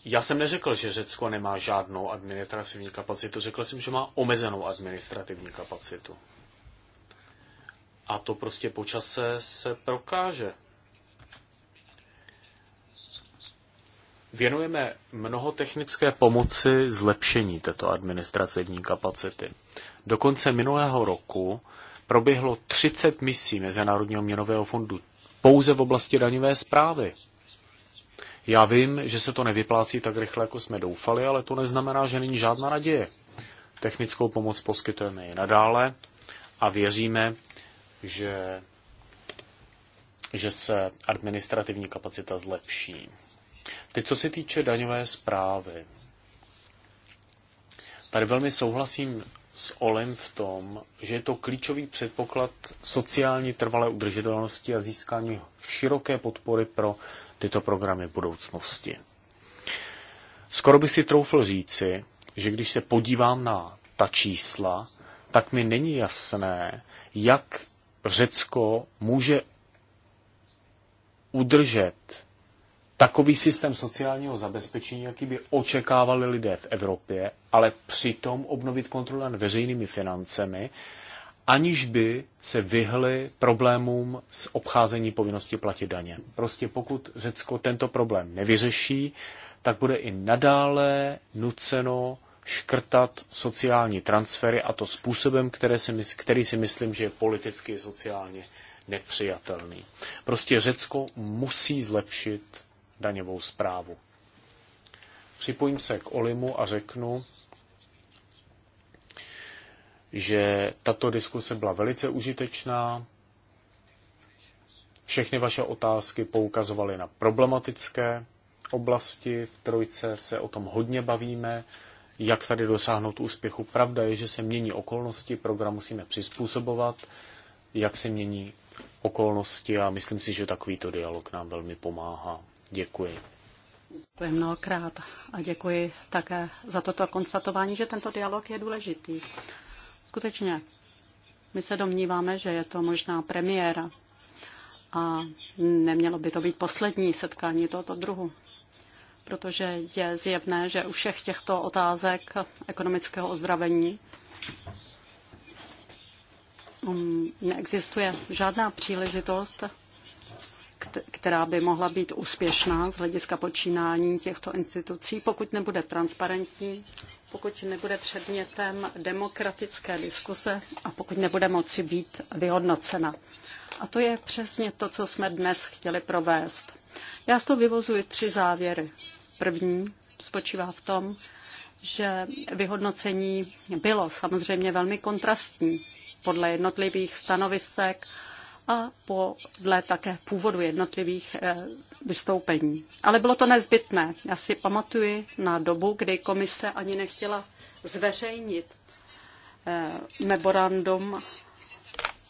Já jsem neřekl, že Řecko nemá žádnou administrativní kapacitu, řekl jsem, že má omezenou administrativní kapacitu. A to prostě počase se prokáže. Věnujeme mnoho technické pomoci zlepšení této administrativní kapacity. Do konce minulého roku proběhlo 30 misí Mezinárodního měnového fondu pouze v oblasti daňové zprávy. Já vím, že se to nevyplácí tak rychle, jako jsme doufali, ale to neznamená, že není žádná naděje. Technickou pomoc poskytujeme i nadále a věříme, že, že se administrativní kapacita zlepší. Teď, co se týče daňové zprávy. Tady velmi souhlasím s Olem v tom, že je to klíčový předpoklad sociální trvalé udržitelnosti a získání široké podpory pro tyto programy v budoucnosti. Skoro by si troufl říci, že když se podívám na ta čísla, tak mi není jasné, jak Řecko může udržet takový systém sociálního zabezpečení, jaký by očekávali lidé v Evropě, ale přitom obnovit kontrolu nad veřejnými financemi aniž by se vyhly problémům s obcházení povinnosti platit daně. Prostě pokud Řecko tento problém nevyřeší, tak bude i nadále nuceno škrtat sociální transfery a to způsobem, které si mysl, který si myslím, že je politicky sociálně nepřijatelný. Prostě Řecko musí zlepšit daňovou zprávu. Připojím se k Olimu a řeknu, že tato diskuse byla velice užitečná. Všechny vaše otázky poukazovaly na problematické oblasti. V Trojce se o tom hodně bavíme, jak tady dosáhnout úspěchu. Pravda je, že se mění okolnosti, program musíme přizpůsobovat, jak se mění okolnosti a myslím si, že takovýto dialog nám velmi pomáhá. Děkuji.
Děkuji mnohokrát a děkuji také za toto konstatování, že tento dialog je důležitý. Skutečně, my se domníváme, že je to možná premiéra a nemělo by to být poslední setkání tohoto druhu, protože je zjevné, že u všech těchto otázek ekonomického ozdravení um, neexistuje žádná příležitost, která by mohla být úspěšná z hlediska počínání těchto institucí, pokud nebude transparentní pokud nebude předmětem demokratické diskuse a pokud nebude moci být vyhodnocena. A to je přesně to, co jsme dnes chtěli provést. Já z toho vyvozuji tři závěry. První spočívá v tom, že vyhodnocení bylo samozřejmě velmi kontrastní podle jednotlivých stanovisek, a podle také původu jednotlivých eh, vystoupení. Ale bylo to nezbytné. Já si pamatuji na dobu, kdy komise ani nechtěla zveřejnit eh, memorandum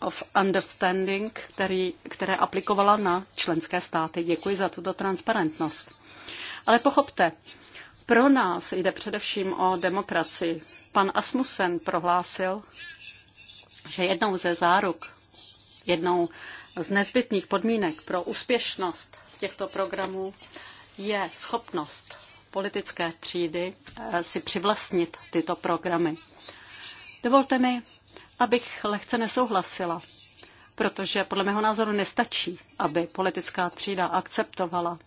of understanding, který, které aplikovala na členské státy. Děkuji za tuto transparentnost. Ale pochopte, pro nás jde především o demokracii. Pan Asmussen prohlásil, že jednou ze záruk Jednou z nezbytných podmínek pro úspěšnost těchto programů je schopnost politické třídy eh, si přivlastnit tyto programy. Dovolte mi, abych lehce nesouhlasila, protože podle mého názoru nestačí, aby politická třída akceptovala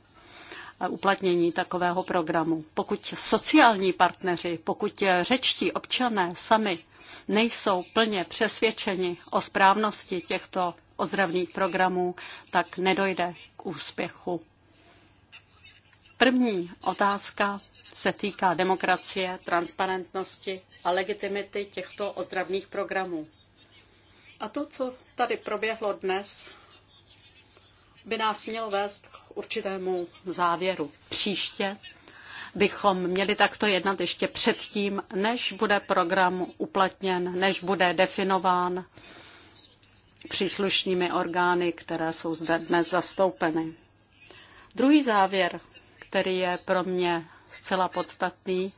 uplatnění takového programu. Pokud sociální partneři, pokud řečtí občané sami nejsou plně přesvědčeni o správnosti těchto ozdravných programů, tak nedojde k úspěchu. První otázka se týká demokracie, transparentnosti a legitimity těchto ozdravných programů. A to, co tady proběhlo dnes, by nás mělo vést určitému závěru. Příště bychom měli takto jednat ještě předtím, než bude program uplatněn, než bude definován příslušnými orgány, které jsou zde dnes zastoupeny. Druhý závěr, který je pro mě zcela podstatný,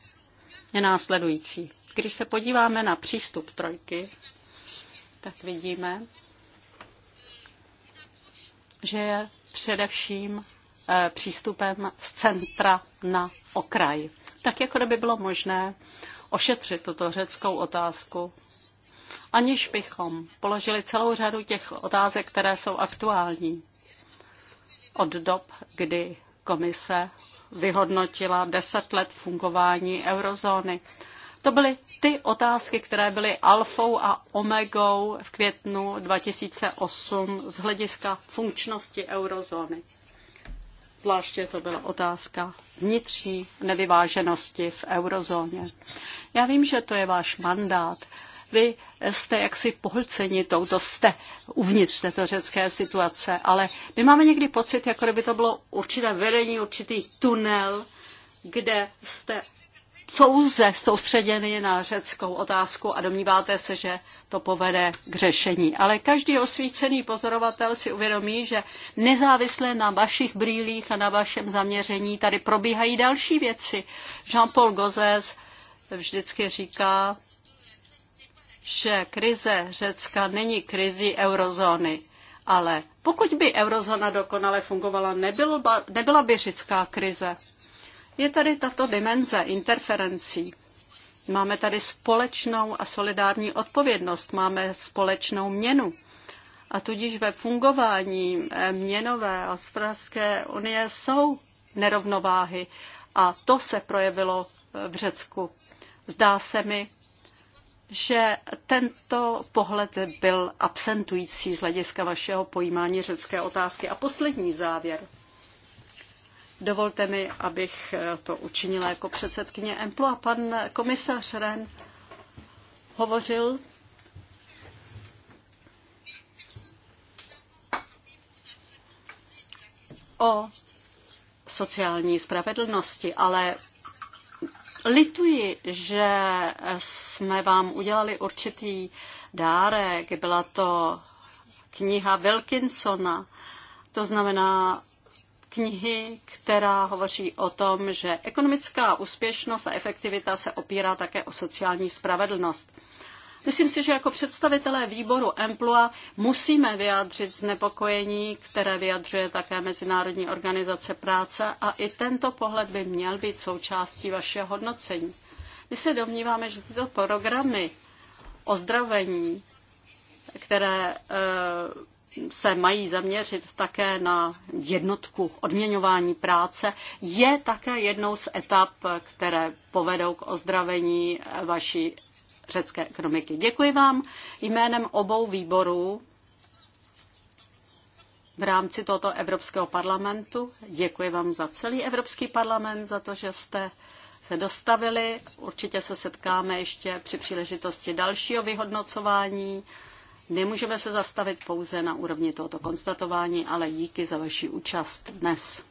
je následující. Když se podíváme na přístup trojky, tak vidíme, že je především eh, přístupem z centra na okraj. Tak jako by bylo možné ošetřit tuto řeckou otázku, aniž bychom položili celou řadu těch otázek, které jsou aktuální. Od dob, kdy komise vyhodnotila deset let fungování eurozóny, to byly ty otázky, které byly alfou a omegou v květnu 2008 z hlediska funkčnosti eurozóny. Zvláště to byla otázka vnitřní nevyváženosti v eurozóně. Já vím, že to je váš mandát. Vy jste jaksi pohlceni touto, jste uvnitř této řecké situace, ale my máme někdy pocit, jako by to bylo určité vedení, určitý tunel, kde jste souze soustředěny na řeckou otázku a domníváte se, že to povede k řešení. Ale každý osvícený pozorovatel si uvědomí, že nezávisle na vašich brýlích a na vašem zaměření tady probíhají další věci. Jean-Paul Gozes vždycky říká, že krize Řecka není krizi eurozóny. Ale pokud by eurozóna dokonale fungovala, nebyla by řecká krize. Je tady tato dimenze interferencí. Máme tady společnou a solidární odpovědnost, máme společnou měnu. A tudíž ve fungování eh, měnové a hospodářské unie jsou nerovnováhy. A to se projevilo eh, v Řecku. Zdá se mi, že tento pohled byl absentující z hlediska vašeho pojímání řecké otázky. A poslední závěr. Dovolte mi, abych eh, to učinila jako předsedkyně EMPLu a pan komisař Ren hovořil o sociální spravedlnosti, ale lituji, že jsme vám udělali určitý dárek. Byla to kniha Wilkinsona, to znamená knihy, která hovoří o tom, že ekonomická úspěšnost a efektivita se opírá také o sociální spravedlnost. Myslím si, že jako představitelé výboru EMPLUA musíme vyjádřit znepokojení, které vyjadřuje také Mezinárodní organizace práce a i tento pohled by měl být součástí vašeho hodnocení. My se domníváme, že tyto programy ozdravení, které eh, se mají zaměřit také na jednotku odměňování práce, je také jednou z etap, které povedou k ozdravení vaší řecké ekonomiky. Děkuji vám jménem obou výborů v rámci tohoto Evropského parlamentu. Děkuji vám za celý Evropský parlament, za to, že jste se dostavili. Určitě se setkáme ještě při příležitosti dalšího vyhodnocování. Nemůžeme se zastavit pouze na úrovni tohoto konstatování, ale díky za vaši účast dnes.